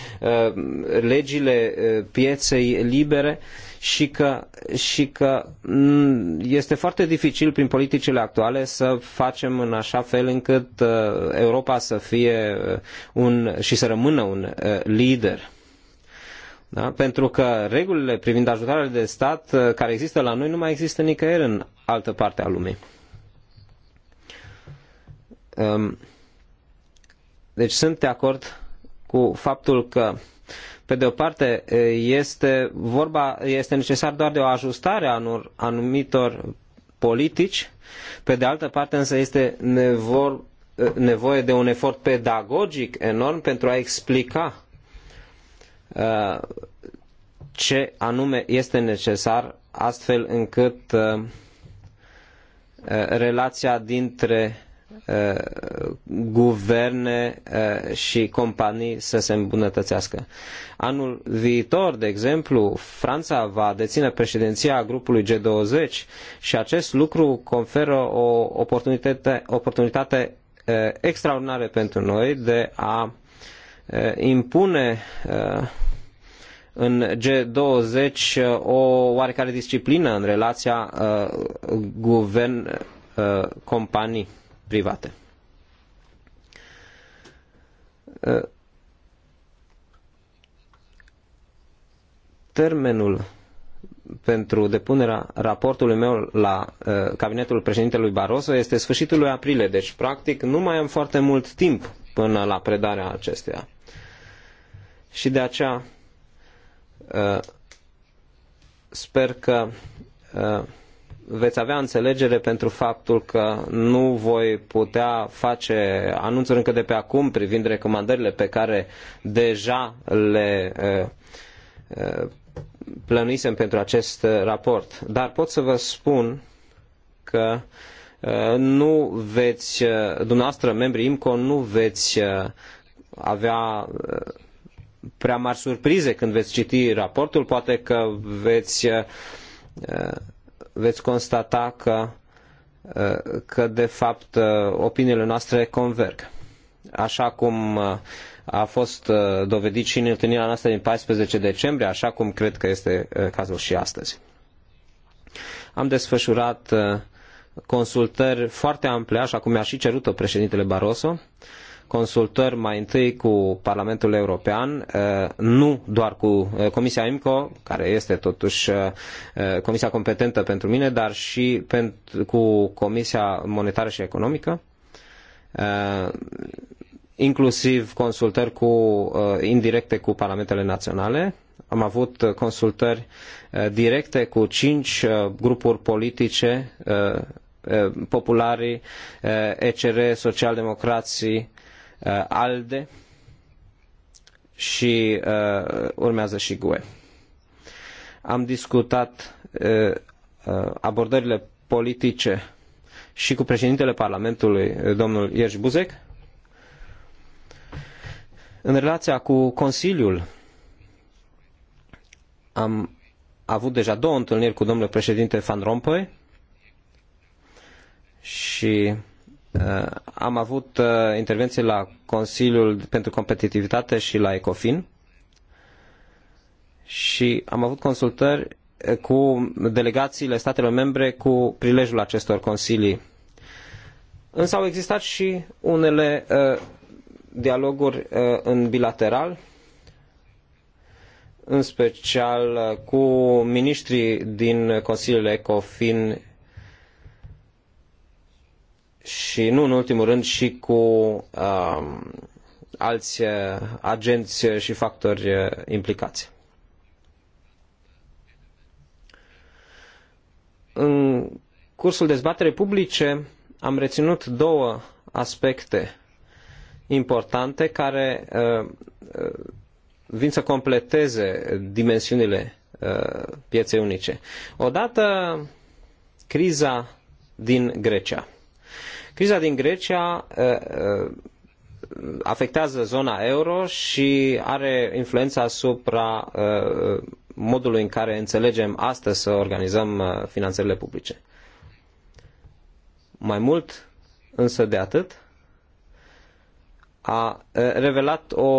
legile uh, pieței libere și că, și că mm, este foarte dificil prin politicile actuale să facem în așa fel încât Europa să fie un, și să rămână un lider. Da? Pentru că regulile privind ajutoarele de stat uh, care există la noi nu mai există nicăieri în altă parte a lumii. Um, deci sunt de acord cu faptul că pe de o parte este vorba, este necesar doar de o ajustare a anumitor politici, pe de altă parte însă este uh, nevoie de un efort pedagogic enorm pentru a explica Uh, ce anume este necesar astfel încât uh, uh, relația dintre guverne și companii să se îmbunătățească. Anul viitor, de exemplu, Franța va deține președinția grupului G20 și acest lucru conferă o oportunitate, oportunitate extraordinară pentru noi de a Uh, impune uh, în G20 uh, o oarecare disciplină în relația guvern-companii private. Termenul pentru depunerea raportului meu la cabinetul președintelui Barroso este sfârșitul lui aprilie, deci practic nu mai am foarte mult timp până la predarea acesteia. Și de aceea uh, sper că uh, veți avea înțelegere pentru faptul că nu voi putea face anunțuri încă de pe acum privind recomandările pe care deja le uh, plănuisem pentru acest raport. Dar pot să vă spun că nu veți, dumneavoastră, membrii IMCO, nu veți avea prea mari surprize când veți citi raportul. Poate că veți, uh, veți constata că, uh, că, de fapt, uh, opiniile noastre converg. Așa cum a fost dovedit și în întâlnirea noastră din 14 decembrie, așa cum cred că este cazul și astăzi. Am desfășurat consultări foarte ample, așa cum mi-a și cerut-o președintele Barroso, consultări mai întâi cu Parlamentul European, eh, nu doar cu eh, Comisia IMCO, care este totuși eh, comisia competentă pentru mine, dar și cu Comisia Monetară și Economică inclusiv consultări cu, indirecte cu parlamentele naționale. Am avut consultări directe cu cinci grupuri politice, populari, ECR, Social socialdemocrații, Uh, ALDE și uh, urmează și GUE. Am discutat uh, abordările politice și cu președintele Parlamentului, domnul Ierși Buzek. În relația cu Consiliul am avut deja două întâlniri cu domnul președinte Van Rompuy și Uh, am avut uh, intervenții la Consiliul pentru Competitivitate și la ECOFIN și am avut consultări uh, cu delegațiile statelor membre cu prilejul acestor consilii. Însă au existat și unele dialoguri în bilateral, în special cu miniștrii din Consiliul ECOFIN și nu în ultimul rând și cu um, alți uh, agenți și factori uh, implicați. În cursul dezbaterei publice am reținut două aspecte importante care uh, uh vin să completeze dimensiunile uh, pieței unice. Odată criza din Grecia Criza din Grecia uh, uh, afectează zona euro și are influența asupra uh, modului în care înțelegem astăzi să organizăm finanțările publice. Mai mult, însă de atât, a revelat o,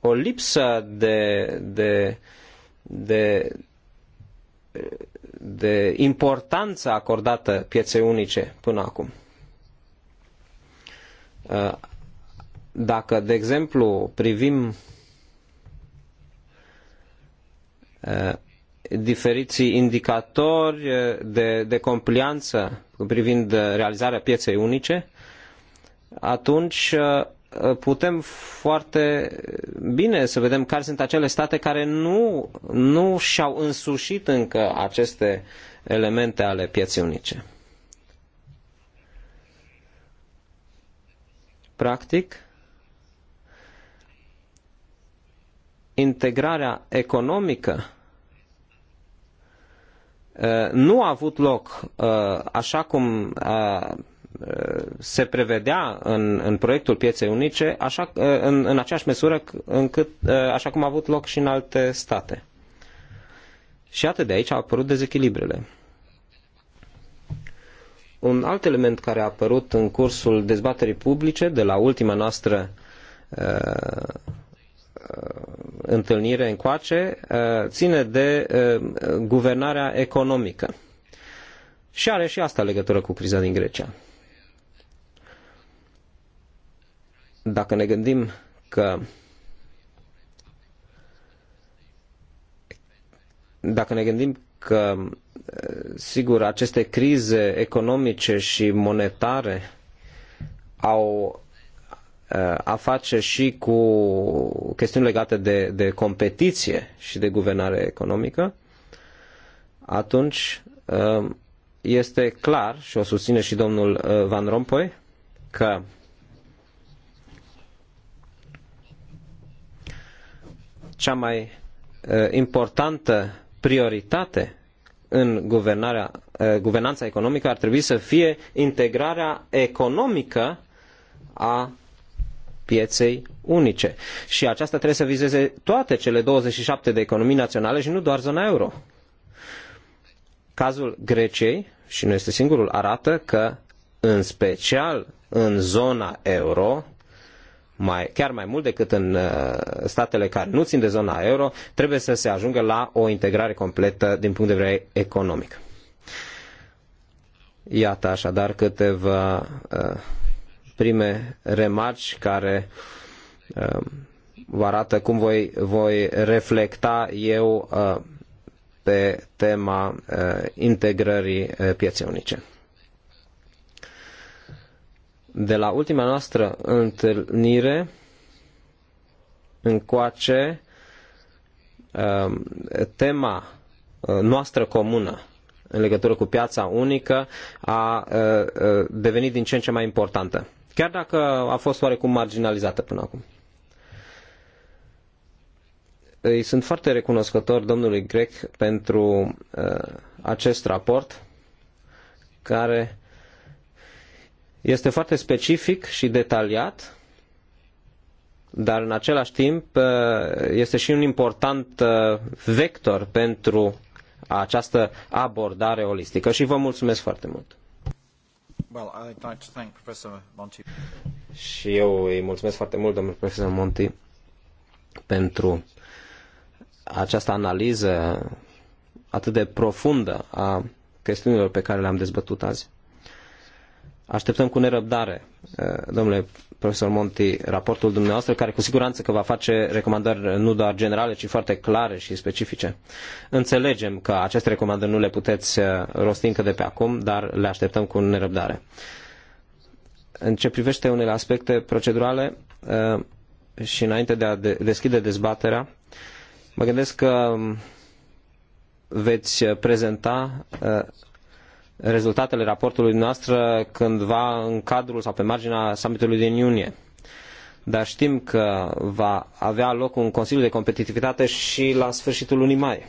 o lipsă de, de, de, de importanță acordată pieței unice până acum. Uh, dacă, de exemplu, privim uh, diferiții indicatori uh, de, de complianță privind realizarea pieței unice, atunci putem foarte bine să vedem care sunt acele state care nu, nu și-au însușit încă aceste elemente ale pieței unice. practic, integrarea economică uh, nu a avut loc uh, așa cum uh, se prevedea în, în proiectul pieței unice, așa, în, în aceeași măsură încât, așa cum a avut loc și în alte state. Și atât de aici au apărut dezechilibrele. Un alt element care a apărut în cursul dezbaterii publice de la ultima noastră uh, uh, întâlnire încoace uh, ține de uh, guvernarea economică. Și are și asta legătură cu criza din Grecia. Dacă ne gândim că dacă ne gândim că Sigur, aceste crize economice și monetare au uh, a face și cu chestiuni legate de, de competiție și de guvernare economică, atunci uh, este clar, și o susține și domnul uh, Van Rompuy, că cea mai importantă prioritate în guvernarea, eh, guvernanța economică ar trebui să fie integrarea economică a pieței unice. Și aceasta trebuie să vizeze toate cele 27 de economii naționale și nu doar zona euro. Cazul Greciei, și nu este singurul, arată că în special în zona euro, mai, chiar mai mult decât în uh, statele care nu țin de zona euro, trebuie să se ajungă la o integrare completă din punct de vedere economic. Iată așadar câteva uh, prime remarci care uh, vă arată cum voi, voi reflecta eu pe tema integrării pieței unice. De la ultima noastră întâlnire încoace, uh, tema uh, noastră comună în legătură cu piața unică a uh, devenit din ce în ce mai importantă, chiar dacă a fost oarecum marginalizată până acum. Îi sunt foarte recunoscător domnului Grec pentru acest raport care este foarte specific și detaliat, dar în același timp uh, este și un important uh, vector pentru această abordare olistică și vă mulțumesc foarte mult. Well, I'd like to thank Professor Monti. Și eu îi mulțumesc foarte mult, domnul profesor Monti, pentru această analiză atât de profundă a chestiunilor pe care le-am dezbătut azi. Așteptăm cu nerăbdare, eh, domnule profesor Monti, raportul dumneavoastră, care cu siguranță că va face recomandări nu doar generale, ci foarte clare și specifice. Înțelegem că aceste recomandări nu le puteți eh, rosti încă de pe acum, dar le așteptăm cu nerăbdare. În ce privește unele aspecte procedurale eh, și înainte de a deschide dezbaterea, mă gândesc că veți prezenta rezultatele raportului noastră cândva în cadrul sau pe marginea summitului din iunie. Dar știm că va avea loc un Consiliu de Competitivitate și la sfârșitul lunii mai.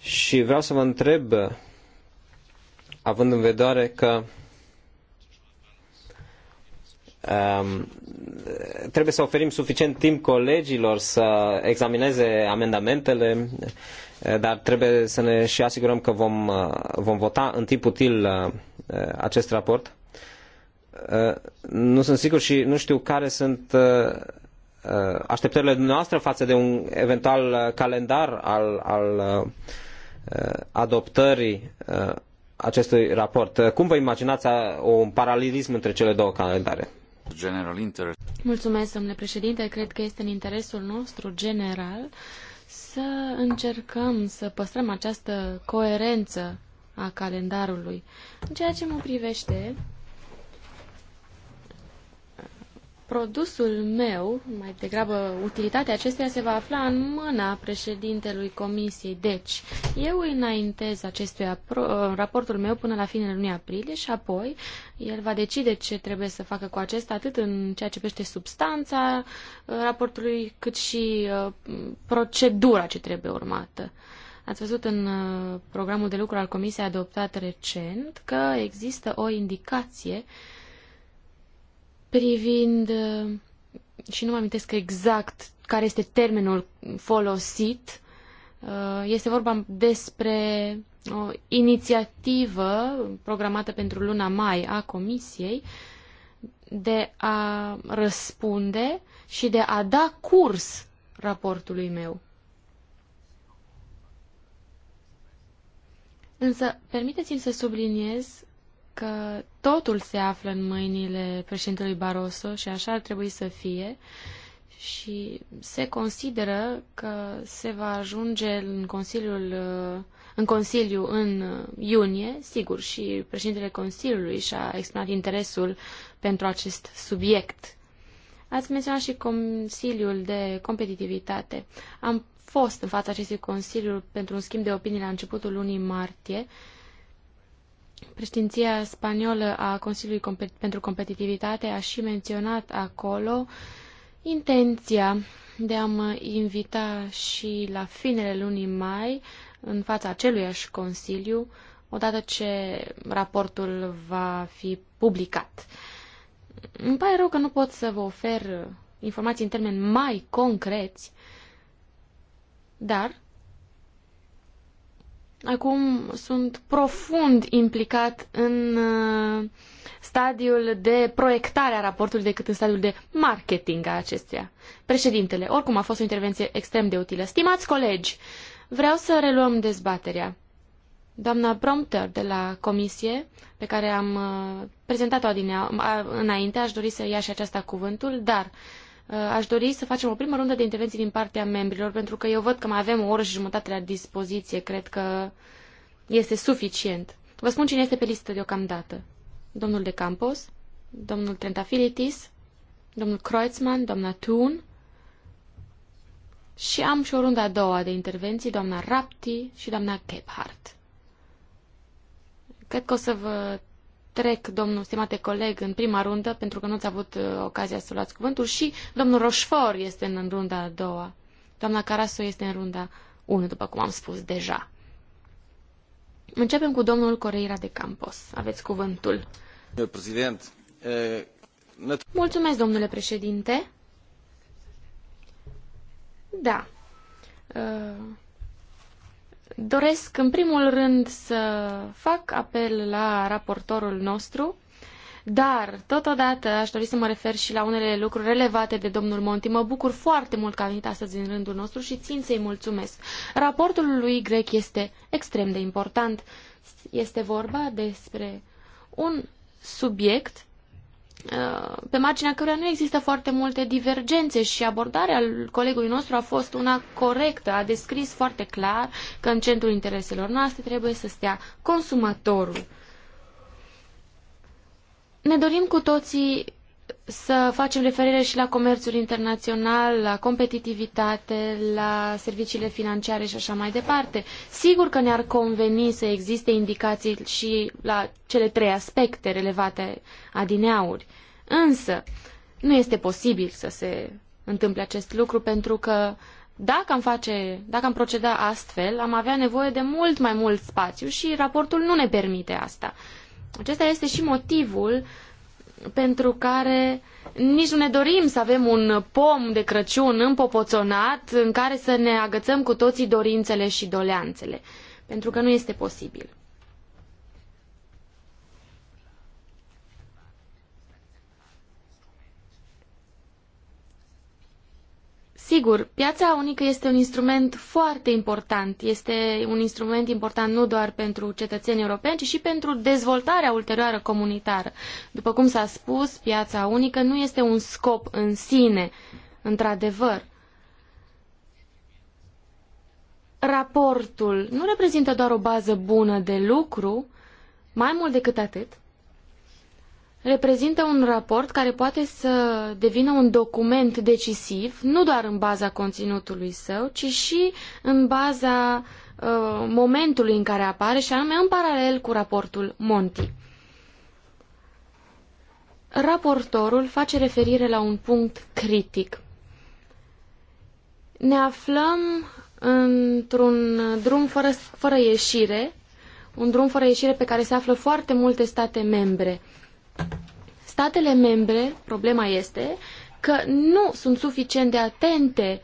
Și vreau să vă întreb, având în vedere că Um, trebuie să oferim suficient timp colegilor să examineze amendamentele, dar trebuie să ne și asigurăm că vom, uh, vom vota în timp util uh, uh, acest raport. Nu sunt sigur și nu știu care sunt așteptările noastre față de un eventual calendar al, al adoptării acestui raport. Cum vă imaginați un paralelism între cele două calendare? președinte. Cred că este în interesul nostru general să încercăm să păstrăm această coerență a calendarului. În ceea ce mă privește, produsul meu, mai degrabă utilitatea acesteia, se va afla în mâna președintelui comisiei. Deci, eu înaintez acestuia raportul meu până la finele lunii aprilie și apoi el va decide ce trebuie să facă cu acesta, atât în ceea ce privește substanța uh, raportului, cât și uh, procedura ce trebuie urmată. Ați văzut în uh, programul de lucru al comisiei adoptat recent că există o indicație uh, privind, uh, și nu mă amintesc exact care este termenul folosit, uh, este vorba despre o inițiativă programată pentru luna mai a Comisiei de a răspunde și de a da curs raportului meu. Însă, permiteți-mi să subliniez că totul se află în mâinile președintelui Barroso și așa ar trebui să fie și se consideră că se va ajunge în Consiliul uh, în Consiliu în uh, iunie, sigur, și președintele Consiliului și-a exprimat interesul pentru acest subiect. Ați menționat și Consiliul de Competitivitate. Am fost în fața acestui Consiliu pentru un schimb de opinii la începutul lunii martie uh, Președinția spaniolă a Consiliului pentru Competitivitate a și menționat acolo intenția de a mă invita și la finele lunii mai în fața aceluiași Consiliu, odată ce raportul va fi publicat. Îmi pare rău că nu pot să vă ofer informații în termeni mai concreți, dar acum sunt profund implicat în uh, stadiul de proiectare a raportului decât în stadiul de marketing a acestuia. Președintele, oricum a fost o intervenție extrem de utilă. Stimați colegi, vreau să reluăm dezbaterea. Doamna Prompter de la comisie, pe care am uh, prezentat-o înainte, aș dori să ia și aceasta cuvântul, dar uh, Uh, aș dori să facem o primă rundă de intervenții din partea membrilor, pentru că eu văd că mai avem o oră și jumătate la dispoziție. Cred că este suficient. Vă spun cine este pe listă deocamdată. Domnul De Campos, domnul Trentafilitis, domnul Kreutzmann, doamna Thun și am și o rundă a doua de intervenții, doamna Rapti și doamna Gebhardt. Cred că o să vă trec, domnul stimate coleg, în prima rundă, pentru că nu ați avut uh, ocazia să luați cuvântul, și domnul Roșfor este în runda a doua. Doamna Carasu este în runda 1, după cum am spus deja. Începem cu domnul Coreira de Campos. Aveți cuvântul. Prezident, Mulțumesc, domnule președinte. Da. Doresc, în primul rând, să fac apel la raportorul nostru, dar, totodată, aș dori să mă refer și la unele lucruri relevate de domnul Monti. Mă bucur foarte mult că a venit astăzi în rândul nostru și țin să-i mulțumesc. Raportul lui Grec este extrem de important. Este vorba despre un subiect Uh, pe marginea căruia nu există foarte multe divergențe și abordarea colegului nostru a fost una corectă, a descris foarte clar că în centrul intereselor noastre trebuie să stea consumatorul. Ne dorim cu toții să facem referire și la comerțul internațional, la competitivitate, la serviciile financiare și așa mai departe. Sigur că ne-ar conveni să existe indicații și la cele trei aspecte relevate adineauri. Însă, nu este posibil să se întâmple acest lucru pentru că dacă am face, dacă am proceda astfel, am avea nevoie de mult mai mult spațiu și raportul nu ne permite asta. Acesta este și motivul uh, pentru care nici nu ne dorim să avem un pom de Crăciun împopoțonat în care să ne agățăm cu toții dorințele și doleanțele, pentru că nu este posibil. Sigur, piața unică este un instrument foarte important. Este un instrument important nu doar pentru cetățenii europeni, ci și pentru dezvoltarea ulterioară comunitară. După cum s-a spus, piața unică nu este un scop în sine, într-adevăr. Raportul nu reprezintă doar o bază bună de lucru, mai mult decât atât, reprezintă un raport care poate să devină un document decisiv, nu doar în baza conținutului său, ci și în baza uh, momentului în care apare și anume în paralel cu raportul Monti. Raportorul face referire la un punct critic. Ne aflăm într-un drum fără, fără ieșire, un drum fără ieșire pe care se află foarte multe state membre – statele membre, problema este că nu sunt suficient de atente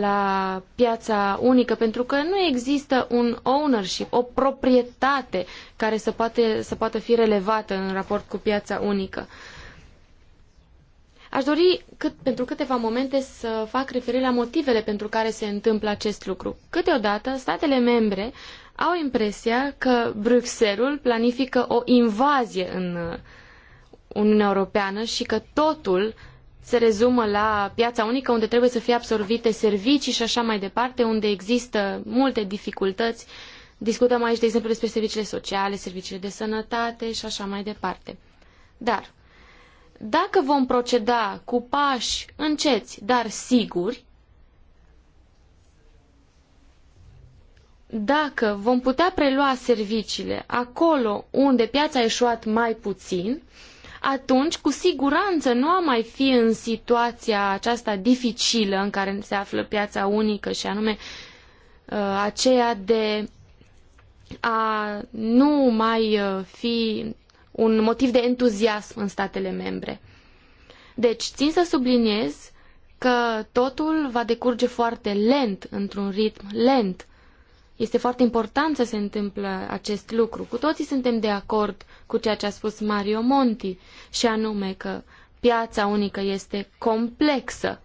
la piața unică, pentru că nu există un ownership, o proprietate care să, poate, să poată fi relevată în raport cu piața unică. Aș dori cât, pentru câteva momente să fac referire la motivele pentru care se întâmplă acest lucru. Câteodată, statele membre au impresia că Bruxelles planifică o invazie în Uniunea Europeană și că totul se rezumă la piața unică, unde trebuie să fie absorbite servicii și așa mai departe, unde există multe dificultăți. Discutăm aici, de exemplu, despre serviciile sociale, serviciile de sănătate și așa mai departe. Dar, dacă vom proceda cu pași înceți, dar siguri, dacă vom putea prelua serviciile acolo unde piața a eșuat mai puțin, atunci cu siguranță nu am mai fi în situația aceasta dificilă în care se află piața unică și anume uh, aceea de a nu mai uh, fi un motiv de entuziasm în statele membre. Deci, țin să subliniez că totul va decurge foarte lent, într-un ritm lent. Este foarte important să se întâmple acest lucru. Cu toții suntem de acord cu ceea ce a spus Mario Monti, și anume că piața unică este complexă.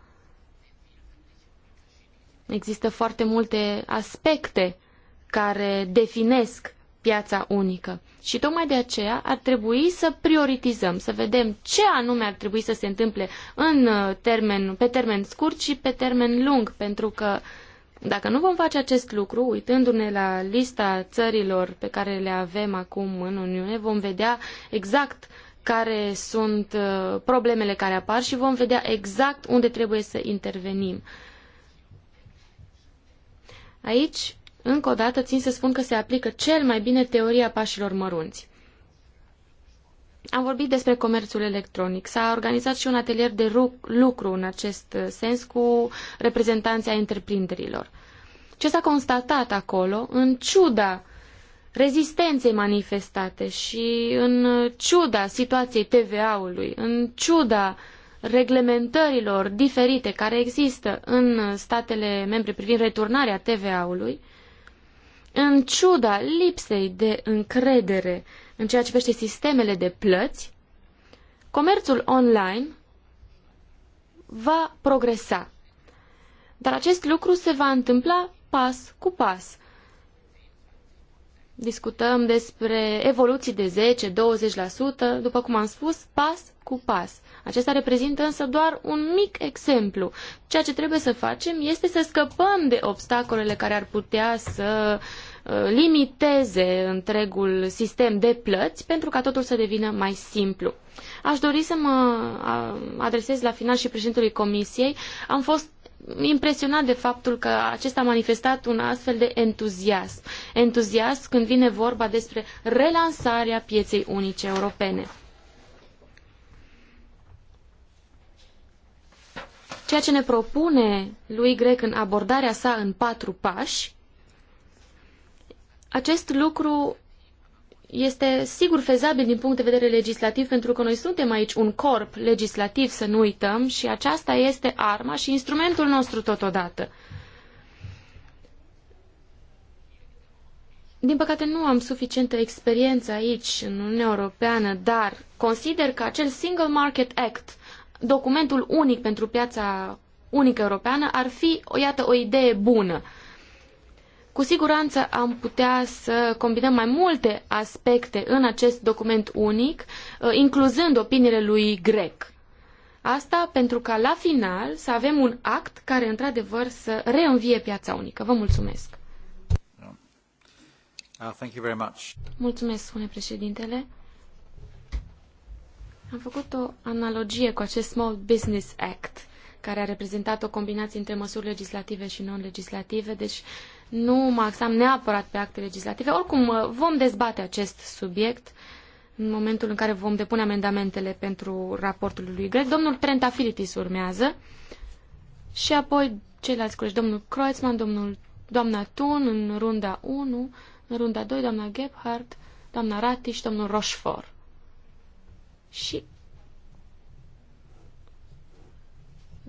Există foarte multe aspecte care definesc piața unică. Și tocmai de aceea ar trebui să prioritizăm, să vedem ce anume ar trebui să se întâmple în uh, termen, pe termen scurt și pe termen lung, pentru că uh, dacă nu vom face acest lucru, uitându-ne la lista țărilor pe care le avem acum în Uniune, vom vedea exact care sunt uh, problemele care apar și vom vedea exact unde trebuie să intervenim. Aici, încă o dată, țin să spun că se aplică cel mai bine teoria pașilor mărunți. Am vorbit despre comerțul electronic. S-a organizat și un atelier de lucru în acest sens cu reprezentanții a întreprinderilor. Ce s-a constatat acolo, în ciuda rezistenței manifestate și în ciuda situației TVA-ului, în ciuda reglementărilor diferite care există în statele membre privind returnarea TVA-ului, în ciuda lipsei de încredere în ceea ce privește sistemele de plăți, comerțul online va progresa. Dar acest lucru se va întâmpla pas cu pas. Discutăm despre evoluții de 10-20%, după cum am spus, pas cu pas. Acesta reprezintă însă doar un mic exemplu. Ceea ce trebuie să facem este să scăpăm de obstacolele care ar putea să uh, limiteze întregul sistem de plăți pentru ca totul să devină mai simplu. Aș dori să mă adresez la final și președintelui Comisiei. Am fost impresionat de faptul că acesta a manifestat un astfel de entuziasm. Entuziasm când vine vorba despre relansarea pieței unice europene. Ceea ce ne propune lui Grec în abordarea sa în patru pași acest lucru este sigur fezabil din punct de vedere legislativ, pentru că noi suntem aici un corp legislativ, să nu uităm, și aceasta este arma și instrumentul nostru totodată. Din păcate nu am suficientă experiență aici, în Uniunea Europeană, dar consider că acel Single Market Act, documentul unic pentru piața unică europeană, ar fi, iată, o idee bună. Uh, cu siguranță am putea să combinăm mai multe aspecte în acest document unic, uh, incluzând opiniile lui Grec. Asta pentru ca la final să avem un act care într-adevăr să reînvie piața unică. Vă mulțumesc! Ah, mulțumesc, spune președintele. Am făcut o analogie cu acest Small Business Act, care a reprezentat o combinație între măsuri legislative și non-legislative, deci nu mă axam neapărat pe acte legislative. Oricum, vom dezbate acest subiect în momentul în care vom depune amendamentele pentru raportul lui Greg. Domnul Trentafilitis urmează și apoi ceilalți colegi, domnul Kreutzmann, domnul, doamna Thun în runda 1, în runda 2, doamna Gebhardt, doamna Rati și domnul Rochefort. Și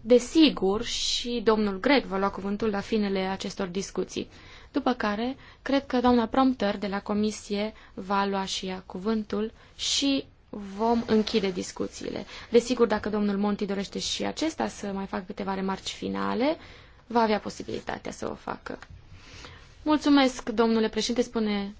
Desigur, și domnul Greg va lua cuvântul la finele acestor discuții. După care, cred că doamna Prompter de la comisie va lua și ea cuvântul și vom închide discuțiile. Desigur, dacă domnul Monti dorește și acesta să mai facă câteva remarci finale, va avea posibilitatea să o facă. Mulțumesc, domnule președinte, spune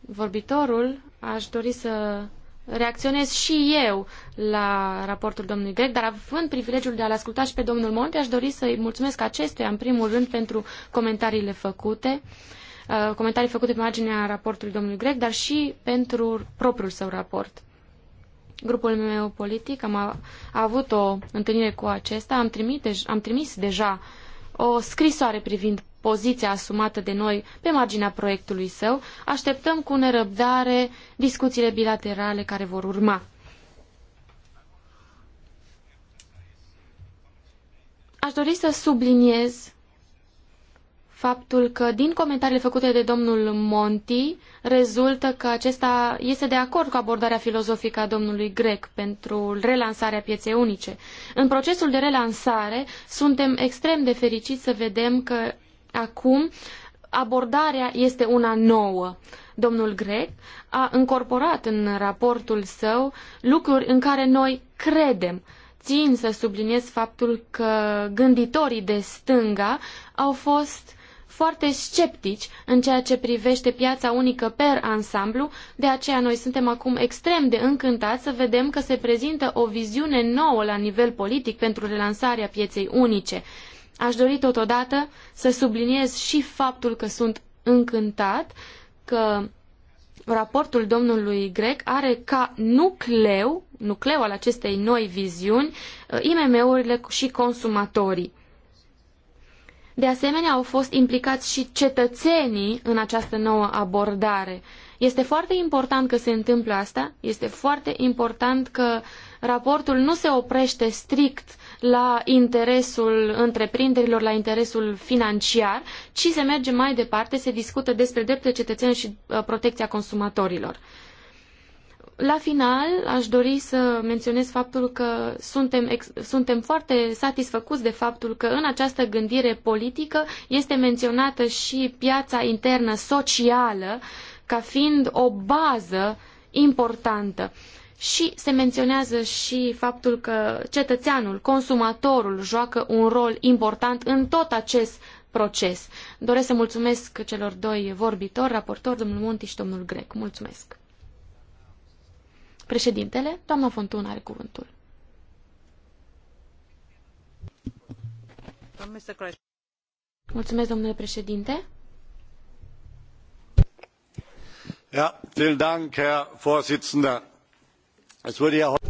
vorbitorul. Aș dori să reacționez și eu la raportul domnului Grec, dar având privilegiul de a-l asculta și pe domnul Monte, aș dori să-i mulțumesc acestuia, în primul rând, pentru comentariile făcute, uh, comentarii făcute pe marginea raportului domnului Grec, dar și pentru propriul său raport. Grupul meu politic am a, a avut o întâlnire cu acesta, am, trimit, am trimis deja o scrisoare privind poziția asumată de noi pe marginea proiectului său, așteptăm cu nerăbdare discuțiile bilaterale care vor urma. Aș dori să subliniez faptul că din comentariile făcute de domnul Monti rezultă că acesta este de acord cu abordarea filozofică a domnului Grec pentru relansarea pieței unice. În procesul de relansare suntem extrem de fericiți să vedem că acum abordarea este una nouă. Domnul Greg a încorporat în raportul său lucruri în care noi credem. Țin să subliniez faptul că gânditorii de stânga au fost foarte sceptici în ceea ce privește piața unică per ansamblu, de aceea noi suntem acum extrem de încântați să vedem că se prezintă o viziune nouă la nivel politic pentru relansarea pieței unice. Aș dori totodată să subliniez și faptul că sunt încântat că raportul domnului Grec are ca nucleu, nucleu al acestei noi viziuni, uh, IMM-urile și consumatorii. De asemenea, au fost implicați și cetățenii în această nouă abordare. Este foarte important că se întâmplă asta, este foarte important că raportul nu se oprește strict la interesul întreprinderilor, la interesul financiar, ci se merge mai departe, se discută despre drepturile cetățenilor și uh, protecția consumatorilor. La final, aș dori să menționez faptul că suntem, suntem foarte satisfăcuți de faptul că în această gândire politică este menționată și piața internă socială ca fiind o bază importantă și se menționează și faptul că cetățeanul, consumatorul joacă un rol important în tot acest proces. Doresc să mulțumesc celor doi vorbitori, raportor, domnul Monti și domnul Grec. Mulțumesc. Președintele, doamna Fontuna are cuvântul. Mulțumesc, domnule președinte. Ja, vielen Dank, Herr Vorsitzender.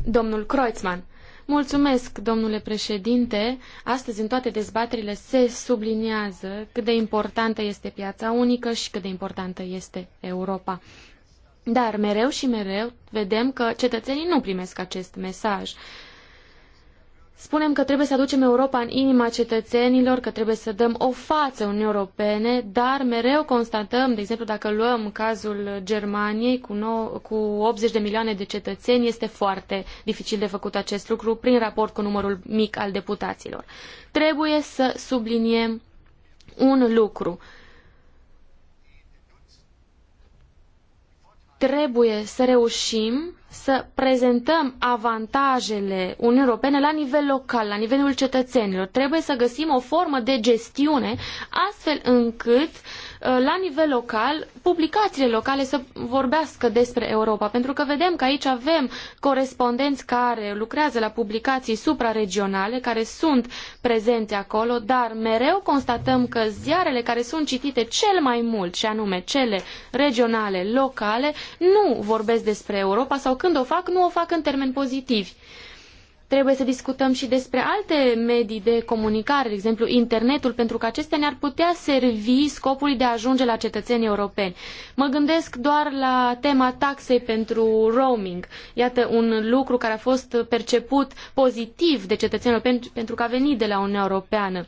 Domnul Kreutzmann. Mulțumesc, domnule președinte. Astăzi, în toate dezbaterile, se subliniază cât de importantă este piața unică și cât de importantă este Europa. Dar mereu și mereu vedem că cetățenii nu primesc acest mesaj spunem că trebuie să aducem Europa în inima cetățenilor, că trebuie să dăm o față Uniunii Europene, dar mereu constatăm, de exemplu, dacă luăm cazul Germaniei cu, nou, cu 80 de milioane de cetățeni, este foarte dificil de făcut acest lucru prin raport cu numărul mic al deputaților. Trebuie să subliniem un lucru. trebuie să reușim să prezentăm avantajele Uniunii Europene la nivel local, la nivelul cetățenilor. Trebuie să găsim o formă de gestiune astfel încât uh, Uh, la nivel local, publicațiile locale să vorbească despre Europa, pentru că vedem că aici avem corespondenți care lucrează la publicații supraregionale, care sunt prezente acolo, dar mereu constatăm că ziarele care sunt citite cel mai mult, și anume cele regionale, locale, nu vorbesc despre Europa sau când o fac, nu o fac în termeni pozitivi trebuie să discutăm și despre alte medii de comunicare, de exemplu internetul, pentru că acestea ne-ar putea servi scopului de a ajunge la cetățenii europeni. Mă gândesc doar la tema taxei pentru roaming. Iată un lucru care a fost perceput pozitiv de cetățenii europeni pentru că a venit de la Uniunea Europeană.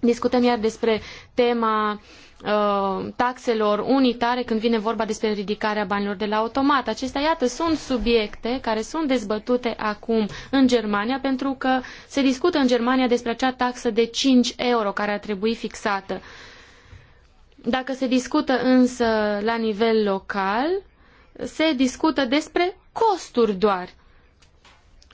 Discutăm iar despre tema uh, Uh, taxelor unitare când vine vorba despre ridicarea banilor de la automat. Acestea, iată, sunt subiecte care sunt dezbătute acum în Germania pentru că se discută în Germania despre acea taxă de 5 euro care ar trebui fixată. Dacă se discută însă la nivel local, se discută despre costuri doar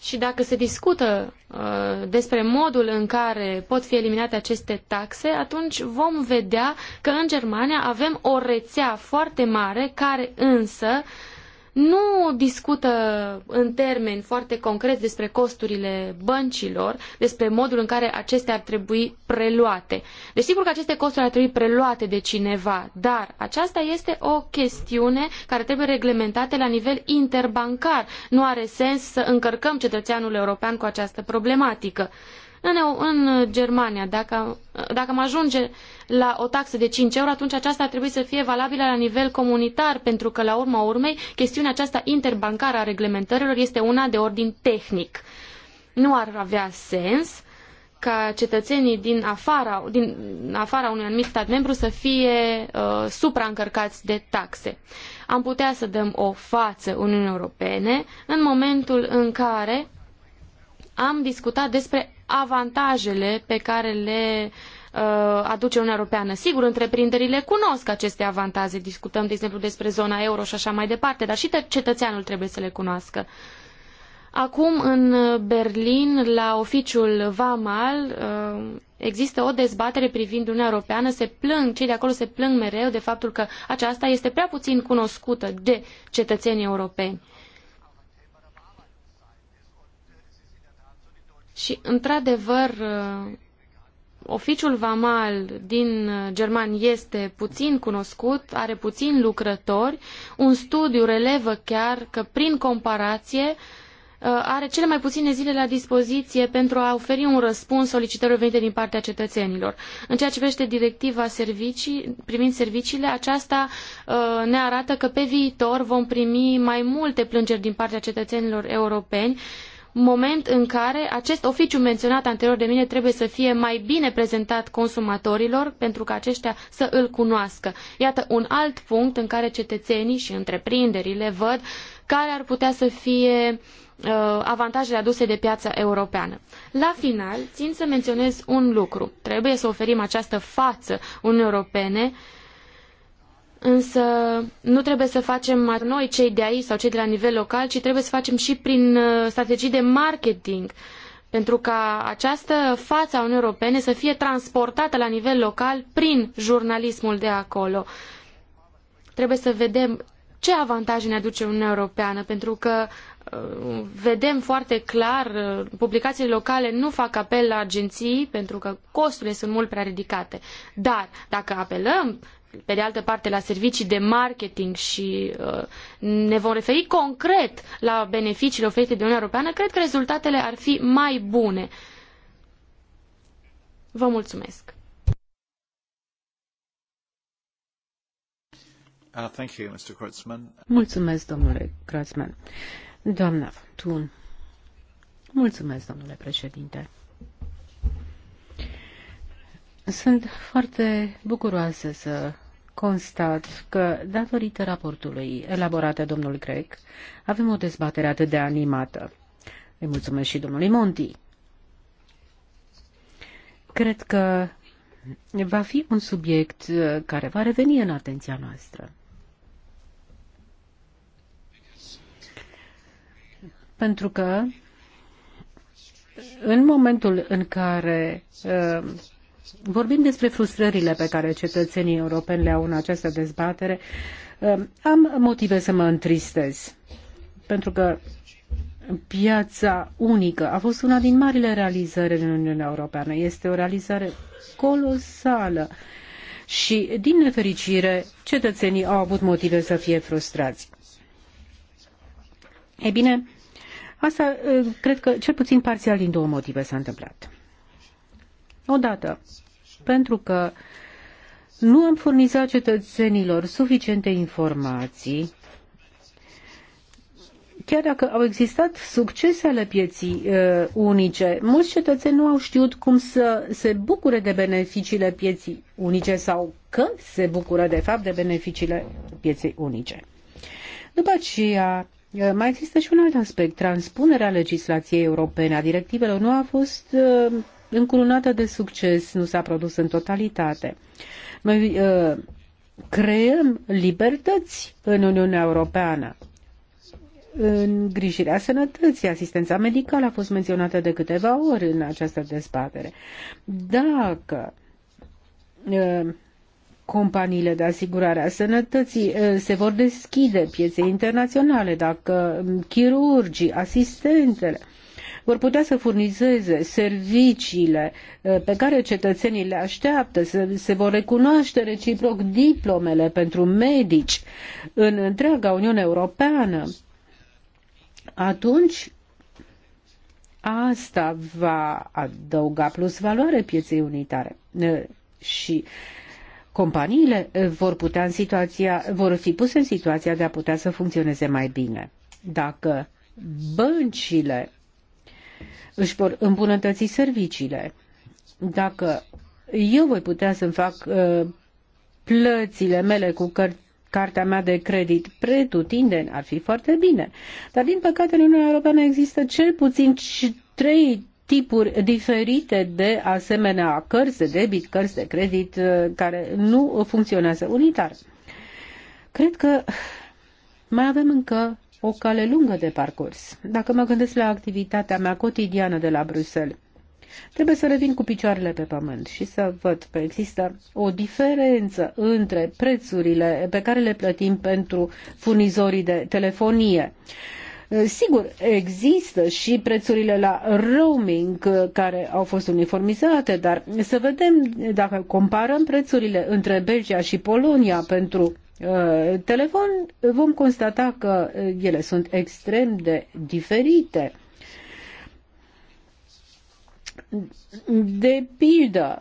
și dacă se discută uh, despre modul în care pot fi eliminate aceste taxe, atunci vom vedea că în Germania avem o rețea foarte mare care însă uh, nu discută în termeni foarte concret despre costurile băncilor, despre modul în care acestea ar trebui preluate. Deci că aceste costuri ar trebui preluate de cineva, dar aceasta este o chestiune care trebuie reglementată la nivel interbancar. Nu are sens să încărcăm cetățeanul european cu această problematică. În, în Germania, dacă, dacă am ajunge la o taxă de 5 euro, atunci aceasta ar trebui să fie valabilă la nivel comunitar, pentru că, la urma urmei, chestiunea aceasta interbancară a reglementărilor este una de ordin tehnic. Nu ar avea sens ca cetățenii din afara, din afara unui anumit stat membru să fie uh, supraîncărcați de taxe. Am putea să dăm o față Uniunii Europene în momentul în care am discutat despre avantajele pe care le Uh, aduce Uniunea Europeană. Sigur, întreprinderile cunosc aceste avantaje, discutăm, de exemplu, despre zona euro și așa mai departe, dar și cetățeanul trebuie să le cunoască. Acum, în Berlin, la oficiul Vamal, uh, există o dezbatere privind Uniunea Europeană. Se plâng, cei de acolo se plâng mereu de faptul că aceasta este prea puțin cunoscută de cetățenii europeni. Și, într-adevăr, uh, Oficiul vamal din uh, German este puțin cunoscut, are puțin lucrători. Un studiu relevă chiar că, prin comparație, uh, are cele mai puține zile la dispoziție pentru a oferi un răspuns solicitărilor venite din partea cetățenilor. În ceea ce privește directiva servicii, privind serviciile, aceasta uh, ne arată că pe viitor vom primi mai multe plângeri din partea cetățenilor europeni moment în care acest oficiu menționat anterior de mine trebuie să fie mai bine prezentat consumatorilor pentru ca aceștia să îl cunoască. Iată un alt punct în care cetățenii și întreprinderile văd care ar putea să fie uh, avantajele aduse de piața europeană. La final, țin să menționez un lucru. Trebuie să oferim această față Uniunii Europene uh, Însă nu trebuie să facem noi cei de aici sau cei de la nivel local, ci trebuie să facem și prin uh, strategii de marketing pentru ca această față a Uniunii Europene să fie transportată la nivel local prin jurnalismul de acolo. Trebuie să vedem ce avantaje ne aduce Uniunea Europeană, pentru că uh, vedem foarte clar, uh, publicațiile locale nu fac apel la agenții pentru că costurile sunt mult prea ridicate. Dar dacă apelăm pe de altă parte la servicii de marketing și uh, ne vom referi concret la beneficiile oferite de Uniunea Europeană, cred că rezultatele ar fi mai bune. Vă mulțumesc. Uh, thank you, Mr. Kurtzman. Mulțumesc, domnule Kratzman. Doamna Fantun. Mulțumesc, domnule președinte. Sunt foarte bucuroasă să constat că, datorită raportului elaborat de domnul Grec, avem o dezbatere atât de animată. Îi mulțumesc și domnului Monti. Cred că va fi un subiect uh, care va reveni în atenția noastră. Pentru că în momentul în care uh, Vorbim despre frustrările pe care cetățenii europeni le au în această dezbatere. Am motive să mă întristez, pentru că piața unică a fost una din marile realizări în Uniunea Europeană. Este o realizare colosală și, din nefericire, cetățenii au avut motive să fie frustrați. E bine, asta eh, cred că cel puțin parțial din două motive s-a întâmplat. Odată, pentru că nu am furnizat cetățenilor suficiente informații chiar dacă au existat succese ale pieții uh, unice, mulți cetățeni nu au știut cum să se bucure de beneficiile pieții unice sau că se bucură de fapt de beneficiile pieței unice. După aceea, uh, mai există și un alt aspect. Transpunerea legislației europene a directivelor nu a fost uh, încurunată de succes, nu s-a produs în totalitate. Noi uh, creăm libertăți în Uniunea Europeană. Îngrijirea sănătății, asistența medicală a fost menționată de câteva ori în această dezbatere. Dacă uh, companiile de asigurare a sănătății uh, se vor deschide pieței internaționale, dacă um, chirurgii, asistentele vor putea să furnizeze serviciile uh, pe care cetățenii le așteaptă, se, se vor recunoaște reciproc diplomele pentru medici în întreaga Uniune Europeană, atunci asta va adăuga plus valoare pieței unitare. Uh, și companiile vor, putea în situația, vor fi puse în situația de a putea să funcționeze mai bine. Dacă băncile își vor îmbunătăți serviciile. Dacă eu voi putea să-mi fac uh, plățile mele cu căr- cartea mea de credit pretutindeni, ar fi foarte bine. Dar, din păcate, în Uniunea Europeană există cel puțin trei tipuri diferite de asemenea cărți de debit, cărți de credit uh, care nu funcționează unitar. Cred că mai avem încă o cale lungă de parcurs. Dacă mă gândesc la activitatea mea cotidiană de la Bruxelles, trebuie să revin cu picioarele pe pământ și să văd că există o diferență între prețurile pe care le plătim pentru furnizorii de telefonie. Sigur, există și prețurile la roaming care au fost uniformizate, dar să vedem dacă comparăm prețurile între Belgia și Polonia pentru Uh, telefon, vom constata că uh, ele sunt extrem de diferite. De pildă,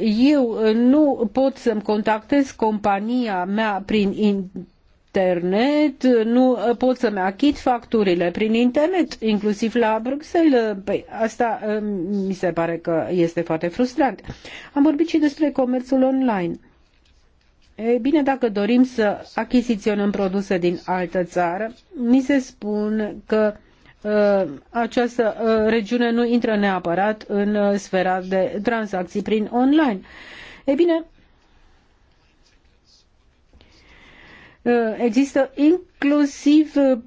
uh, eu nu pot să-mi contactez compania mea prin internet, nu pot să-mi achit facturile prin internet, inclusiv la Bruxelles. Păi asta mi se pare că este foarte frustrant. Am vorbit și despre comerțul online. Ei bine, dacă dorim să achiziționăm produse din altă țară, ni se spun că uh, această uh, regiune nu intră neapărat în uh, sfera de tranzacții prin online. Ei bine, Uh, există inclusiv uh,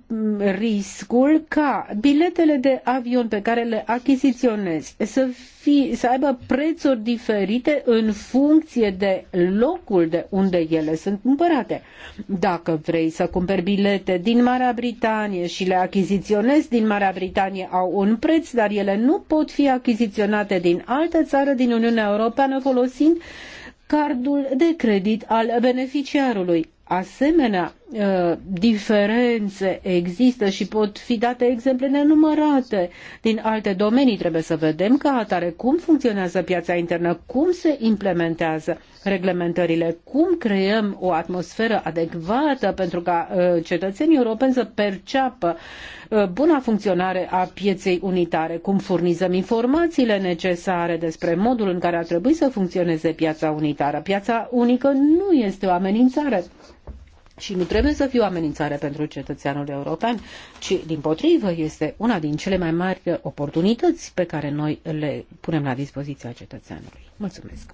riscul ca biletele de avion pe care le achiziționezi să, fi, să aibă prețuri diferite în funcție de locul de unde ele sunt cumpărate. Dacă vrei să cumperi bilete din Marea Britanie și le achiziționezi din Marea Britanie au un preț, dar ele nu pot fi achiziționate din altă țară din Uniunea Europeană folosind cardul de credit al beneficiarului asemenea Uh, diferențe există și pot fi date exemple nenumărate din alte domenii. Trebuie să vedem ca atare cum funcționează piața internă, cum se implementează reglementările, cum creăm o atmosferă adecvată pentru ca uh, cetățenii europeni să perceapă uh, buna funcționare a pieței unitare, cum furnizăm informațiile necesare despre modul în care ar trebui să funcționeze piața unitară. Piața unică nu este o amenințare și nu trebuie să fie o amenințare pentru cetățeanul european, ci din potrivă este una din cele mai mari oportunități pe care noi le punem la dispoziția cetățeanului. Mulțumesc!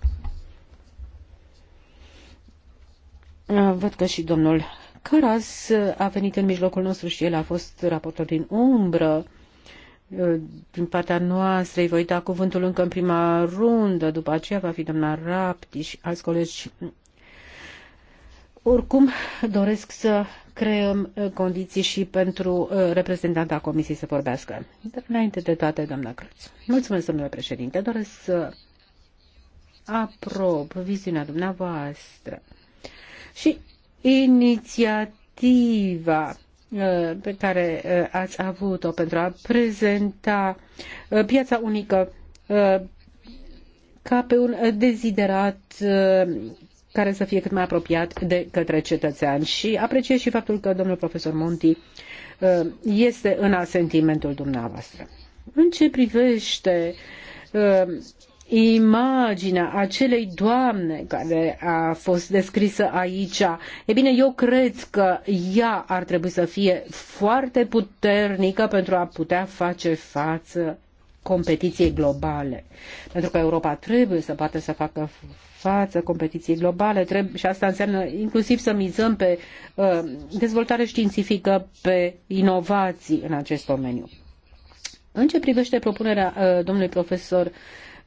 Văd că și domnul Caras a venit în mijlocul nostru și el a fost raportor din umbră. Din partea noastră îi voi da cuvântul încă în prima rundă, după aceea va fi doamna Rapti și alți colegi oricum, doresc să creăm uh, condiții și pentru uh, reprezentanta Comisiei să vorbească. Dar înainte de toate, doamna Cruț. Mulțumesc, domnule președinte. Doresc să aprob viziunea dumneavoastră și inițiativa uh, pe care ați avut-o pentru a prezenta piața unică ca pe un deziderat care să fie cât mai apropiat de către cetățean. Și apreciez și faptul că domnul profesor Monti uh, este în asentimentul dumneavoastră. În ce privește uh, imaginea acelei doamne care a fost descrisă aici, e bine, eu cred că ea ar trebui să fie foarte puternică pentru a putea face față competiției globale. Pentru că Europa trebuie să poată să facă față competiției globale trebuie și asta înseamnă inclusiv să mizăm pe uh, dezvoltare științifică, pe inovații în acest domeniu. În ce privește propunerea uh, domnului profesor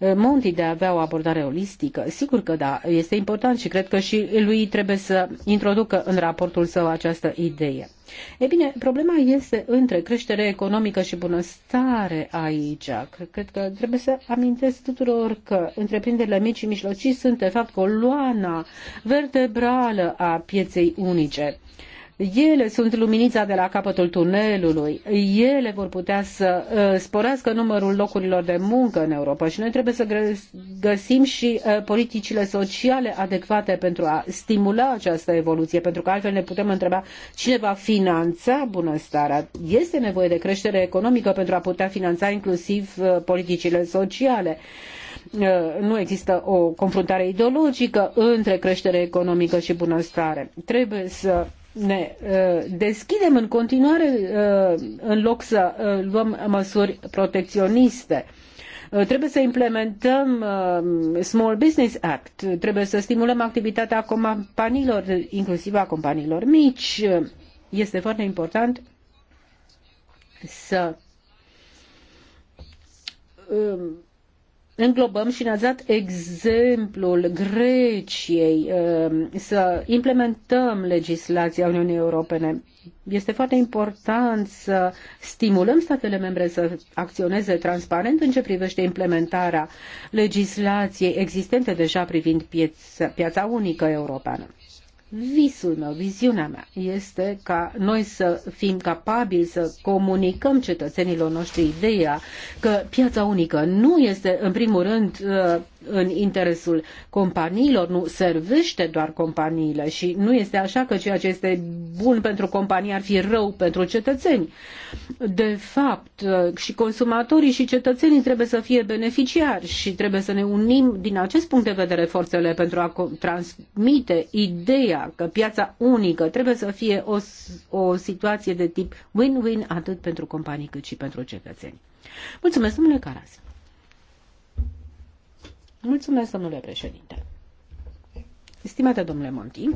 Eh, Monti de a avea o abordare holistică. Sigur că da, este important și cred că și lui trebuie să introducă în raportul său această idee. E bine, problema este între creștere economică și bunăstare aici. Cred că trebuie să amintesc tuturor că întreprinderile mici și mijlocii sunt, de fapt, coloana vertebrală a pieței unice. Ele sunt luminița de la capătul tunelului. Ele vor putea să uh, sporească numărul locurilor de muncă în Europa și noi trebuie să găsim și uh, politicile sociale adecvate pentru a stimula această evoluție, pentru că altfel ne putem întreba cine va finanța bunăstarea. Este nevoie de creștere economică pentru a putea finanța inclusiv uh, politicile sociale nu există o confruntare ideologică între creștere economică și bunăstare. Trebuie să ne uh, deschidem în continuare uh, în loc să uh, luăm măsuri protecționiste. Trebuie să implementăm Small Business Act, trebuie să stimulăm activitatea companiilor, inclusiv a companiilor mici. Este foarte important să înglobăm și ne-ați dat exemplul Greciei ehm, să implementăm legislația Uniunii Europene. Este foarte important să stimulăm statele membre să acționeze transparent în ce privește implementarea legislației existente deja privind piața unică europeană. Visul meu, viziunea mea este ca noi să fim capabili să comunicăm cetățenilor noștri ideea că piața unică nu este, în primul rând, uh, în interesul companiilor, nu servește doar companiile și nu este așa că ceea ce este bun pentru companii ar fi rău pentru cetățeni. De fapt, și consumatorii și cetățenii trebuie să fie beneficiari și trebuie să ne unim din acest punct de vedere forțele pentru a transmite ideea că piața unică trebuie să fie o, o situație de tip win-win atât pentru companii cât și pentru cetățeni. Mulțumesc, domnule Carasă! Mulțumesc, domnule președinte. Stimate domnule Monti,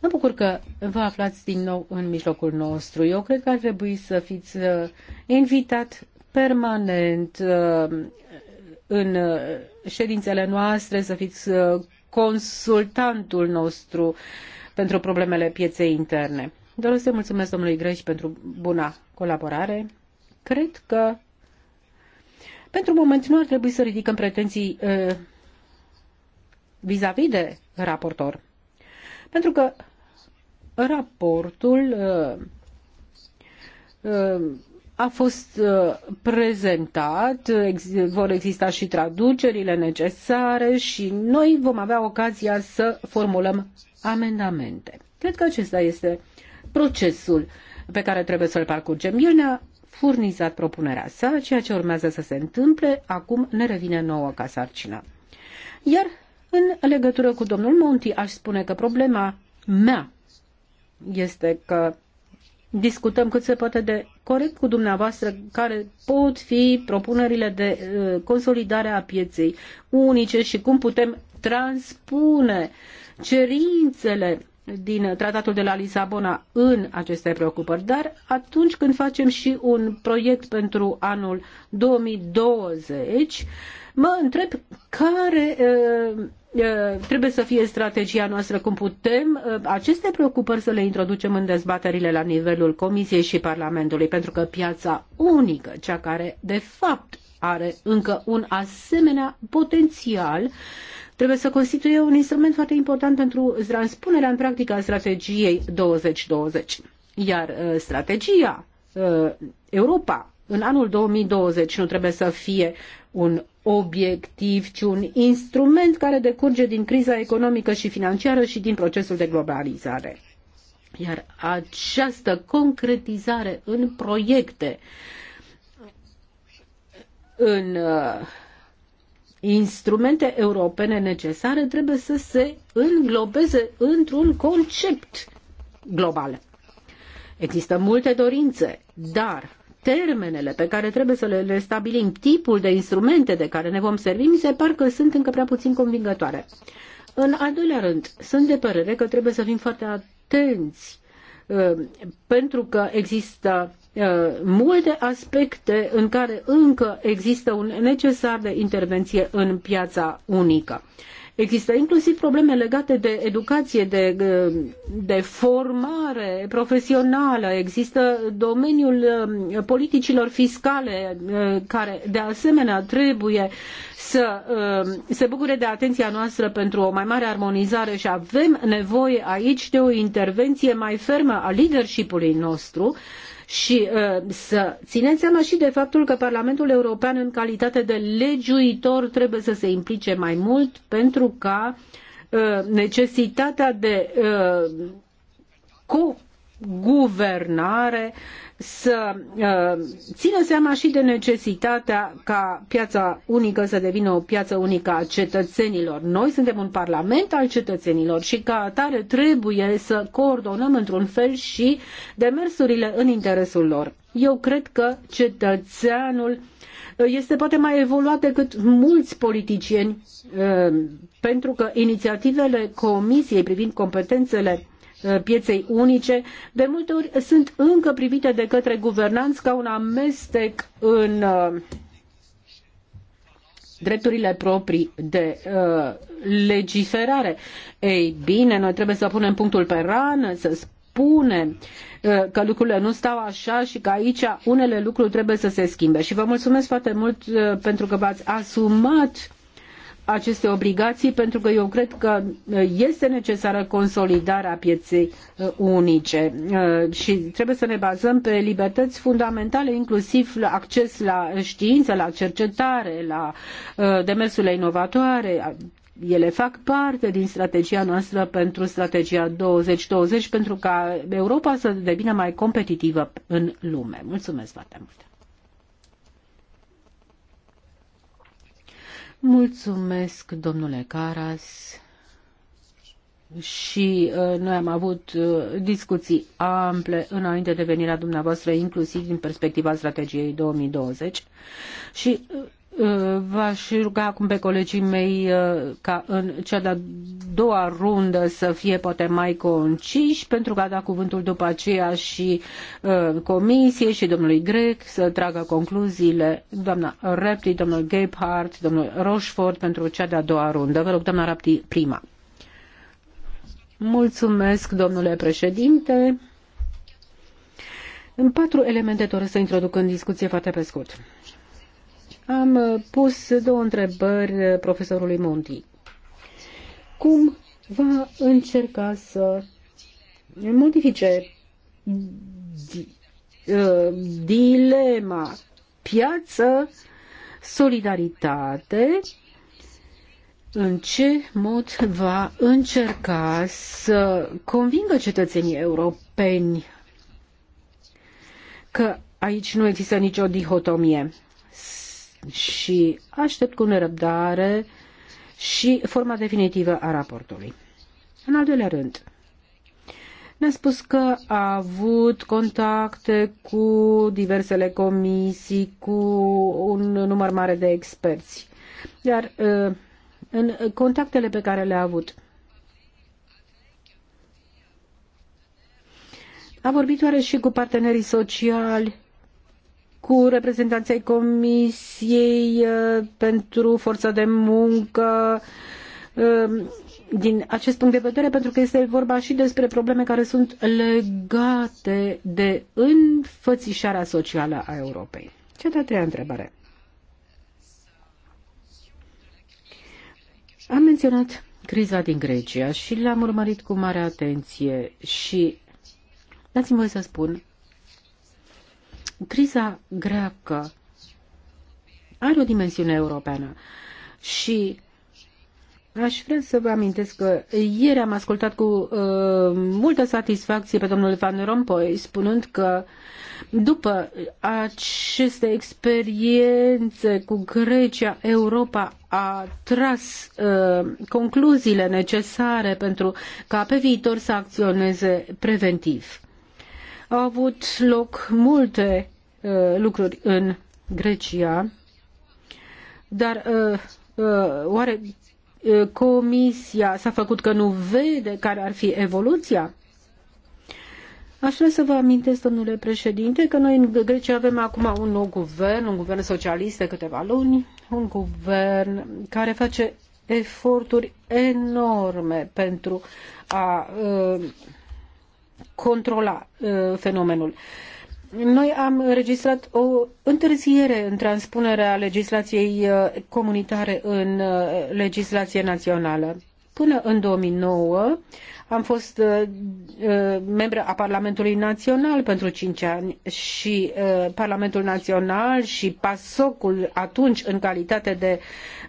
mă bucur că vă aflați din nou în mijlocul nostru. Eu cred că ar trebui să fiți uh, invitat permanent uh, în uh, ședințele noastre, să fiți consultantul nostru pentru problemele pieței interne. Doresc să mulțumesc domnului Greș pentru buna colaborare. Cred că pentru moment nu ar trebui să ridicăm pretenții uh, vis-a-vis -vis de raportor. Pentru că raportul uh, uh, a fost prezentat, vor exista și traducerile necesare și noi vom avea ocazia să formulăm amendamente. Cred că acesta este procesul pe care trebuie să-l parcurgem. El ne-a furnizat propunerea sa, ceea ce urmează să se întâmple, acum ne revine nouă ca sarcină. Iar în legătură cu domnul Monti, aș spune că problema mea este că discutăm cât se poate de corect cu dumneavoastră care pot fi propunerile de uh, consolidare a pieței unice și cum putem transpune cerințele din tratatul de la Lisabona în aceste preocupări, dar atunci când facem și un proiect pentru anul 2020, mă întreb care trebuie să fie strategia noastră, cum putem aceste preocupări să le introducem în dezbaterile la nivelul Comisiei și Parlamentului, pentru că piața unică, cea care de fapt are încă un asemenea potențial trebuie să constituie un instrument foarte important pentru transpunerea în practică a strategiei 2020. Iar uh, strategia uh, Europa în anul 2020 nu trebuie să fie un obiectiv, ci un instrument care decurge din criza economică și financiară și din procesul de globalizare. Iar această concretizare în proiecte, în uh, instrumente europene necesare trebuie să se înglobeze într-un concept global. Există multe dorințe, dar termenele pe care trebuie să le, stabilim, tipul de instrumente de care ne vom servi, mi se par că sunt încă prea puțin convingătoare. În al doilea rând, sunt de părere că trebuie să fim foarte atenți uh, pentru că există Eh, multe aspecte în care încă există un necesar de intervenție în piața unică. Există inclusiv probleme legate de educație, de, eh, de formare profesională, există domeniul eh, politicilor fiscale care de asemenea trebuie să se bucure de atenția noastră pentru o mai mare armonizare și avem nevoie aici de o intervenție mai fermă a leadership-ului nostru și uh, să țineți seama și de faptul că Parlamentul European în calitate de legiuitor trebuie să se implice mai mult pentru ca uh, necesitatea de uh, co-guvernare să uh, țină seama și de necesitatea ca piața unică să devină o piață unică a cetățenilor. Noi suntem un parlament al cetățenilor și ca atare trebuie să coordonăm într-un fel și demersurile în interesul lor. Eu cred că cetățeanul uh, este poate mai evoluat decât mulți politicieni uh, pentru că inițiativele Comisiei privind competențele Uh, pieței unice, de multe ori sunt încă privite de către guvernanți ca un amestec în uh, drepturile proprii de uh, legiferare. Ei bine, noi trebuie să punem punctul pe rană, să spunem uh, că lucrurile nu stau așa și că aici unele lucruri trebuie să se schimbe. Și vă mulțumesc foarte mult pentru că v-ați asumat aceste obligații pentru că eu cred că uh, este necesară consolidarea pieței uh, unice uh, și trebuie să ne bazăm pe libertăți fundamentale, inclusiv la acces la știință, la cercetare, la demersurile inovatoare. Ele fac parte din strategia noastră pentru strategia 2020 pentru ca Europa să devină mai competitivă în lume. Mulțumesc foarte mult! Mulțumesc, domnule Caras. Și uh, noi am avut uh, discuții ample înainte de venirea dumneavoastră, inclusiv din perspectiva strategiei 2020. Și uh, Uh, v-aș ruga acum pe colegii mei uh, ca în cea de-a doua rundă să fie poate mai conciși pentru că a dat cuvântul după aceea și uh, comisie și domnului Grec să tragă concluziile. Doamna Repti, domnul Gebhardt, domnul Rochefort pentru cea de-a doua rundă. Vă rog, doamna Rapti, prima. Mulțumesc, domnule președinte. În patru elemente doresc să introduc în discuție foarte pe scurt. Am uh, pus două întrebări uh, profesorului Monti. Cum va încerca să modifice uh, dilema piață, solidaritate, în ce mod va încerca să convingă cetățenii europeni că aici nu există nicio dihotomie și aștept cu nerăbdare și forma definitivă a raportului. În al doilea rând, ne-a spus că a avut contacte cu diversele comisii, cu un număr mare de experți. Iar ă, în contactele pe care le-a avut, a vorbit oare și cu partenerii sociali, cu reprezentanții Comisiei uh, pentru Forța de Muncă uh, din acest punct de vedere, pentru că este vorba și despre probleme care sunt legate de înfățișarea socială a Europei. Cea de-a treia întrebare. Am menționat criza din Grecia și l-am urmărit cu mare atenție și dați-mi voi să spun criza greacă are o dimensiune europeană și Aș vrea să vă amintesc că ieri am ascultat cu uh, multă satisfacție pe domnul Van Rompuy spunând că după aceste experiențe cu Grecia, Europa a tras uh, concluziile necesare pentru ca pe viitor să acționeze preventiv. Au avut loc multe Uh, lucruri în Grecia, dar uh, uh, oare Comisia s-a făcut că nu vede care ar fi evoluția? Aș vrea să vă amintesc, domnule președinte, că noi în Grecia avem acum un nou guvern, un guvern socialist de câteva luni, un guvern care face eforturi enorme pentru a uh, controla uh, fenomenul. Uh, noi am înregistrat o întârziere în transpunerea legislației uh, comunitare în uh, legislație națională. Până în 2009 am fost uh, uh, membră a Parlamentului Național pentru 5 ani și uh, Parlamentul Național și PASOC-ul atunci în calitate de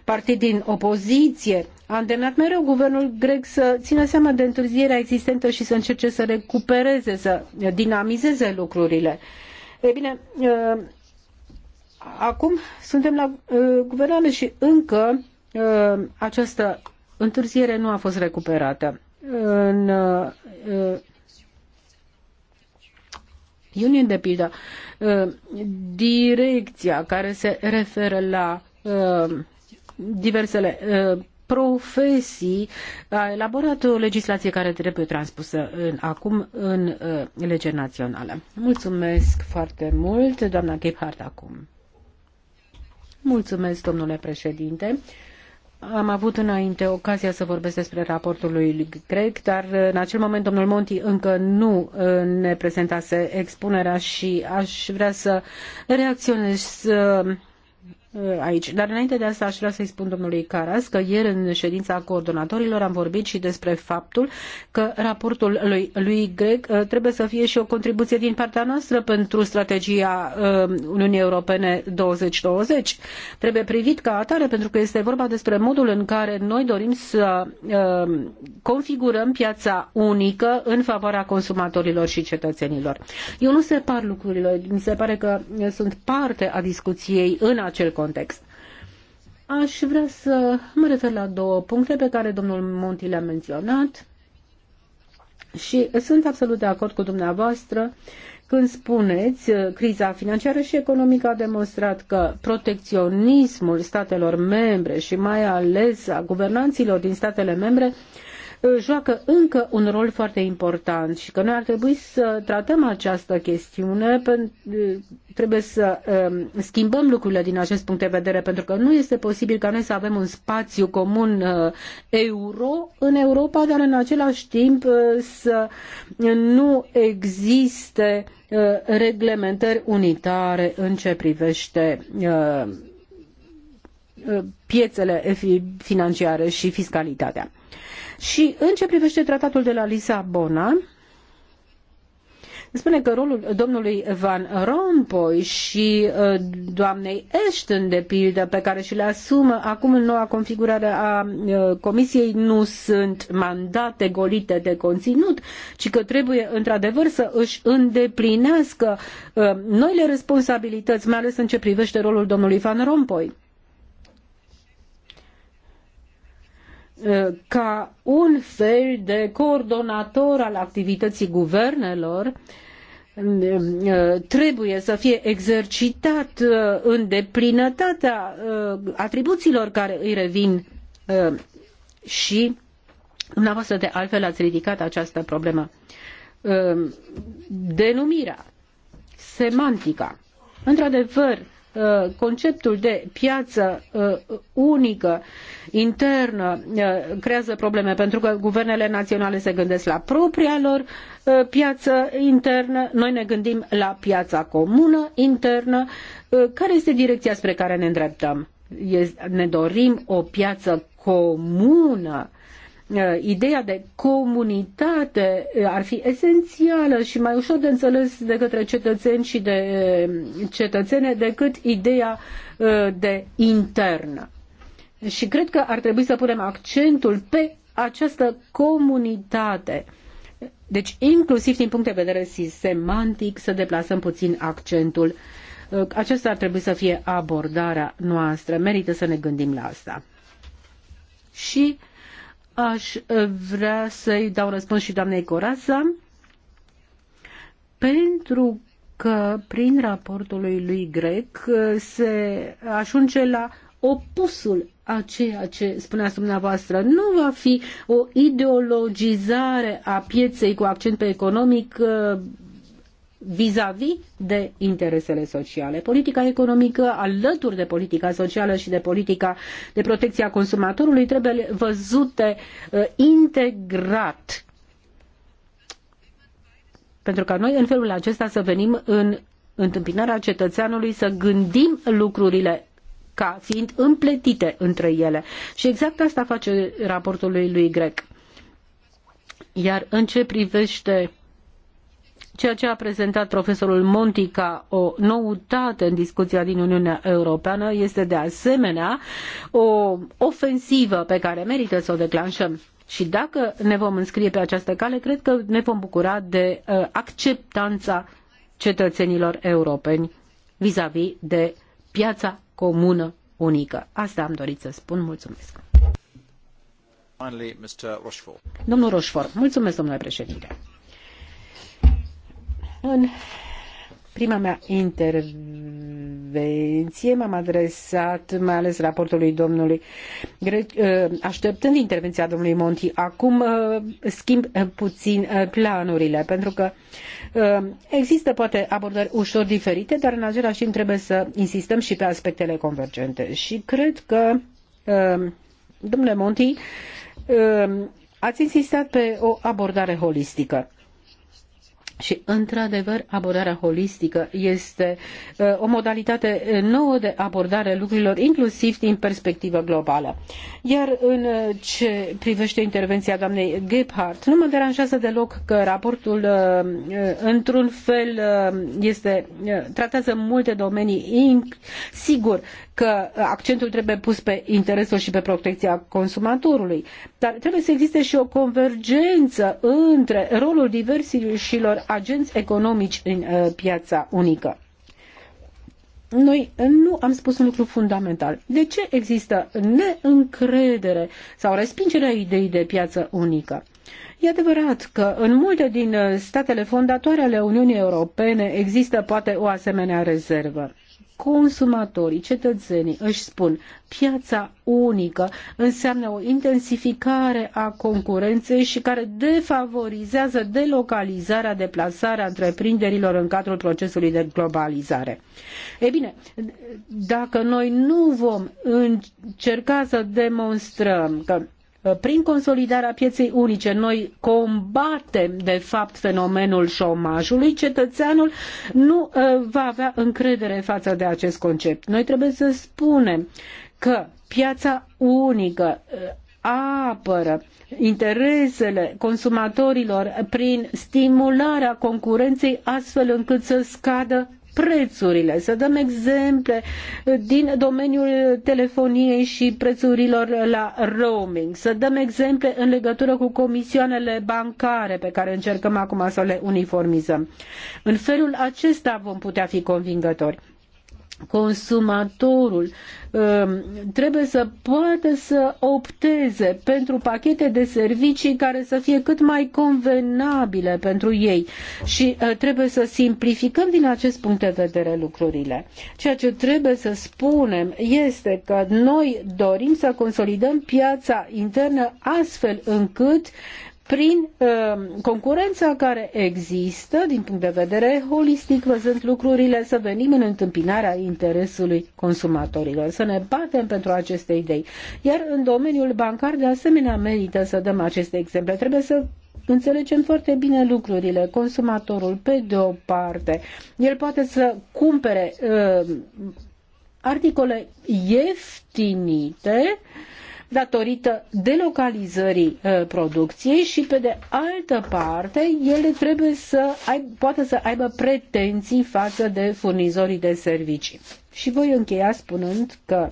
partid din opoziție, a îndemnat mereu guvernul grec să țină seama de întârzierea existentă și să încerce să recupereze, să dinamizeze lucrurile. Ei bine, ă, acum suntem la ă, guvernare și încă ă, această întârziere nu a fost recuperată. În iunie, de pildă, direcția care se referă la diversele uh, profesii a elaborat o legislație care trebuie transpusă în, acum în uh, lege națională. Mulțumesc foarte mult, doamna Gebhardt, acum. Mulțumesc, domnule președinte. Am avut înainte ocazia să vorbesc despre raportul lui Greg, dar uh, în acel moment domnul Monti încă nu ne prezentase expunerea și aș vrea să reacționez uh, Uh, aici. Dar înainte de asta aș vrea să-i spun domnului Caras că ieri în ședința coordonatorilor am vorbit și despre faptul că raportul lui, lui Greg uh, trebuie să fie și o contribuție din partea noastră pentru strategia uh, Uniunii Europene 2020. Trebuie privit ca atare pentru că este vorba despre modul în care noi dorim să configurăm piața unică în favoarea consumatorilor și cetățenilor. Eu nu separ lucrurile, mi se pare că sunt parte a discuției în acel context context. Aș vrea să mă refer la două puncte pe care domnul Monti le-a menționat și sunt absolut de acord cu dumneavoastră când spuneți uh, criza financiară și economică a demonstrat că protecționismul statelor membre și mai ales a guvernanților din statele membre Uh, joacă încă un rol foarte important și că noi ar trebui să tratăm această chestiune, uh, trebuie să um, schimbăm lucrurile din acest punct de vedere, pentru că nu este posibil ca noi să avem un spațiu comun uh, euro în Europa, dar în același timp să nu existe reglementări unitare în ce privește piețele financiare și fiscalitatea. Și în ce privește tratatul de la Lisabona, spune că rolul domnului Van Rompuy și uh, doamnei Ashton, de pildă, pe care și le asumă acum în noua configurare a uh, Comisiei, nu sunt mandate golite de conținut, ci că trebuie într-adevăr să își îndeplinească uh, noile responsabilități, mai ales în ce privește rolul domnului Van Rompuy. Uh, ca un fel de coordonator al activității guvernelor uh, trebuie să fie exercitat uh, în deplinătatea atribuțiilor care îi revin și dumneavoastră de altfel ați ridicat această problemă. Denumirea, semantica. Într-adevăr, Uh, conceptul de piață uh, unică internă uh, creează probleme pentru că guvernele naționale se gândesc la propria lor piață internă, noi ne gândim la piața comună internă. Care este direcția spre care ne îndreptăm? Ne dorim o piață comună Uh, ideea de comunitate uh, ar fi esențială și mai ușor de înțeles de către cetățeni și de uh, cetățene decât ideea de internă. Și cred că ar trebui să punem accentul pe această comunitate. Deci, inclusiv din punct de vedere semantic, să deplasăm puțin accentul. Acesta ar trebui să fie abordarea noastră. Merită să ne gândim la asta. Și Aș uh, vrea să-i dau răspuns și doamnei Coraza, pentru că prin raportul lui Grec uh, se ajunge la opusul a ceea ce spunea dumneavoastră. Nu va fi o ideologizare a pieței cu accent pe economic uh, vis-a-vis -vis de interesele sociale. Politica economică, alături de politica socială și de politica de protecție a consumatorului, trebuie văzute uh, integrat. Pentru ca noi, în felul acesta, să venim în întâmpinarea cetățeanului, să gândim lucrurile ca fiind împletite între ele. Și exact asta face raportul lui, lui Grec. Iar în ce privește Ceea ce a prezentat profesorul Monti ca o noutate în discuția din Uniunea Europeană este de asemenea o ofensivă pe care merită să o declanșăm. Și dacă ne vom înscrie pe această cale, cred că ne vom bucura de uh, acceptanța cetățenilor europeni vis a -vis de piața comună unică. Asta am dorit să spun. Mulțumesc. Finally, Mr. Rochefort. Domnul Rochefort, mulțumesc, domnule președinte. În prima mea intervenție m-am adresat mai ales raportului domnului Gre- ă, așteptând intervenția domnului Monti. Acum ă, schimb ă, puțin planurile, pentru că există poate abordări ușor diferite, dar în același timp trebuie să insistăm și pe aspectele convergente. Și cred că, domnule Monti, ați insistat pe o abordare holistică. Și, într-adevăr, abordarea holistică este uh, o modalitate uh, nouă de abordare a lucrurilor, inclusiv din perspectivă globală. Iar în uh, ce privește intervenția doamnei Gebhardt, nu mă deranjează deloc că raportul, într-un fel, este, tratează multe domenii. Sigur, că accentul trebuie pus pe interesul și pe protecția consumatorului, dar trebuie să existe și o convergență între rolul diversilor agenți economici în uh, piața unică. Noi nu am spus un lucru fundamental. De ce există neîncredere sau respingerea ideii de piață unică? E adevărat că în multe din statele fondatoare ale Uniunii Europene există poate o asemenea rezervă consumatorii, cetățenii își spun piața unică înseamnă o intensificare a concurenței și care defavorizează delocalizarea, deplasarea întreprinderilor în cadrul procesului de globalizare. Ei bine, dacă noi nu vom încerca să demonstrăm că Uh, prin consolidarea pieței unice noi combatem de fapt fenomenul șomajului, cetățeanul nu uh, va avea încredere față de acest concept. Noi trebuie să spunem că piața unică uh, apără interesele consumatorilor prin stimularea concurenței astfel încât să scadă prețurile, să dăm exemple din domeniul telefoniei și prețurilor la roaming, să dăm exemple în legătură cu comisioanele bancare pe care încercăm acum să le uniformizăm. În felul acesta vom putea fi convingători consumatorul um, trebuie să poată să opteze pentru pachete de servicii care să fie cât mai convenabile pentru ei și uh, trebuie să simplificăm din acest punct de vedere lucrurile. Ceea ce trebuie să spunem este că noi dorim să consolidăm piața internă astfel încât prin uh, concurența care există din punct de vedere holistic, văzând lucrurile, să venim în întâmpinarea interesului consumatorilor, să ne batem pentru aceste idei. Iar în domeniul bancar, de asemenea, merită să dăm aceste exemple. Trebuie să înțelegem foarte bine lucrurile. Consumatorul, pe de o parte, el poate să cumpere uh, articole ieftinite uh, datorită delocalizării uh, producției și pe de altă parte ele trebuie să aibă, poată să aibă pretenții față de furnizorii de servicii. Și voi încheia spunând că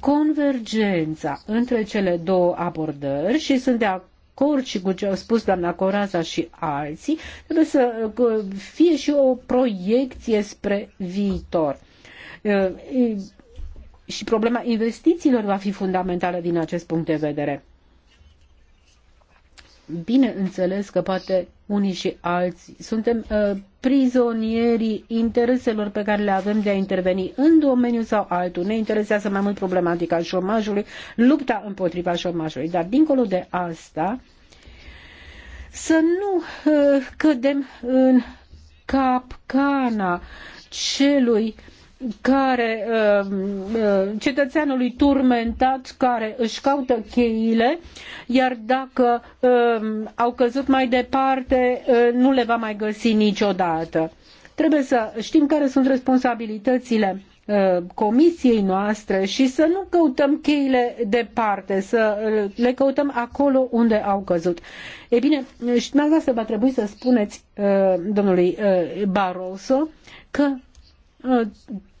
convergența între cele două abordări și sunt de acord și cu ce au spus doamna Coraza și alții, trebuie să uh, fie și o proiecție spre viitor. Uh, și problema investițiilor va fi fundamentală din acest punct de vedere. Bineînțeles că poate unii și alții suntem uh, prizonierii intereselor pe care le avem de a interveni în domeniu sau altul. Ne interesează mai mult problematica șomajului, lupta împotriva șomajului. Dar dincolo de asta, să nu uh, cădem în capcana celui uh, care uh, uh, cetățeanului turmentat care își caută cheile, iar dacă uh, au căzut mai departe, nu le va mai găsi niciodată. Trebuie să știm care sunt responsabilitățile comisiei noastre și să nu căutăm cheile departe, să le căutăm acolo unde au căzut. E bine, și dumneavoastră va trebui să spuneți domnului Barroso că Uh,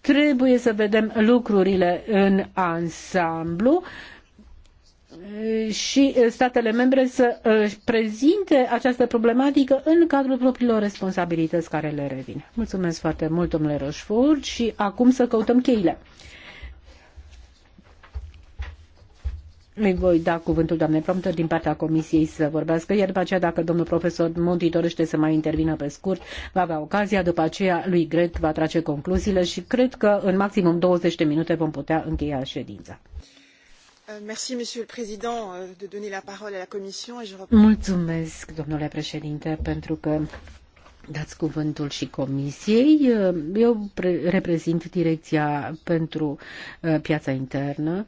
trebuie să vedem lucrurile în ansamblu și statele membre să uh, prezinte această problematică în cadrul propriilor responsabilități care le revin. Mulțumesc foarte mult, domnule Roșford, și acum să căutăm cheile. Îi voi da cuvântul doamnei prompter din partea comisiei să vorbească, iar după aceea, dacă domnul profesor Monti dorește să mai intervină pe scurt, va avea ocazia, după aceea lui Gret va trage concluziile și cred că în maximum 20 de minute vom putea încheia ședința. Euh, euh, Mulțumesc, domnule președinte, pentru că dați cuvântul și comisiei. Eu reprezint direcția pentru uh, piața internă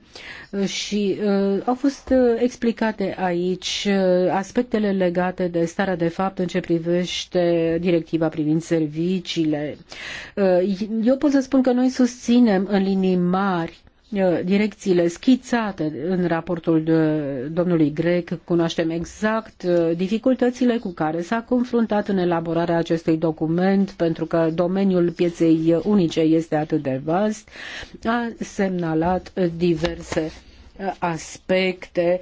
uh, și uh, au fost explicate aici aspectele legate de starea de fapt în ce privește directiva privind serviciile. Eu pot să spun că noi susținem în linii mari Eh, direcțiile schițate în raportul de eh, domnului Grec. Cunoaștem exact eh, dificultățile cu care s-a confruntat în elaborarea acestui document, pentru că domeniul pieței unice este atât de vast. A semnalat diverse aspecte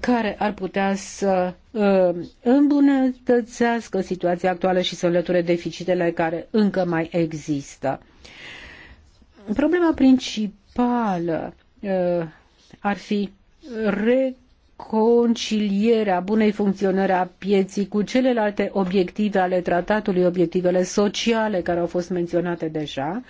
care ar putea să îmbunătățească situația actuală și să înlăture deficitele care încă mai există. Problema principală principală uh, ar fi reconcilierea bunei funcționări a pieții cu celelalte obiective ale tratatului, obiectivele sociale care au fost menționate deja.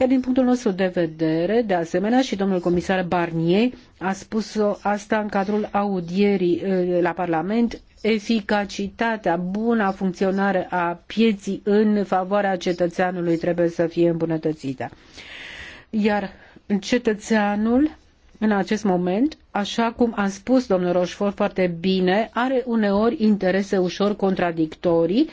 Iar din punctul nostru de vedere, de asemenea, și domnul comisar Barnier a spus asta în cadrul audierii uh, la Parlament, eficacitatea, buna funcționare a pieții în favoarea cetățeanului trebuie să fie îmbunătățită. Iar cetățeanul în acest moment, așa cum a spus domnul Roșfort foarte bine, are uneori interese ușor contradictorii,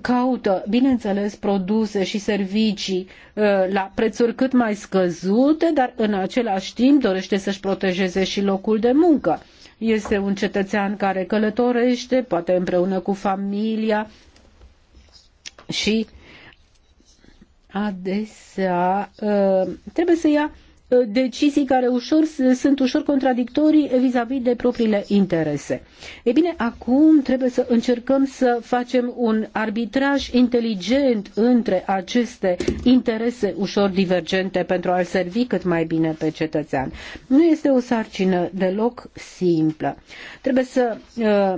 caută, bineînțeles, produse și servicii uh, la prețuri cât mai scăzute, dar în același timp dorește să-și protejeze și locul de muncă. Este un cetățean care călătorește, poate împreună cu familia și adesea uh, trebuie să ia uh, decizii care ușor, sunt ușor contradictorii vis-a-vis -vis de propriile interese. Ei bine, acum trebuie să încercăm să facem un arbitraj inteligent între aceste interese ușor divergente pentru a-l servi cât mai bine pe cetățean. Nu este o sarcină deloc simplă. Trebuie să uh,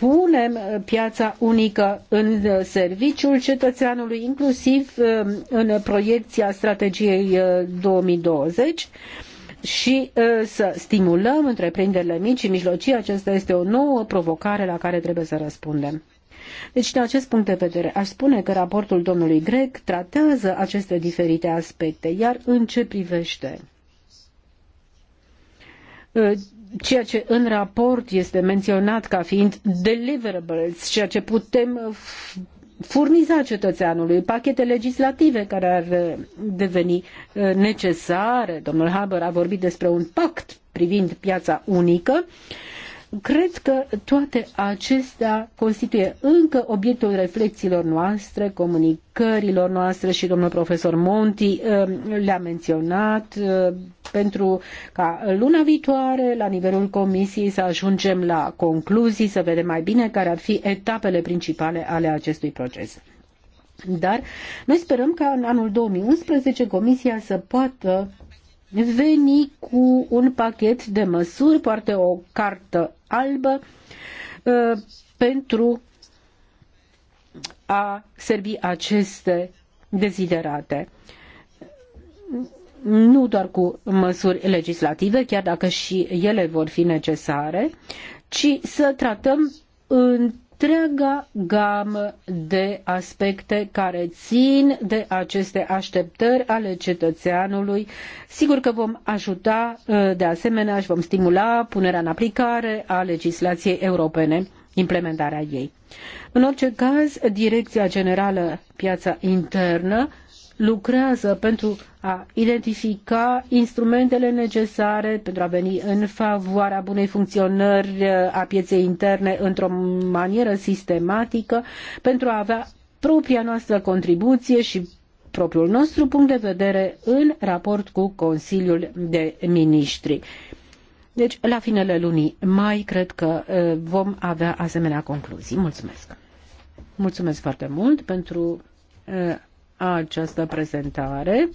punem uh, piața unică în uh, serviciul cetățeanului, inclusiv uh, în proiecția strategiei 2020 și să stimulăm întreprinderile mici și mijlocii. Aceasta este o nouă provocare la care trebuie să răspundem. Deci, din acest punct de vedere, aș spune că raportul domnului Grec tratează aceste diferite aspecte, iar în ce privește ceea ce în raport este menționat ca fiind deliverables, ceea ce putem uh, furniza cetățeanului, pachete legislative care ar uh, deveni uh, necesare. Domnul Haber a vorbit despre un pact privind piața unică. Uh, Cred că toate acestea constituie încă obiectul reflexiilor noastre, comunicărilor noastre și domnul profesor Monti uh, le-a menționat uh, pentru ca luna viitoare, la nivelul comisiei, să ajungem la concluzii, să vedem mai bine care ar fi etapele principale ale acestui proces. Dar noi sperăm că în anul 2011 Comisia să poată veni cu un pachet de măsuri, poate o cartă albă uh, pentru a servi aceste deziderate nu doar cu măsuri legislative, chiar dacă și ele vor fi necesare, ci să tratăm în întreaga gamă de aspecte care țin de aceste așteptări ale cetățeanului. Sigur că vom ajuta uh, de asemenea și vom stimula punerea în aplicare a legislației europene implementarea ei. În orice caz, Direcția Generală Piața Internă lucrează pentru a identifica instrumentele necesare pentru a veni în favoarea bunei funcționări a pieței interne într-o manieră sistematică, pentru a avea propria noastră contribuție și propriul nostru punct de vedere în raport cu Consiliul de Ministri. Deci, la finele lunii mai, cred că vom avea asemenea concluzii. Mulțumesc! Mulțumesc foarte mult pentru această prezentare.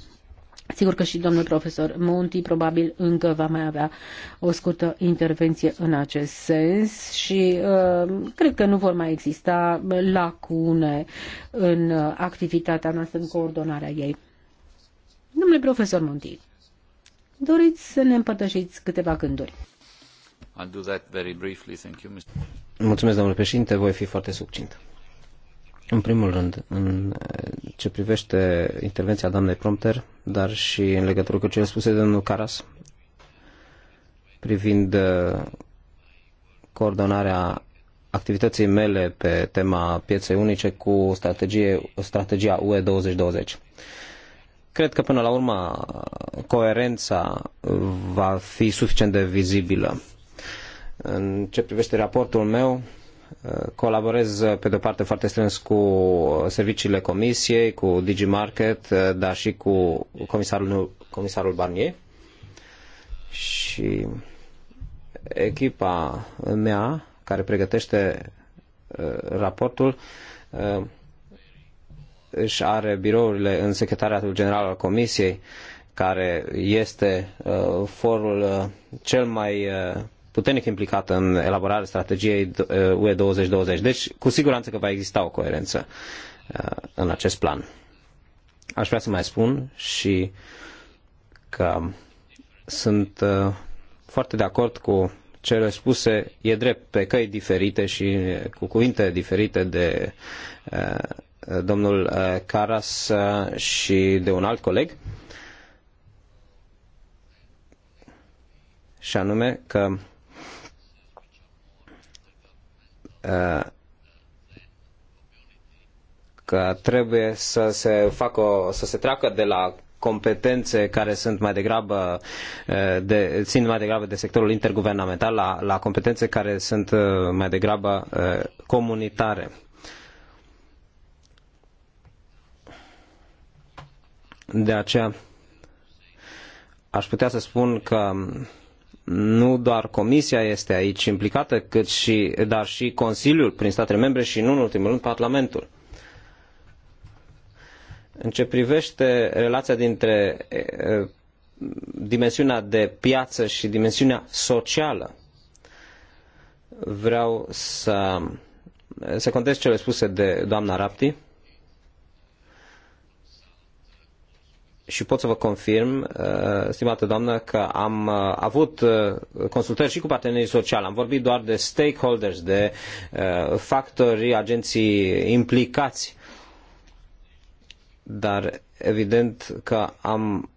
Sigur că și domnul profesor Monti probabil încă va mai avea o scurtă intervenție în acest sens și uh, cred că nu vor mai exista lacune în activitatea noastră, în coordonarea ei. Domnule profesor Monti, doriți să ne împărtășiți câteva gânduri. I'll do that very briefly. Thank you, Mr. Mulțumesc, domnule președinte, voi fi foarte succint. În primul rând, în ce privește intervenția doamnei Prompter, dar și în legătură cu cele spuse de domnul Caras, privind uh, coordonarea activității mele pe tema pieței unice cu strategie, strategia UE 2020. Cred că până la urmă coerența va fi suficient de vizibilă. În ce privește raportul meu, colaborez uh, pe de o parte foarte strâns cu serviciile comisiei, cu Digimarket, uh, dar și cu comisarul, comisarul Barnier și echipa mea care pregătește uh, raportul își are birourile în Secretariatul General al Comisiei, care este forul cel mai puternic implicată în elaborarea strategiei eh, UE 2020. Deci, cu siguranță că va exista o coerență eh, în acest plan. Aș vrea să mai spun și că sunt eh, foarte de acord cu cele spuse, e drept, pe căi diferite și cu cuvinte diferite de domnul Caras și de un alt coleg. Și anume că că trebuie să se facă, să se treacă de la competențe care sunt mai degrabă eh, de, țin mai degrabă de sectorul interguvernamental la, la competențe care sunt eh, mai degrabă eh, comunitare. De aceea aș putea să spun că nu doar Comisia este aici implicată, cât și, dar și Consiliul prin statele membre și, nu în ultimul rând, Parlamentul. În ce privește relația dintre e, dimensiunea de piață și dimensiunea socială, vreau să, să contest cele spuse de doamna Rapti. și pot să vă confirm, uh, stimată doamnă, că am uh, avut uh, consultări și cu partenerii sociali. Am vorbit doar de stakeholders, de factori, agenții implicați. Dar evident că am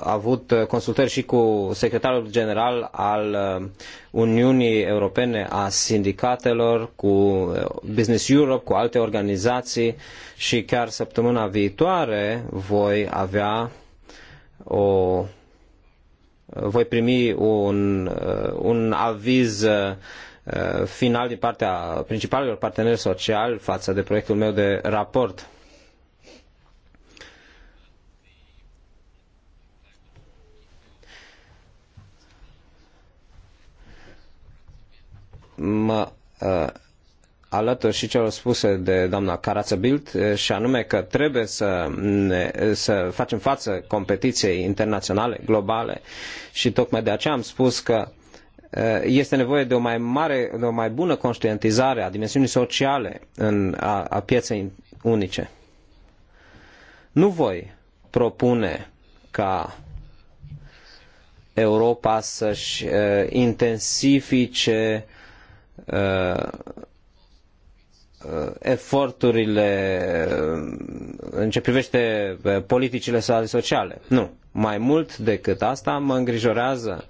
avut uh, consultări și cu secretarul general al uh, Uniunii Europene a Sindicatelor, cu uh, Business Europe, cu alte organizații și chiar săptămâna viitoare voi avea o voi primi un, un aviz final din partea principalilor parteneri sociali față de proiectul meu de raport mă uh, alături și celor spuse de doamna Carață Bild, uh, și anume că trebuie să, ne, să facem față competiției internaționale, globale și tocmai de aceea am spus că uh, este nevoie de o mai mare, de o mai bună conștientizare a dimensiunii sociale în, a, a pieței unice. Nu voi propune ca Europa să-și uh, intensifice Uh, eforturile uh, în ce privește uh, politicile sale sociale. Nu. Mai mult decât asta mă îngrijorează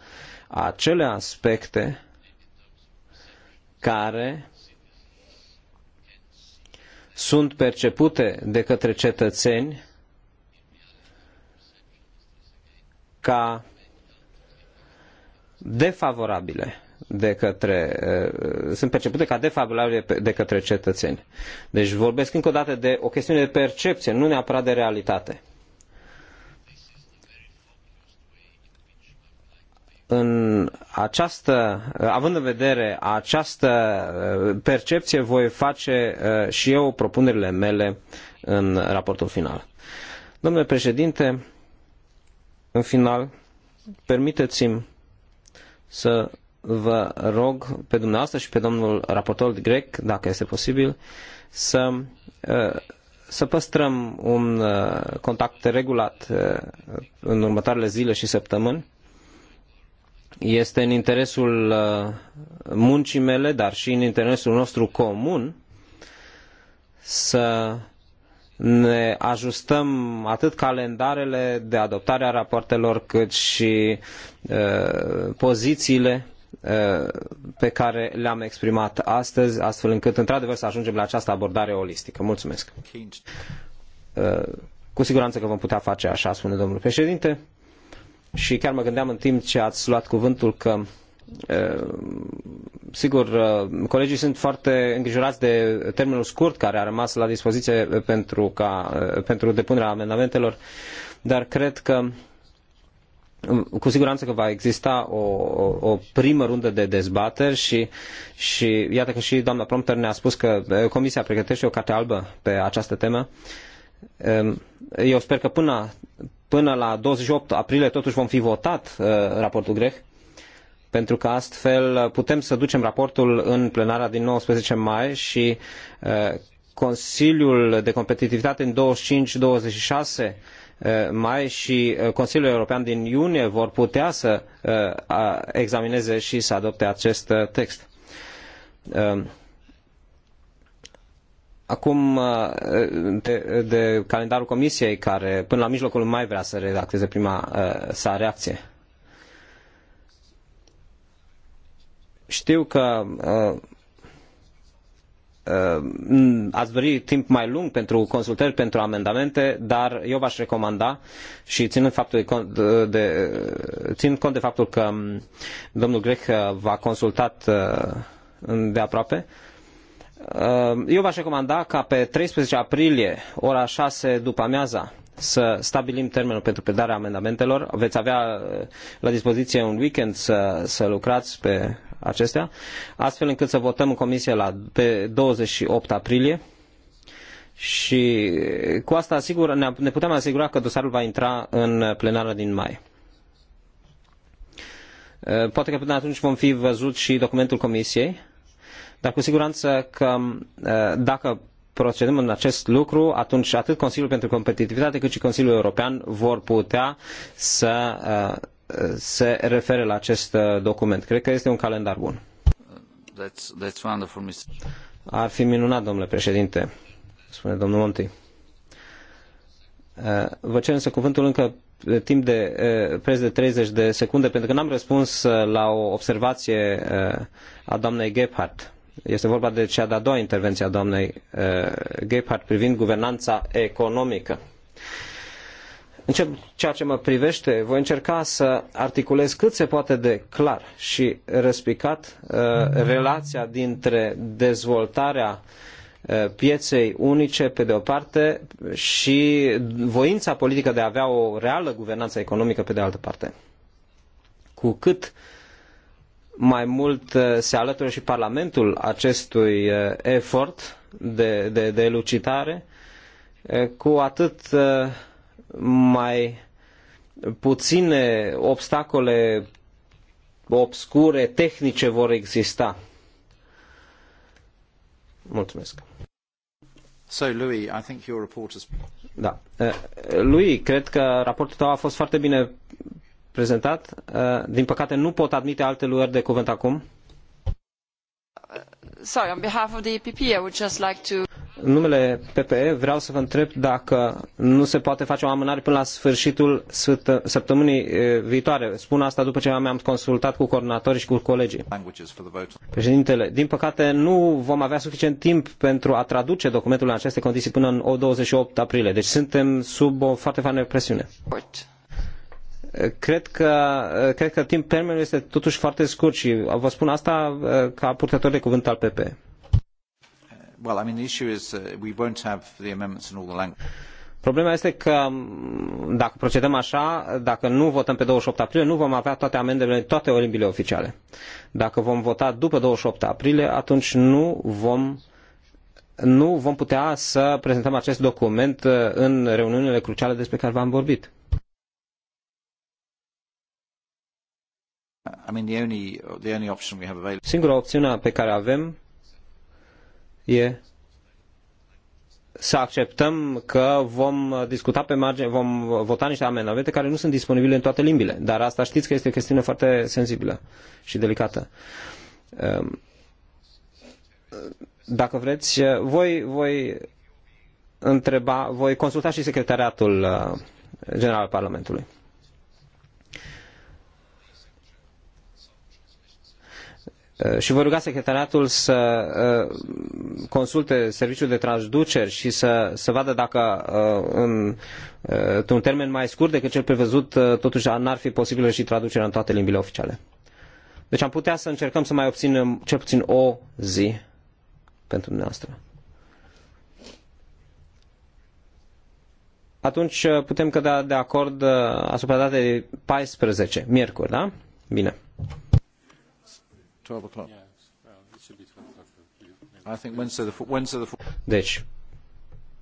acele aspecte care sunt percepute de către cetățeni ca defavorabile de către, eh, sunt percepute ca defavorabile de către cetățeni. Deci vorbesc încă o dată de o chestiune de percepție, nu neapărat de realitate. în această, eh, având în vedere această eh, percepție, voi face și eu propunerile mele în raportul final. Domnule președinte, în final, permiteți-mi să vă rog pe dumneavoastră și pe domnul raportor grec, dacă este posibil, să, uh, să păstrăm un uh, contact regulat uh, în următoarele zile și săptămâni. Este în interesul muncii mele, dar și în interesul nostru comun să ne ajustăm atât calendarele de adoptare a rapoartelor cât și pozițiile Uh, pe care le-am exprimat astăzi, astfel încât, într-adevăr, să ajungem la această abordare olistică. Mulțumesc! Uh, cu siguranță că vom putea face așa, spune domnul președinte. Și chiar mă gândeam în timp ce ați luat cuvântul că uh, sigur, colegii sunt foarte îngrijorați de termenul scurt care a rămas la dispoziție pentru, ca, pentru depunerea amendamentelor, dar cred că cu siguranță că va exista o, o primă rundă de dezbateri și, și iată că și doamna Prompter ne-a spus că eh, Comisia pregătește o carte albă pe această temă. Ehm, eu sper că până, până la 28 aprilie totuși vom fi votat eh, raportul Greh, pentru că astfel putem să ducem raportul în plenara din 19 mai și eh, Consiliul de Competitivitate în 25-26 Eh, mai și eh, Consiliul European din iunie vor putea să eh, examineze și să adopte acest text. Ehm, acum, de, de calendarul Comisiei, care până la mijlocul mai vrea să redacteze prima sa reacție. Știu că uh, Uh, ați dori timp mai lung pentru consultări, pentru amendamente, dar eu v-aș recomanda și ținând, faptul de, de, ținând cont de faptul că um, domnul Grech uh, v-a consultat uh, de aproape, eu v-aș recomanda ca pe 13 aprilie, ora 6 după amiaza, să stabilim termenul pentru predarea amendamentelor. Veți avea la dispoziție un weekend să, să lucrați pe acestea, astfel încât să votăm în comisie la, pe 28 aprilie și cu asta asigur, ne putem asigura că dosarul va intra în plenară din mai. Poate că până atunci vom fi văzut și documentul comisiei, dar cu siguranță că dacă procedăm în acest lucru, atunci atât Consiliul pentru Competitivitate cât și Consiliul European vor putea să se refere la acest uh, document. Cred că este un calendar bun. That's, that's wonderful, Mr. Ar fi minunat, domnule președinte, spune domnul Monti. Uh, vă cerem să cuvântul încă timp de uh, preț de 30 de secunde, pentru că n-am răspuns la o observație a doamnei Gephardt. Este vorba de cea de-a doua intervenție a doamnei Gephardt privind guvernanța economică. În ceea ce mă privește, voi încerca să articulez cât se poate de clar și răspicat uh, mhm. relația dintre dezvoltarea uh, pieței unice, pe de o parte, și voința politică de a avea o reală guvernanță economică, pe de altă parte. Cu cât mai mult uh, se alătură și Parlamentul acestui uh, efort de, de, de cu atât mai puține obstacole obscure, tehnice vor exista. Mulțumesc. So, Louis, I think your report is... Da. Eh, Louis, cred că raportul tău a fost foarte bine prezentat. Eh, din păcate nu pot admite alte luări de cuvânt acum. Uh, sorry, on behalf of the EPP, I would just like to numele PPE vreau să vă întreb dacă nu se poate face o amânare până la sfârșitul săptămânii viitoare. Spun asta după ce mi-am consultat cu coordonatorii și cu colegii. Președintele, din păcate nu vom avea suficient timp pentru a traduce documentul în aceste condiții până în 28 aprilie. Deci suntem sub o foarte mare presiune. Cred că, cred că timp termenul este totuși foarte scurt și vă spun asta ca purtător de cuvânt al PPE. Problema este că um, dacă procedăm așa, dacă nu votăm pe 28 aprilie, nu vom avea toate amendele în toate limbile oficiale. Dacă vom vota după 28 aprilie, atunci nu vom, nu vom putea să prezentăm acest document uh, în reuniunile cruciale despre care v-am vorbit. Singura opțiune pe care avem e să acceptăm că vom discuta pe margine, vom vota niște amendamente care nu sunt disponibile în toate limbile. Dar asta știți că este o chestiune foarte sensibilă și delicată. Ehm, dacă vreți, voi, voi întreba, voi consulta și secretariatul eh, general al Parlamentului. Uh, și voi ruga secretariatul să uh, consulte serviciul de traducere și să, să vadă dacă uh, în, un termen mai scurt decât cel prevăzut, totuși n-ar fi posibilă și traducerea în toate limbile oficiale. Deci am putea să încercăm să mai obținem cel puțin o zi pentru dumneavoastră. Atunci putem cădea de acord asupra datei 14, miercuri, da? Bine. 12 o'clock? Deci,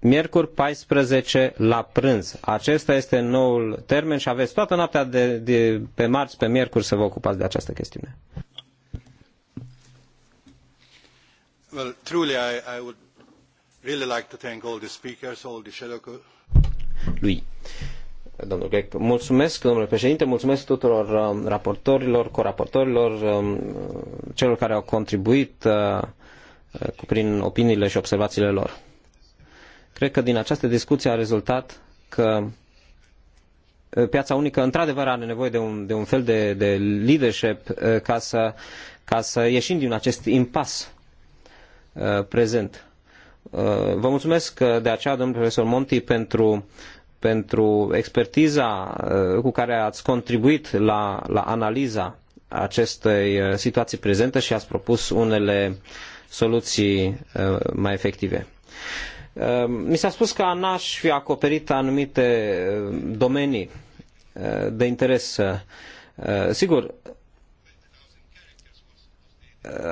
miercuri 14 la prânz. Acesta este noul termen și aveți toată noaptea de, de pe marți, pe miercuri să vă ocupați de această chestiune. Well, truly I, I would really like to thank all the speakers, all the shadow lui domnul Grec. Mulțumesc, domnule președinte, mulțumesc tuturor uh, raportorilor, coraportorilor, uh, celor care au contribuit uh, prin opiniile și observațiile lor. Cred că din această discuție a rezultat că piața unică într-adevăr are nevoie de un, de un fel de, de leadership ca să, ca să ieșim din acest impas prezent. Vă mulțumesc de aceea, domnul profesor Monti, pentru pentru expertiza uh, cu care ați contribuit la, la analiza acestei uh, situații prezente și ați propus unele soluții uh, mai efective. Mi s-a spus că n-aș fi acoperit anumite domenii de interes. Sigur,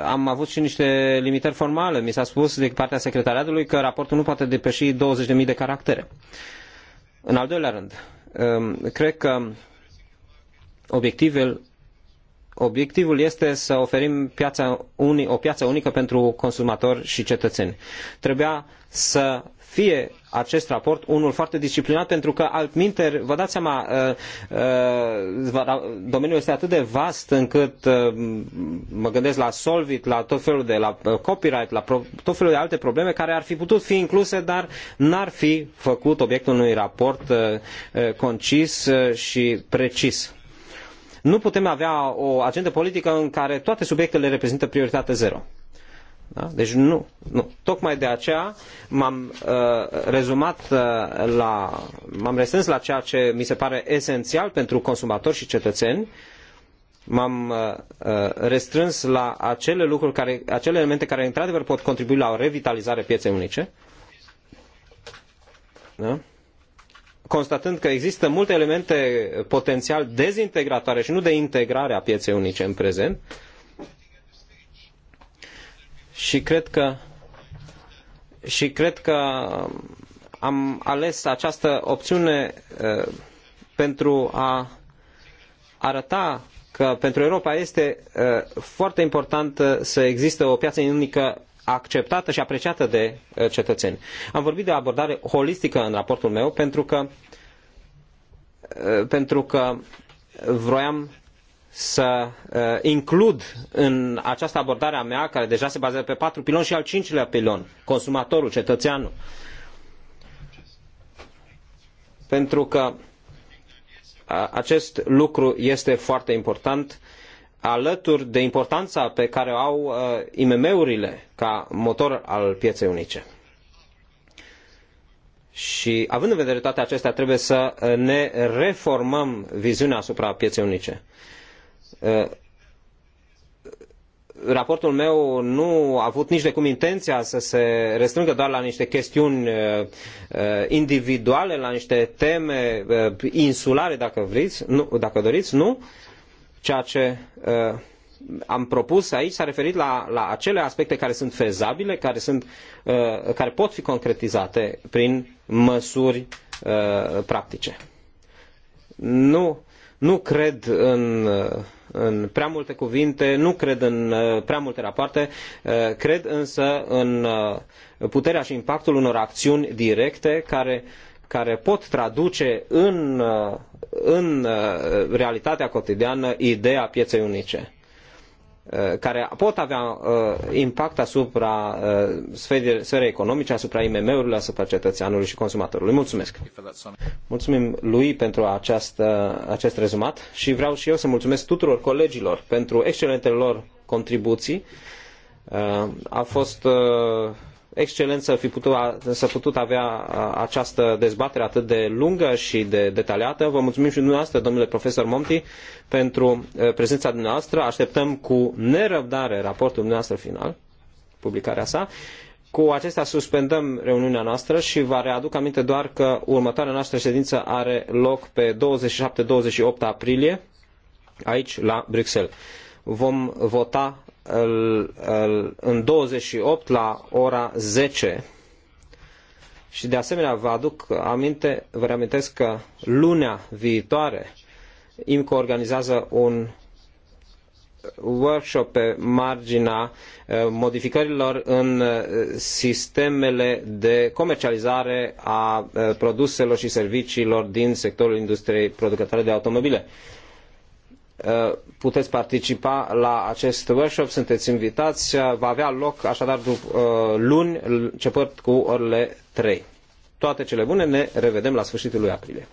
am avut și niște limitări formale. Mi s-a spus de partea secretariatului că raportul nu poate depăși 20.000 de caractere. Uh, în al doilea rând, um, cred că obiectivul, obiectivul este să oferim piața uni, o piață unică pentru consumatori și cetățeni. Trebuia să fie acest raport, unul foarte disciplinat, pentru că altminteri, vă dați seama, uh, uh, domeniul este atât de vast încât uh, mă gândesc la Solvit, la tot felul de, la copyright, la tot felul de alte probleme care ar fi putut fi incluse, dar n-ar fi făcut obiectul unui raport concis și precis nu putem avea o agendă politică în care toate subiectele reprezintă prioritate zero. Da? Deci nu, nu. Tocmai de aceea m-am uh, rezumat uh, la, m-am resens la ceea ce mi se pare esențial pentru consumatori și cetățeni. M-am uh, uh restrâns la acele lucruri, care, acele elemente care într-adevăr pot contribui la o revitalizare pieței unice. Da? Constatând că există multe elemente potențial dezintegratoare și nu de integrare a pieței unice în prezent. Uh, și cred că și cred că am ales această opțiune uh, pentru a arăta că pentru Europa este uh, foarte important uh, să existe o piață unică acceptată și apreciată de cetățeni. Am vorbit de o abordare holistică în raportul meu pentru că pentru că vroiam să uh, includ în această abordare a mea, care deja se bazează pe patru piloni, și al cincilea pilon, consumatorul, cetățeanul. Pentru că acest lucru este foarte important alături de importanța pe care o au uh, IMM-urile ca motor al pieței unice. Și având în vedere toate acestea, trebuie să uh, ne reformăm viziunea asupra pieței unice raportul meu nu a avut nici de cum intenția să se restrângă doar la niște chestiuni individuale, la niște teme insulare, dacă, vreți, nu, dacă doriți, nu. Ceea ce am propus aici s-a referit la, la acele aspecte care sunt fezabile, care, sunt, care pot fi concretizate prin măsuri practice. Nu, nu cred în în prea multe cuvinte, nu cred în uh, prea multe rapoarte, uh, cred însă în uh, puterea și impactul unor acțiuni directe care care pot traduce în, în realitatea cotidiană ideea pieței unice. Uh, care pot avea uh, impact asupra uh, sferei economice, asupra IMM-urilor, asupra cetățeanului și consumatorului. Mulțumesc! Mulțumim lui pentru această, acest rezumat și vreau și eu să mulțumesc tuturor colegilor pentru excelentele lor contribuții. A fost excelent să fi putut, să putut avea această dezbatere atât de lungă și de detaliată. Vă mulțumim și dumneavoastră, domnule profesor Monti, pentru prezența dumneavoastră. Așteptăm cu nerăbdare raportul dumneavoastră final, publicarea sa. Cu acestea suspendăm reuniunea noastră și vă readuc aminte doar că următoarea noastră ședință are loc pe 27-28 aprilie, aici, la Bruxelles. Vom vota în 28 la ora 10 și de asemenea vă aduc aminte, vă reamintesc că lunea viitoare IMCO organizează un workshop pe marginea eh, modificărilor în eh, sistemele de comercializare a eh, produselor și serviciilor din sectorul industriei producătoare de automobile. Uh, puteți participa la acest workshop, sunteți invitați, uh, va avea loc așadar după uh, luni, începând cu orele 3. Toate cele bune, ne revedem la sfârșitul lui aprilie.